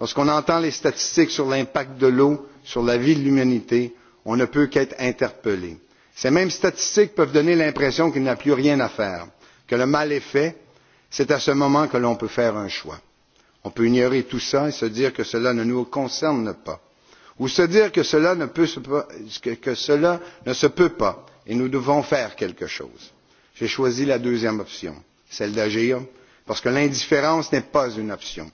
Speaker 9: lorsqu'on entend les statistiques sur l'impact de l'eau sur la vie de l'humanité on ne peut qu'être interpellé. ces mêmes statistiques peuvent donner l'impression qu'il n'y a plus rien à faire que le mal est fait. c'est à ce moment que l'on peut faire un choix. on peut ignorer tout cela et se dire que cela ne nous concerne pas ou se dire que cela ne, peut se, que, que cela ne se peut pas et nous devons faire quelque chose. j'ai choisi la deuxième option celle d'agir parce que l'indifférence n'est pas une option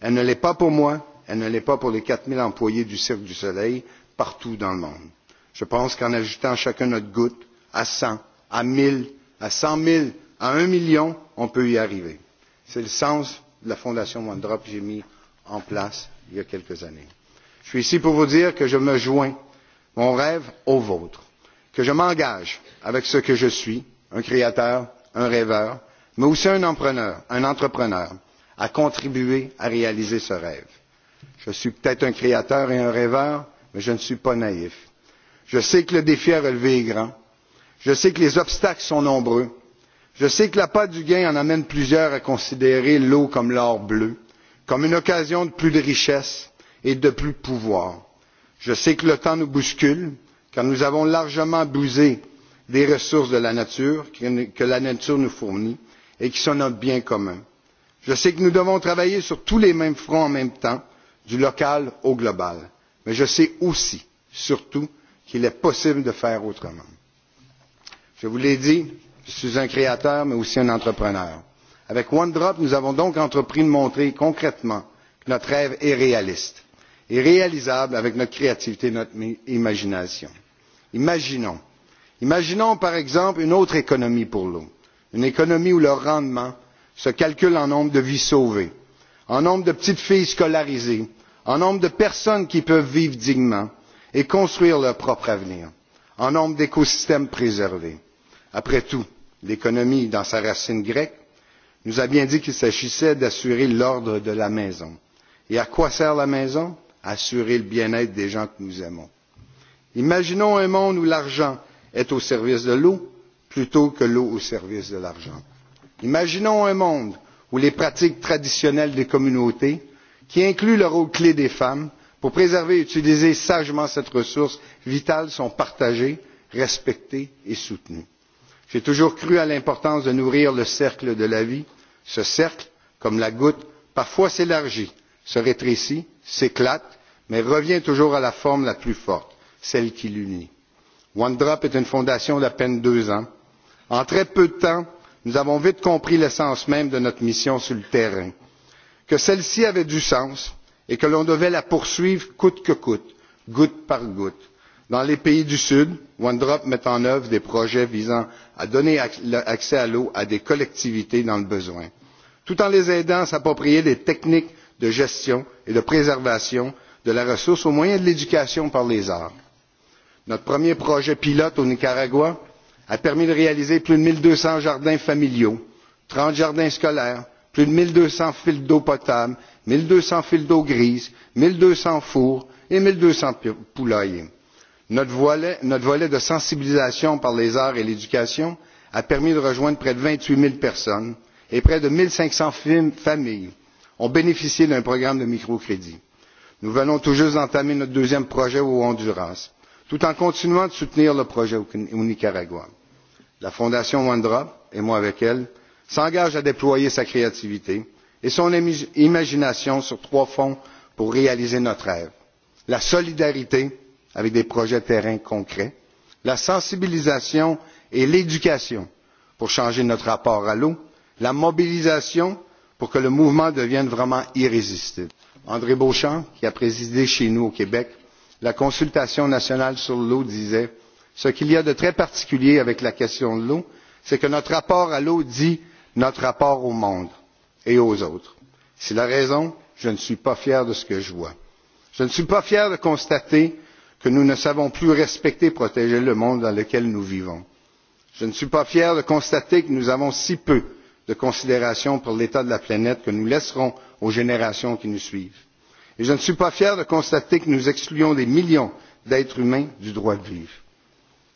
Speaker 9: elle ne l'est pas pour moi elle ne l'est pas pour les quatre zéro employés du cirque du soleil partout dans le monde. je pense qu'en ajoutant chacun notre goutte à cent à mille à cent mille à un million on peut y arriver. c'est le sens de la fondation one drop que j'ai mise en place il y a quelques années. je suis ici pour vous dire que je me joins mon rêve au vôtre que je m'engage avec ce que je suis un créateur un rêveur mais aussi un entrepreneur à contribuer à réaliser ce rêve. je suis peut être un créateur et un rêveur mais je ne suis pas naïf. je sais que le défi à relever est grand je sais que les obstacles sont nombreux je sais que la pâte du gain en amène plusieurs à considérer l'eau comme l'or bleu comme une occasion de plus de richesse et de plus de pouvoir. je sais que le temps nous bouscule car nous avons largement abusé des ressources de la nature que la nature nous fournit et qui sont notre bien commun je sais que nous devons travailler sur tous les mêmes fronts en même temps du local au global mais je sais aussi surtout qu'il est possible de faire autrement. je vous l'ai dit je suis un créateur mais aussi un entrepreneur. avec one drop nous avons donc entrepris de montrer concrètement que notre rêve est réaliste et réalisable avec notre créativité et notre imagination. imaginons imaginons par exemple une autre économie pour l'eau une économie où le rendement se calcule en nombre de vies sauvées en nombre de petites filles scolarisées en nombre de personnes qui peuvent vivre dignement et construire leur propre avenir en nombre d'écosystèmes préservés. après tout l'économie dans sa racine grecque nous a bien dit qu'il s'agissait d'assurer l'ordre de la maison. et à quoi sert la maison? à assurer le bien être des gens que nous aimons. imaginons un monde où l'argent est au service de l'eau plutôt que l'eau au service de l'argent imaginons un monde où les pratiques traditionnelles des communautés qui incluent le rôle clé des femmes pour préserver et utiliser sagement cette ressource vitale sont partagées respectées et soutenues. j'ai toujours cru à l'importance de nourrir le cercle de la vie ce cercle comme la goutte parfois s'élargit se rétrécit s'éclate mais revient toujours à la forme la plus forte celle qui l'unit. one drop est une fondation d'à peine deux ans. en très peu de temps nous avons vite compris l'essence même de notre mission sur le terrain que celle ci avait du sens et que l'on devait la poursuivre coûte que coûte goutte par goutte. dans les pays du sud l'onu met en œuvre des projets visant à donner accès à l'eau à des collectivités dans le besoin tout en les aidant à s'approprier des techniques de gestion et de préservation de la ressource au moyen de l'éducation par les arts. notre premier projet pilote au nicaragua a permis de réaliser plus de un deux cents jardins familiaux trente jardins scolaires plus de un deux cents fuites d'eau potable un deux cents fuites d'eau grise un deux cents fours et un deux cents poulaillers. notre volet de sensibilisation par les arts et l'éducation a permis de rejoindre près de vingt huit zéro personnes et près de un cinq cents familles ont bénéficié d'un programme de microcrédit. nous venons tout juste d'entamer notre deuxième projet au honduras tout en continuant de soutenir le projet au nicaragua. la fondation wondra et moi avec elle s'engage à déployer sa créativité et son imagination sur trois fronts pour réaliser notre rêve la solidarité avec des projets de terrain concrets la sensibilisation et l'éducation pour changer notre rapport à l'eau la mobilisation pour que le mouvement devienne vraiment irrésistible. andré beauchamp qui a présidé chez nous au québec la consultation nationale sur l'eau disait ce qu'il y a de très particulier avec la question de l'eau c'est que notre rapport à l'eau dit notre rapport au monde et aux autres. c'est la raison je ne suis pas fier de ce que je vois. je ne suis pas fier de constater que nous ne savons plus respecter et protéger le monde dans lequel nous vivons. je ne suis pas fier de constater que nous avons si peu de considération pour l'état de la planète que nous laisserons aux générations qui nous suivent et je ne suis pas fier de constater que nous excluons des millions d'êtres humains du droit de vivre.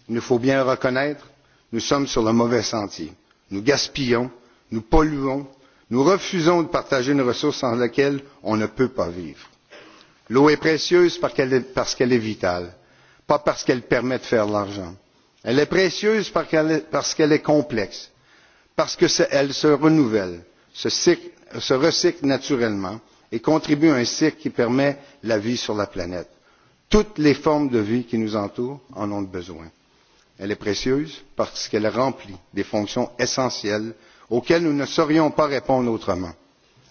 Speaker 9: il nous faut bien le reconnaître nous sommes sur le mauvais sentier. nous gaspillons nous polluons nous refusons de partager une ressource sans laquelle on ne peut pas vivre. l'eau est précieuse parce qu'elle est vitale pas parce qu'elle permet de faire de l'argent. elle est précieuse parce qu'elle est complexe parce qu'elle se renouvelle se recycle naturellement et contribue à un cycle qui permet la vie sur la planète. toutes les formes de vie qui nous entourent en ont besoin. elle est précieuse parce qu'elle remplit des fonctions essentielles auxquelles nous ne saurions pas répondre autrement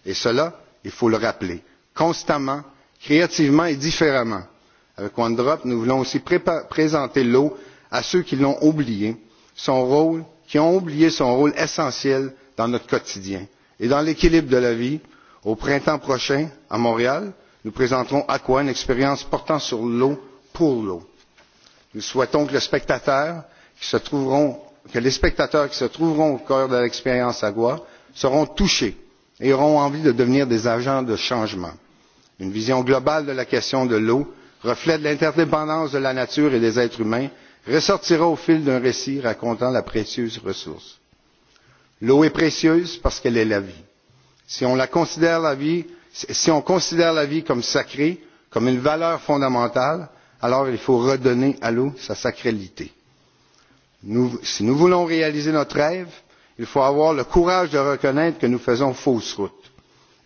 Speaker 9: et cela il faut le rappeler constamment créativement et différemment. avec one drop nous voulons aussi présenter l'eau à ceux qui l'ont oubliée son rôle qui ont oublié son rôle essentiel dans notre quotidien et dans l'équilibre de la vie au printemps prochain à montréal nous présenterons aqua une expérience portant sur l'eau pour l'eau. nous souhaitons que les spectateurs qui se trouveront au cœur de l'expérience aqua soient touchés et auront envie de devenir des agents de changement. une vision globale de la question de l'eau reflet de l'interdépendance de la nature et des êtres humains ressortira au fil d'un récit racontant la précieuse ressource. l'eau est précieuse parce qu'elle est la vie si on considère la vie si on considère la vie comme sacrée comme une valeur fondamentale alors il faut redonner à l'eau sa sacralité nous, si nous voulons réaliser notre rêve il faut avoir le courage de reconnaître que nous faisons fausse route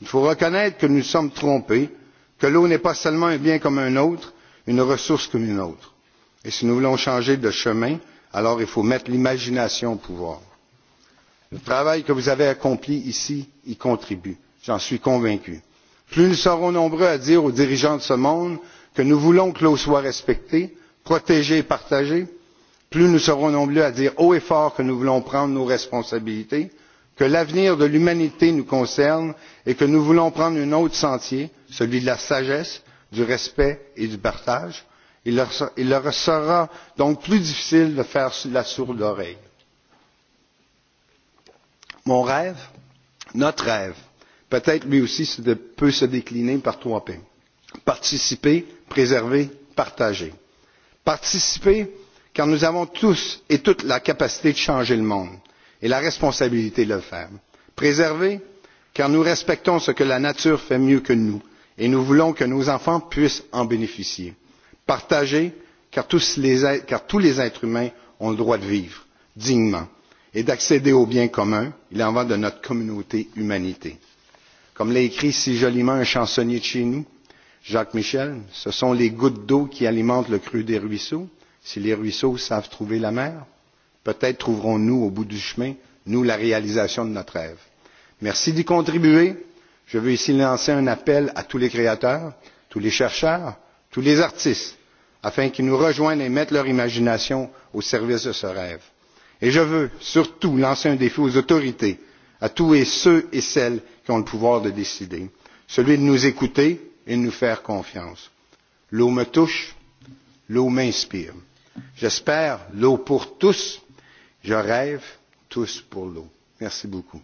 Speaker 9: il faut reconnaître que nous sommes trompés que l'eau n'est pas seulement un bien comme un autre une ressource comme une autre et si nous voulons changer de chemin alors il faut mettre l'imagination au pouvoir le travail que vous avez accompli ici y contribue j'en suis convaincu. plus nous serons nombreux à dire aux dirigeants de ce monde que nous voulons que l'eau soit respectée protégée et partagée plus nous serons nombreux à dire haut et fort que nous voulons prendre nos responsabilités que l'avenir de l'humanité nous concerne et que nous voulons prendre un autre sentier celui de la sagesse du respect et du partage. il leur sera donc plus difficile de faire la sourde oreille mon rêve notre rêve peut être lui aussi peut se décliner par trois p participer préserver partager participer car nous avons tous et toute la capacité de changer le monde et la responsabilité de le faire préserver car nous respectons ce que la nature fait mieux que nous et nous voulons que nos enfants puissent en bénéficier partager car tous les, car tous les êtres humains ont le droit de vivre dignement et d'accéder au bien commun il en va de notre communauté humanité. comme l'a écrit si joliment un chansonnier de chez nous jacques michel ce sont les gouttes d'eau qui alimentent le cru des ruisseaux si les ruisseaux savent trouver la mer peut être trouverons nous au bout du chemin nous la réalisation de notre rêve. merci d'y contribuer je veux ici lancer un appel à tous les créateurs tous les chercheurs tous les artistes afin qu'ils nous rejoignent et mettent leur imagination au service de ce rêve et je veux surtout lancer un défi aux autorités à tous ceux et celles qui ont le pouvoir de décider celui de nous écouter et de nous faire confiance. l'eau me touche l'eau m'inspire j'espère l'eau pour tous je rêve tous pour l'eau. merci beaucoup.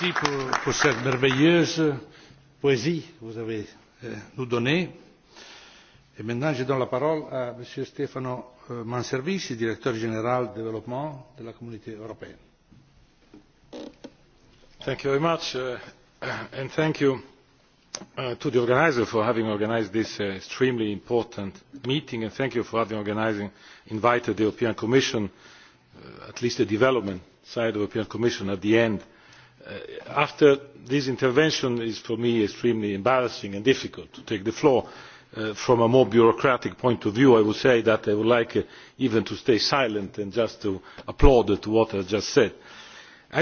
Speaker 2: merci pour cette merveilleuse poésie que vous avez euh, nous donnée. Et maintenant, je donne la parole à M. Stefano euh, Manservici, directeur général du développement de la communauté européenne. Thank you very much, uh,
Speaker 10: uh, and thank you uh, to the organizer for having organized this uh, extremely important meeting, and thank you for having organizing, invited the European Commission, uh, at least the development side of the European Commission, at the end Uh, after this intervention it is for me extremely embarrassing and difficult to take the floor. Uh, from a more bureaucratic point of view i would say that i would like uh, even to stay silent and just to applaud what has just been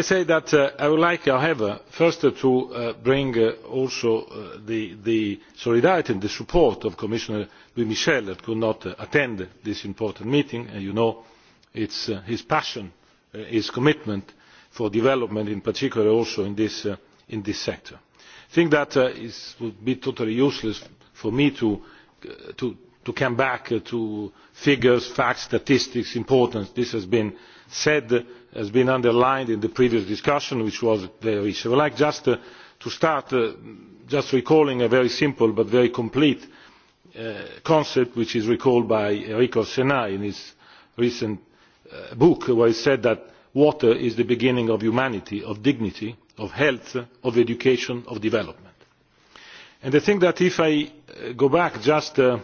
Speaker 10: said. i would like however first to bring also the solidarity and the support of commissioner louis michel who could not attend this important meeting and you know it is his passion his commitment for development in particular also in this uh, sector. i think that uh, it would be totally useless for me to uh, come back to figures facts statistics importance. this has been said has been underlined in the previous discussion which was very rich. i would like just to start by just recalling a very simple but very complete concept which is recalled by enrico senna in his recent book where he said that water is the beginning of humanity of dignity of health of education of development. if i uh, go back just a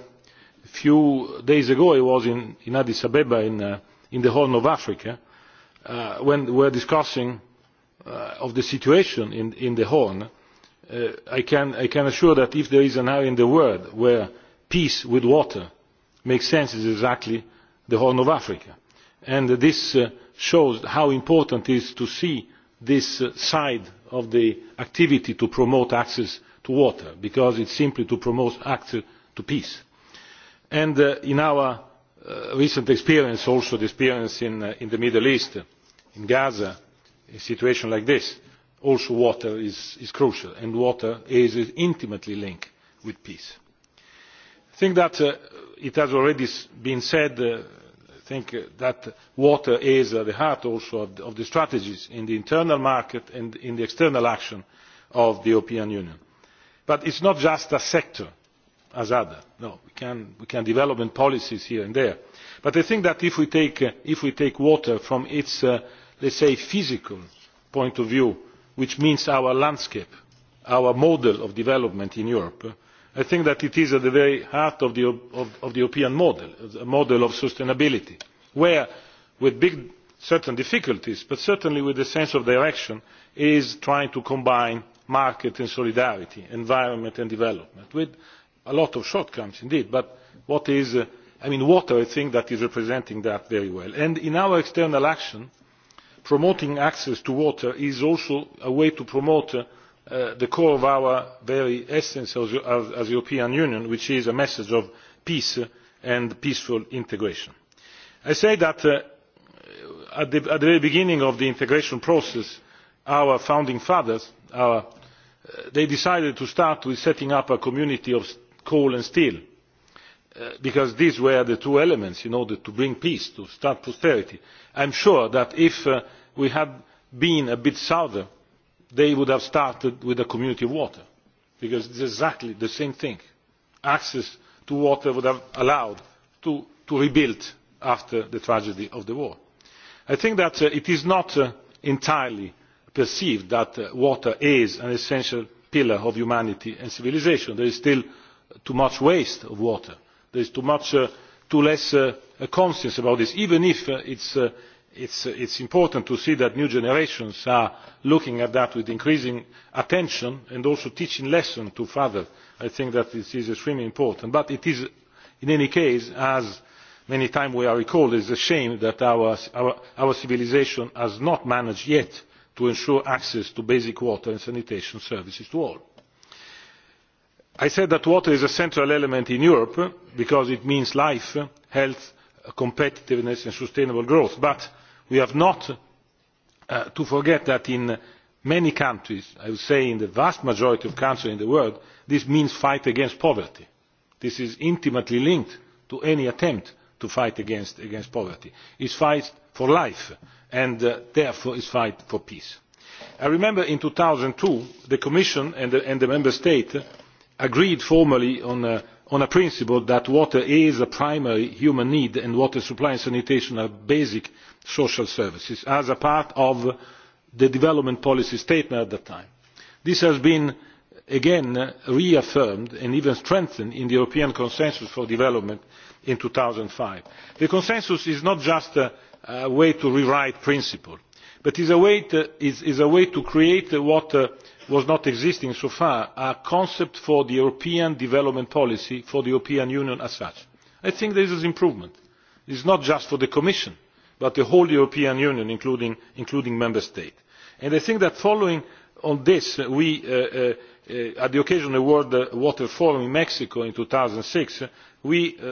Speaker 10: few days ago i was in addis ababa uh, in the horn of africa uh, when we were discussing the situation in the horn. i can assure you that if there is an area in the world where peace with water makes sense it is exactly the horn of africa. this shows how important it is to see this uh, side of the activity to promote access to water because it is simply to promote access to peace. Uh, in our uh, recent experience also the experience in the middle east in gaza in a situation like this also water is crucial and water is intimately linked with peace. i think that it has already been said think uh, that water is at the heart also of the strategies in the internal market and in the external action of the european union. but it is not just a sector as others no, we can develop policies here and there but i think that if we take uh, water from its uh, let us say physical point of view which means our landscape our model of development in europe i think that it is at the very heart of the european model a model of sustainability where with certain difficulties but certainly with a sense of direction it is trying to combine market and solidarity environment and development with a lot of shortcomings indeed but uh, water i think is representing that very well. in our external action promoting access to water is also a way to promote uh, Uh, the core of our very essence as the european union which is a message of peace and peaceful integration. i said that uh, at the very beginning of the integration process our founding fathers uh, decided to start with setting up a community of coal and steel because these were the two elements in order to bring peace to start prosperity. i am sure that if we had been a bit southward they would have started with the community water because it is exactly the same thing access to water would have allowed to rebuild after the tragedy of the war. i think that uh, it is not uh, entirely perceived that uh, water is an essential pillar of humanity and civilisation. there is still too much waste of water. there is too little consciousness about this even if it it is important to see that new generations are looking at that with increasing attention and also teaching lessons to fathers. i think that this is extremely important but it is in any case as many times we have recalled a shame that our civilisation has not managed yet to ensure access to basic water and sanitation services to all. i said that water is a central element in europe because it means life health competitiveness and sustainable growth but we have not uh, to forget that in many countries i would say in the vast majority of countries in the world this means the fight against poverty. this is intimately linked to any attempt to fight against poverty. it is a fight for life and uh, therefore it is a fight for peace. i remember in two thousand and two the commission and the member states uh, agreed formally on a principle that water is a primary human need and water supply and sanitation are basic social services as a part of the development policy statement at the time. this has been again reaffirmed and even strengthened in the european consensus for development in. two thousand and five the consensus is not just a way to rewrite principle but it is a way to create what uh, was not existing so far a concept for the european development policy for the european union as such. i think this is an improvement. it is not just for the commission but the whole european union including member states. and i think that following on this uh, we on uh, the occasion of the world water forum in mexico in two thousand and six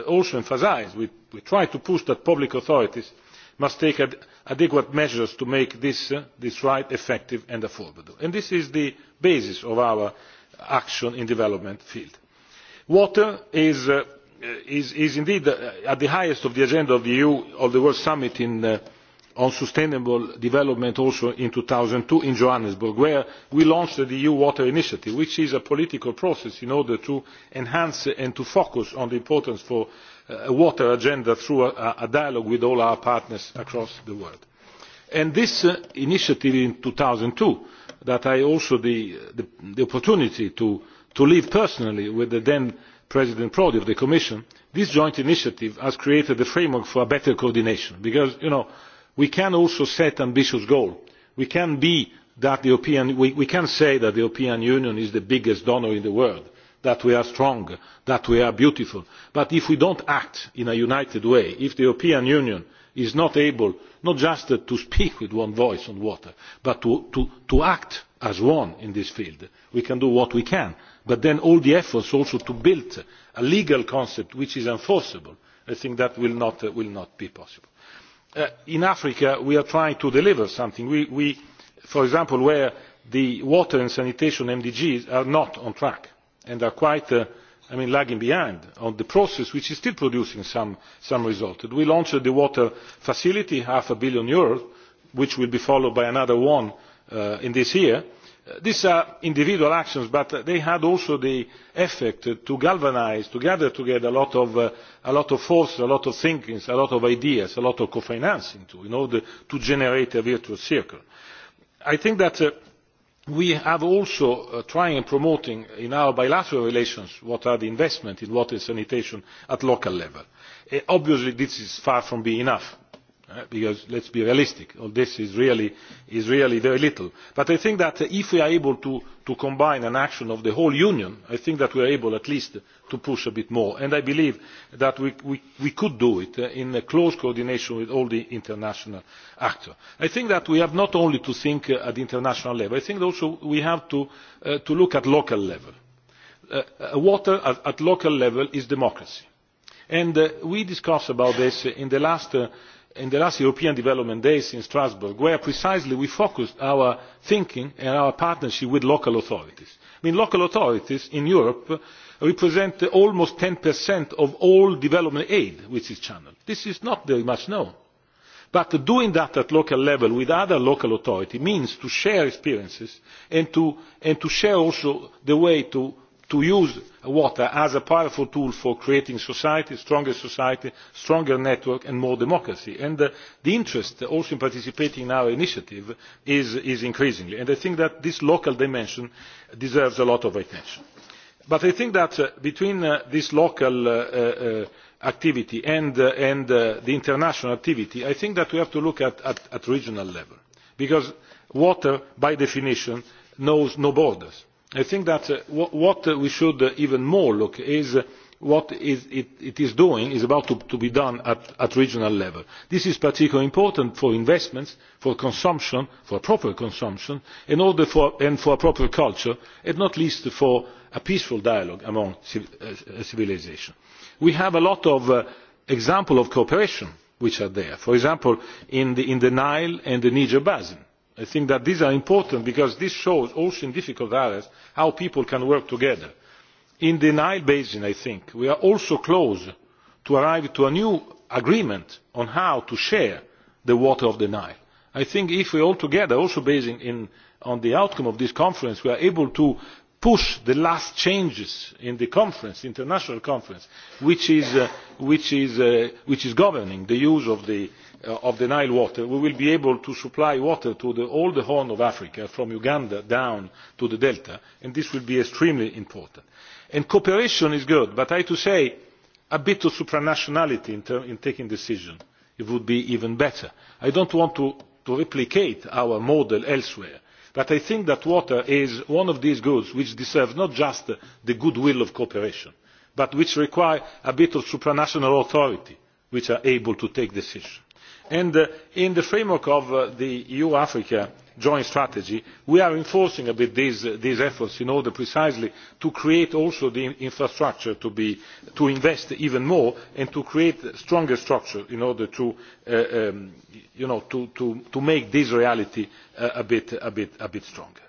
Speaker 10: also emphasised we tried to push that public authorities must take adequate measures to make uh, this right effective and affordable and this is the basis of our action in the development field. water is uh, indeed uh, at the highest of the agenda of the eu of the world summit on sustainable development also in two thousand and two in johannesburg where we launched the eu water initiative which is a political process in order to enhance and to focus on the importance of uh, a water agenda through a dialogue with all our partners across the world. this uh, initiative in two thousand and two that i also had the opportunity to lead personally with the then president prodi of the commission this joint initiative has created the framework for better coordination because you know we can also set ambitious goals we can say that the european union is the biggest donor in the world that we are strong that we are beautiful but if we do not act in a united way if the european union is not able not just to speak with one voice on water but to act as one in this field we can do what we can but then all the efforts also to build a legal concept which is enforceable i think that will not uh, be possible. Uh, in africa we are trying to deliver something. for example where the water and sanitation mdgs are not on track and are quite uh, lagging behind on the process which is still producing some results we launched the water facility half a billion euros which will be followed by another one uh, this year these are individual actions but they had also the effect to galvanise to gather together a lot of force uh, a lot of thinking a lot of ideas a lot of co financing too in order to generate a virtuous circle. i think that uh, we have also uh, tried promoting in our bilateral relations what are the investments in water sanitation at local level. obviously this is far from being enough. Uh, because let us be realistic all this is really very little but i think that if we are able to combine an action of the whole union i think that we are able at least to push a bit more and i believe that we could do it uh, in close coordination with all the international actors. i think that we have not only to think uh, at international level i think also we have to look at local level. water at local level is democracy and we discussed about this in the last in the last european development days in strasbourg where precisely we focused our thinking and our partnership with local authorities. local authorities in europe represent almost ten of all development aid which is channelled. this is not very much known but doing that at local level with other local authorities means sharing experiences and sharing also the way to use water as a powerful tool for creating society a stronger society a stronger network and more democracy. Uh, the interest in participating in our initiative is increasing and i think that this local dimension deserves a lot of attention. but i think that uh, between uh, this local activity and the international activity we have to look at regional level because water by definition knows no borders i think that uh, what we should uh, even more look at is uh, what it is doing is about to be done at regional level. this is particularly important for investments for consumption for proper consumption and for proper culture and not least for a peaceful dialogue among civilisations. we have a lot of examples of cooperation which are there for example in the nile and the niger basin i think that these are important because this shows also in difficult areas how people can work together. in the nile basin i think we are also close to arriving at a new agreement on how to share the water of the nile. i think if we all together also based on the outcome of this conference are able to push the last changes in the conference the international conference uh, uh, which is governing the use of Uh, of the nile water we will be able to supply water to all the horn of africa from uganda down to the delta and this will be extremely important. cooperation is good but i have to say a bit of supranationality in taking decisions would be even better. i do not want to replicate our model elsewhere but i think that water is one of these goods which deserve not just the goodwill of cooperation but which require a bit of supranational authority which are able to take decisions. Uh, in the framework of uh, the eu africa joint strategy we are enforcing uh, these efforts in order precisely to create also the infrastructure to invest even more and to create stronger structures in order um, to make this reality a bit stronger.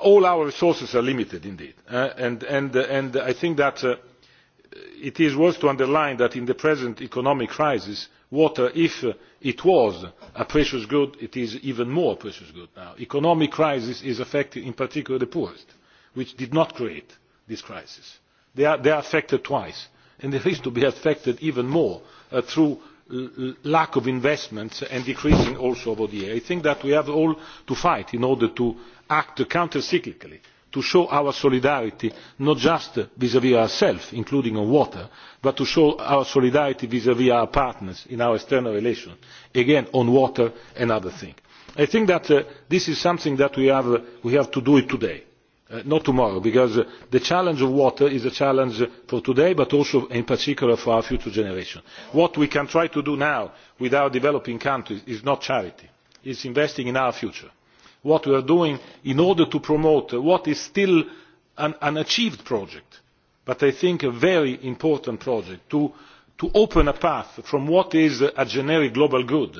Speaker 10: all our resources are limited indeed and i think that it is worth underlining that in the present economic crisis water if it was a precious good it is even more precious good now. the economic crisis is affecting in particular the poorest which did not create this crisis. they are affected twice and they risk being affected even more uh, through lack of investment and decreasing also over the years. i think that we have all to fight in order to act counter cyclically to show our solidarity not just vis vis ourselves including on water but to show our solidarity vis vis our partners in our external relations again on water and other things. i think that uh, this is something that we have uh, to do today uh, not tomorrow because the challenge of water is a challenge for today but also in particular for our future generations. what we can try to do now with our developing countries is not charity it is investing in our future what we are doing in order to promote what is still an unachieved project but i think a very important project to open a path from what is a generic global good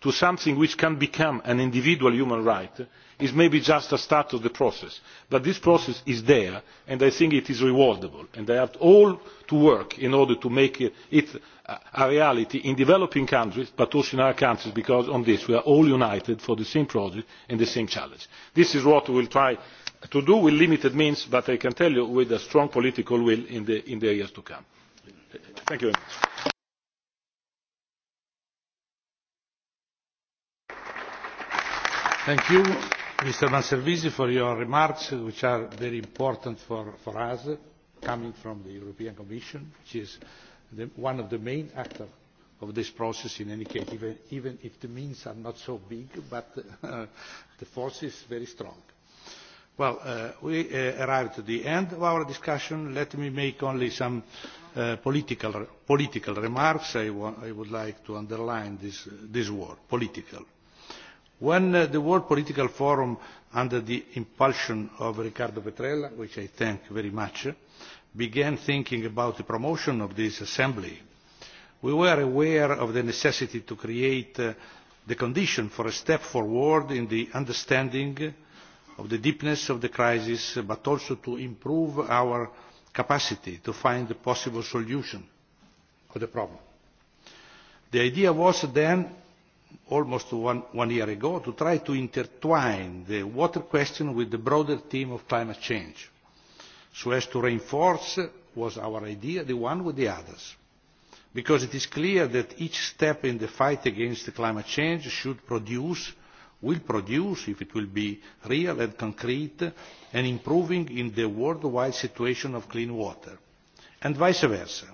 Speaker 10: to something which can become an individual human right it may be just the start of the process but this process is there and i think it is rewardable and they have all to work in order to make it a reality in developing countries but also in our countries because on this we are all united for the same project and the same challenge. this is what we will try to do with limited means but i can tell you with a strong political will in the years to come. thank you
Speaker 2: very much mr nasrvizi for your remarks which are very important for us coming from the european commission which is one of the main actors of this process in any case even if the means are not so big but [LAUGHS] the force is very strong. Uh, we have uh, arrived at the end of our discussion. let me make only some uh, political remarks. i would like to underline this word political when uh, the world political forum under the impulsion of riccardo petrella which i thank very much began thinking about the promotion of this assembly we were aware of the necessity to create uh, the conditions for a step forward in the understanding of the deepness of the crisis but also to improve our capacity to find a possible solution to the problem. the idea was then almost one, one year ago to try to intertwine the water question with the broader theme of climate change so as to reinforce was our idea the one with the others because it is clear that each step in the fight against the climate change should produce will produce if it will be real and concrete an improving in the worldwide situation of clean water and vice versa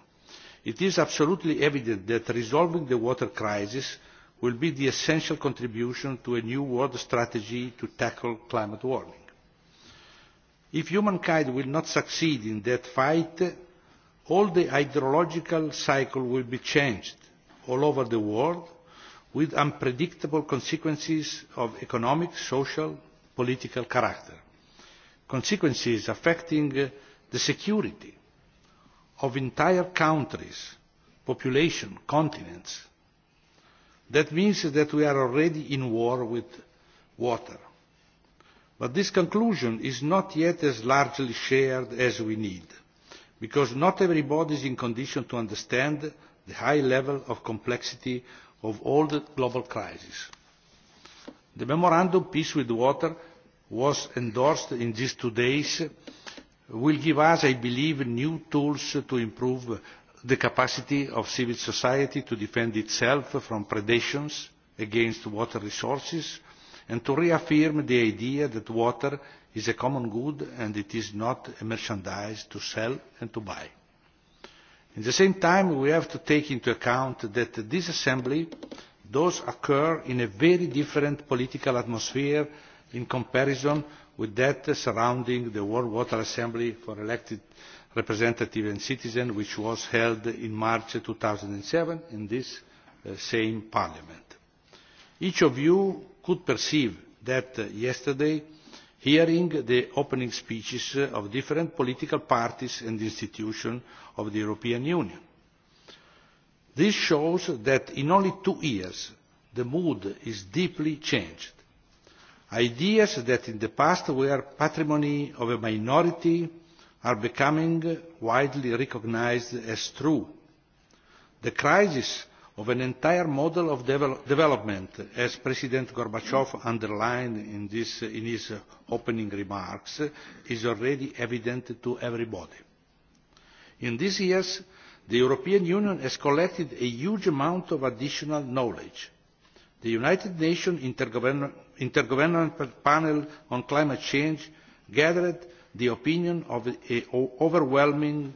Speaker 2: it is absolutely evident that resolving the water crisis will be the essential contribution to a new world strategy to tackle climate warming. if humankind will not succeed in that fight all the hydrological cycle will be changed all over the world with unpredictable consequences of economic social and political character consequences affecting uh, the security of entire countries populations continents that means that we are already in war with water. But this conclusion is not yet as largely shared as we need, because not everybody is in condition to understand the high level of complexity of all the global crises. The memorandum Peace with Water was endorsed in these two days will give us, I believe, new tools to improve the capacity of civil society to defend itself from predation against water resources and to reaffirm the idea that water is a common good and it is not a merchandise to sell and to buy. at the same time we have to take into account that this assembly does occur in a very different political atmosphere in comparison with that surrounding the world water assembly for elected representative and citizen which was held in march two thousand and seven in this uh, same parliament. each of you could perceive that uh, yesterday hearing the opening speeches uh, of different political parties and institutions of the european union. this shows that in only two years the mood has deeply changed. ideas that in the past were patrimony of a minority are becoming widely recognised as true. the crisis of an entire model of development as president gorbachev underlined in, this, in his opening remarks is already evident to everybody. in these years the european union has collected a huge amount of additional knowledge. the united nations intergovernmental panel on climate change gathered the opinion of an overwhelming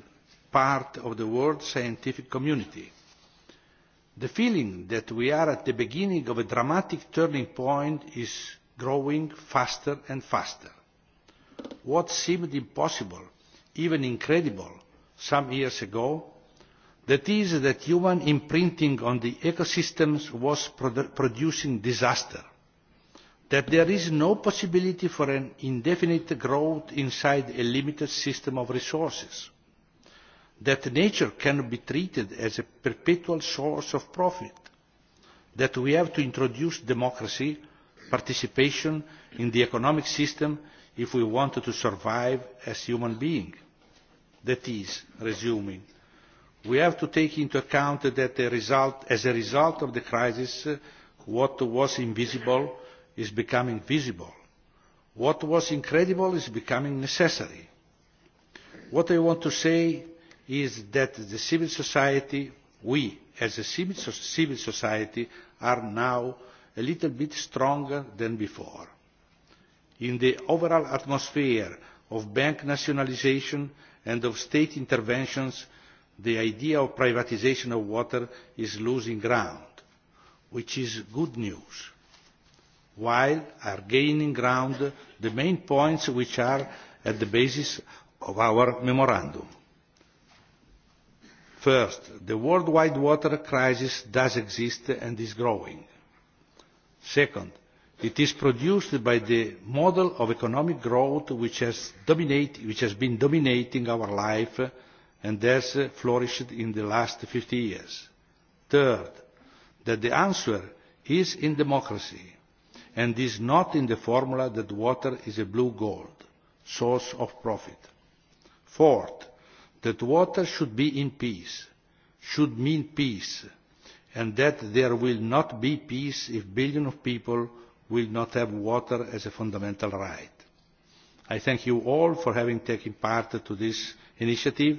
Speaker 2: part of the world scientific community. The feeling that we are at the beginning of a dramatic turning point is growing faster and faster. What seemed impossible, even incredible, some years ago, that is that human imprinting on the ecosystems was produ producing disaster that there is no possibility for an indefinite growth inside a limited system of resources that nature cannot be treated as a perpetual source of profit that we have to introduce democracy participation in the economic system if we want to survive as human beings that is resuming we have to take into account that the result, as a result of the crisis what was invisible is becoming visible. What was incredible is becoming necessary. What I want to say is that the civil society, we as a civil society, are now a little bit stronger than before. In the overall atmosphere of bank nationalisation and of state interventions, the idea of privatisation of water is losing ground, which is good news while gaining ground on the main points which are at the basis of our memorandum. first the worldwide water crisis does exist and is growing. second it is produced by the model of economic growth which has, dominate, which has been dominating our life and has flourished in the last 50 years. third that the answer is in democracy and is not in the formula that water is a blue gold source of profit. Fourth, that water should be in peace, should mean peace, and that there will not be peace if billions of people will not have water as a fundamental right. I thank you all for having taken part to this initiative.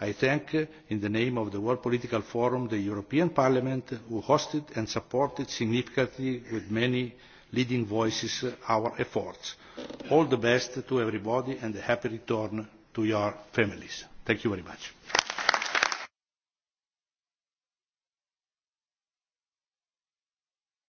Speaker 2: I thank, uh, in the name of the World Political Forum, the European Parliament, who hosted and supported significantly with many leading voices uh, our efforts. all the best to everybody and a happy return to your families. thank you very much.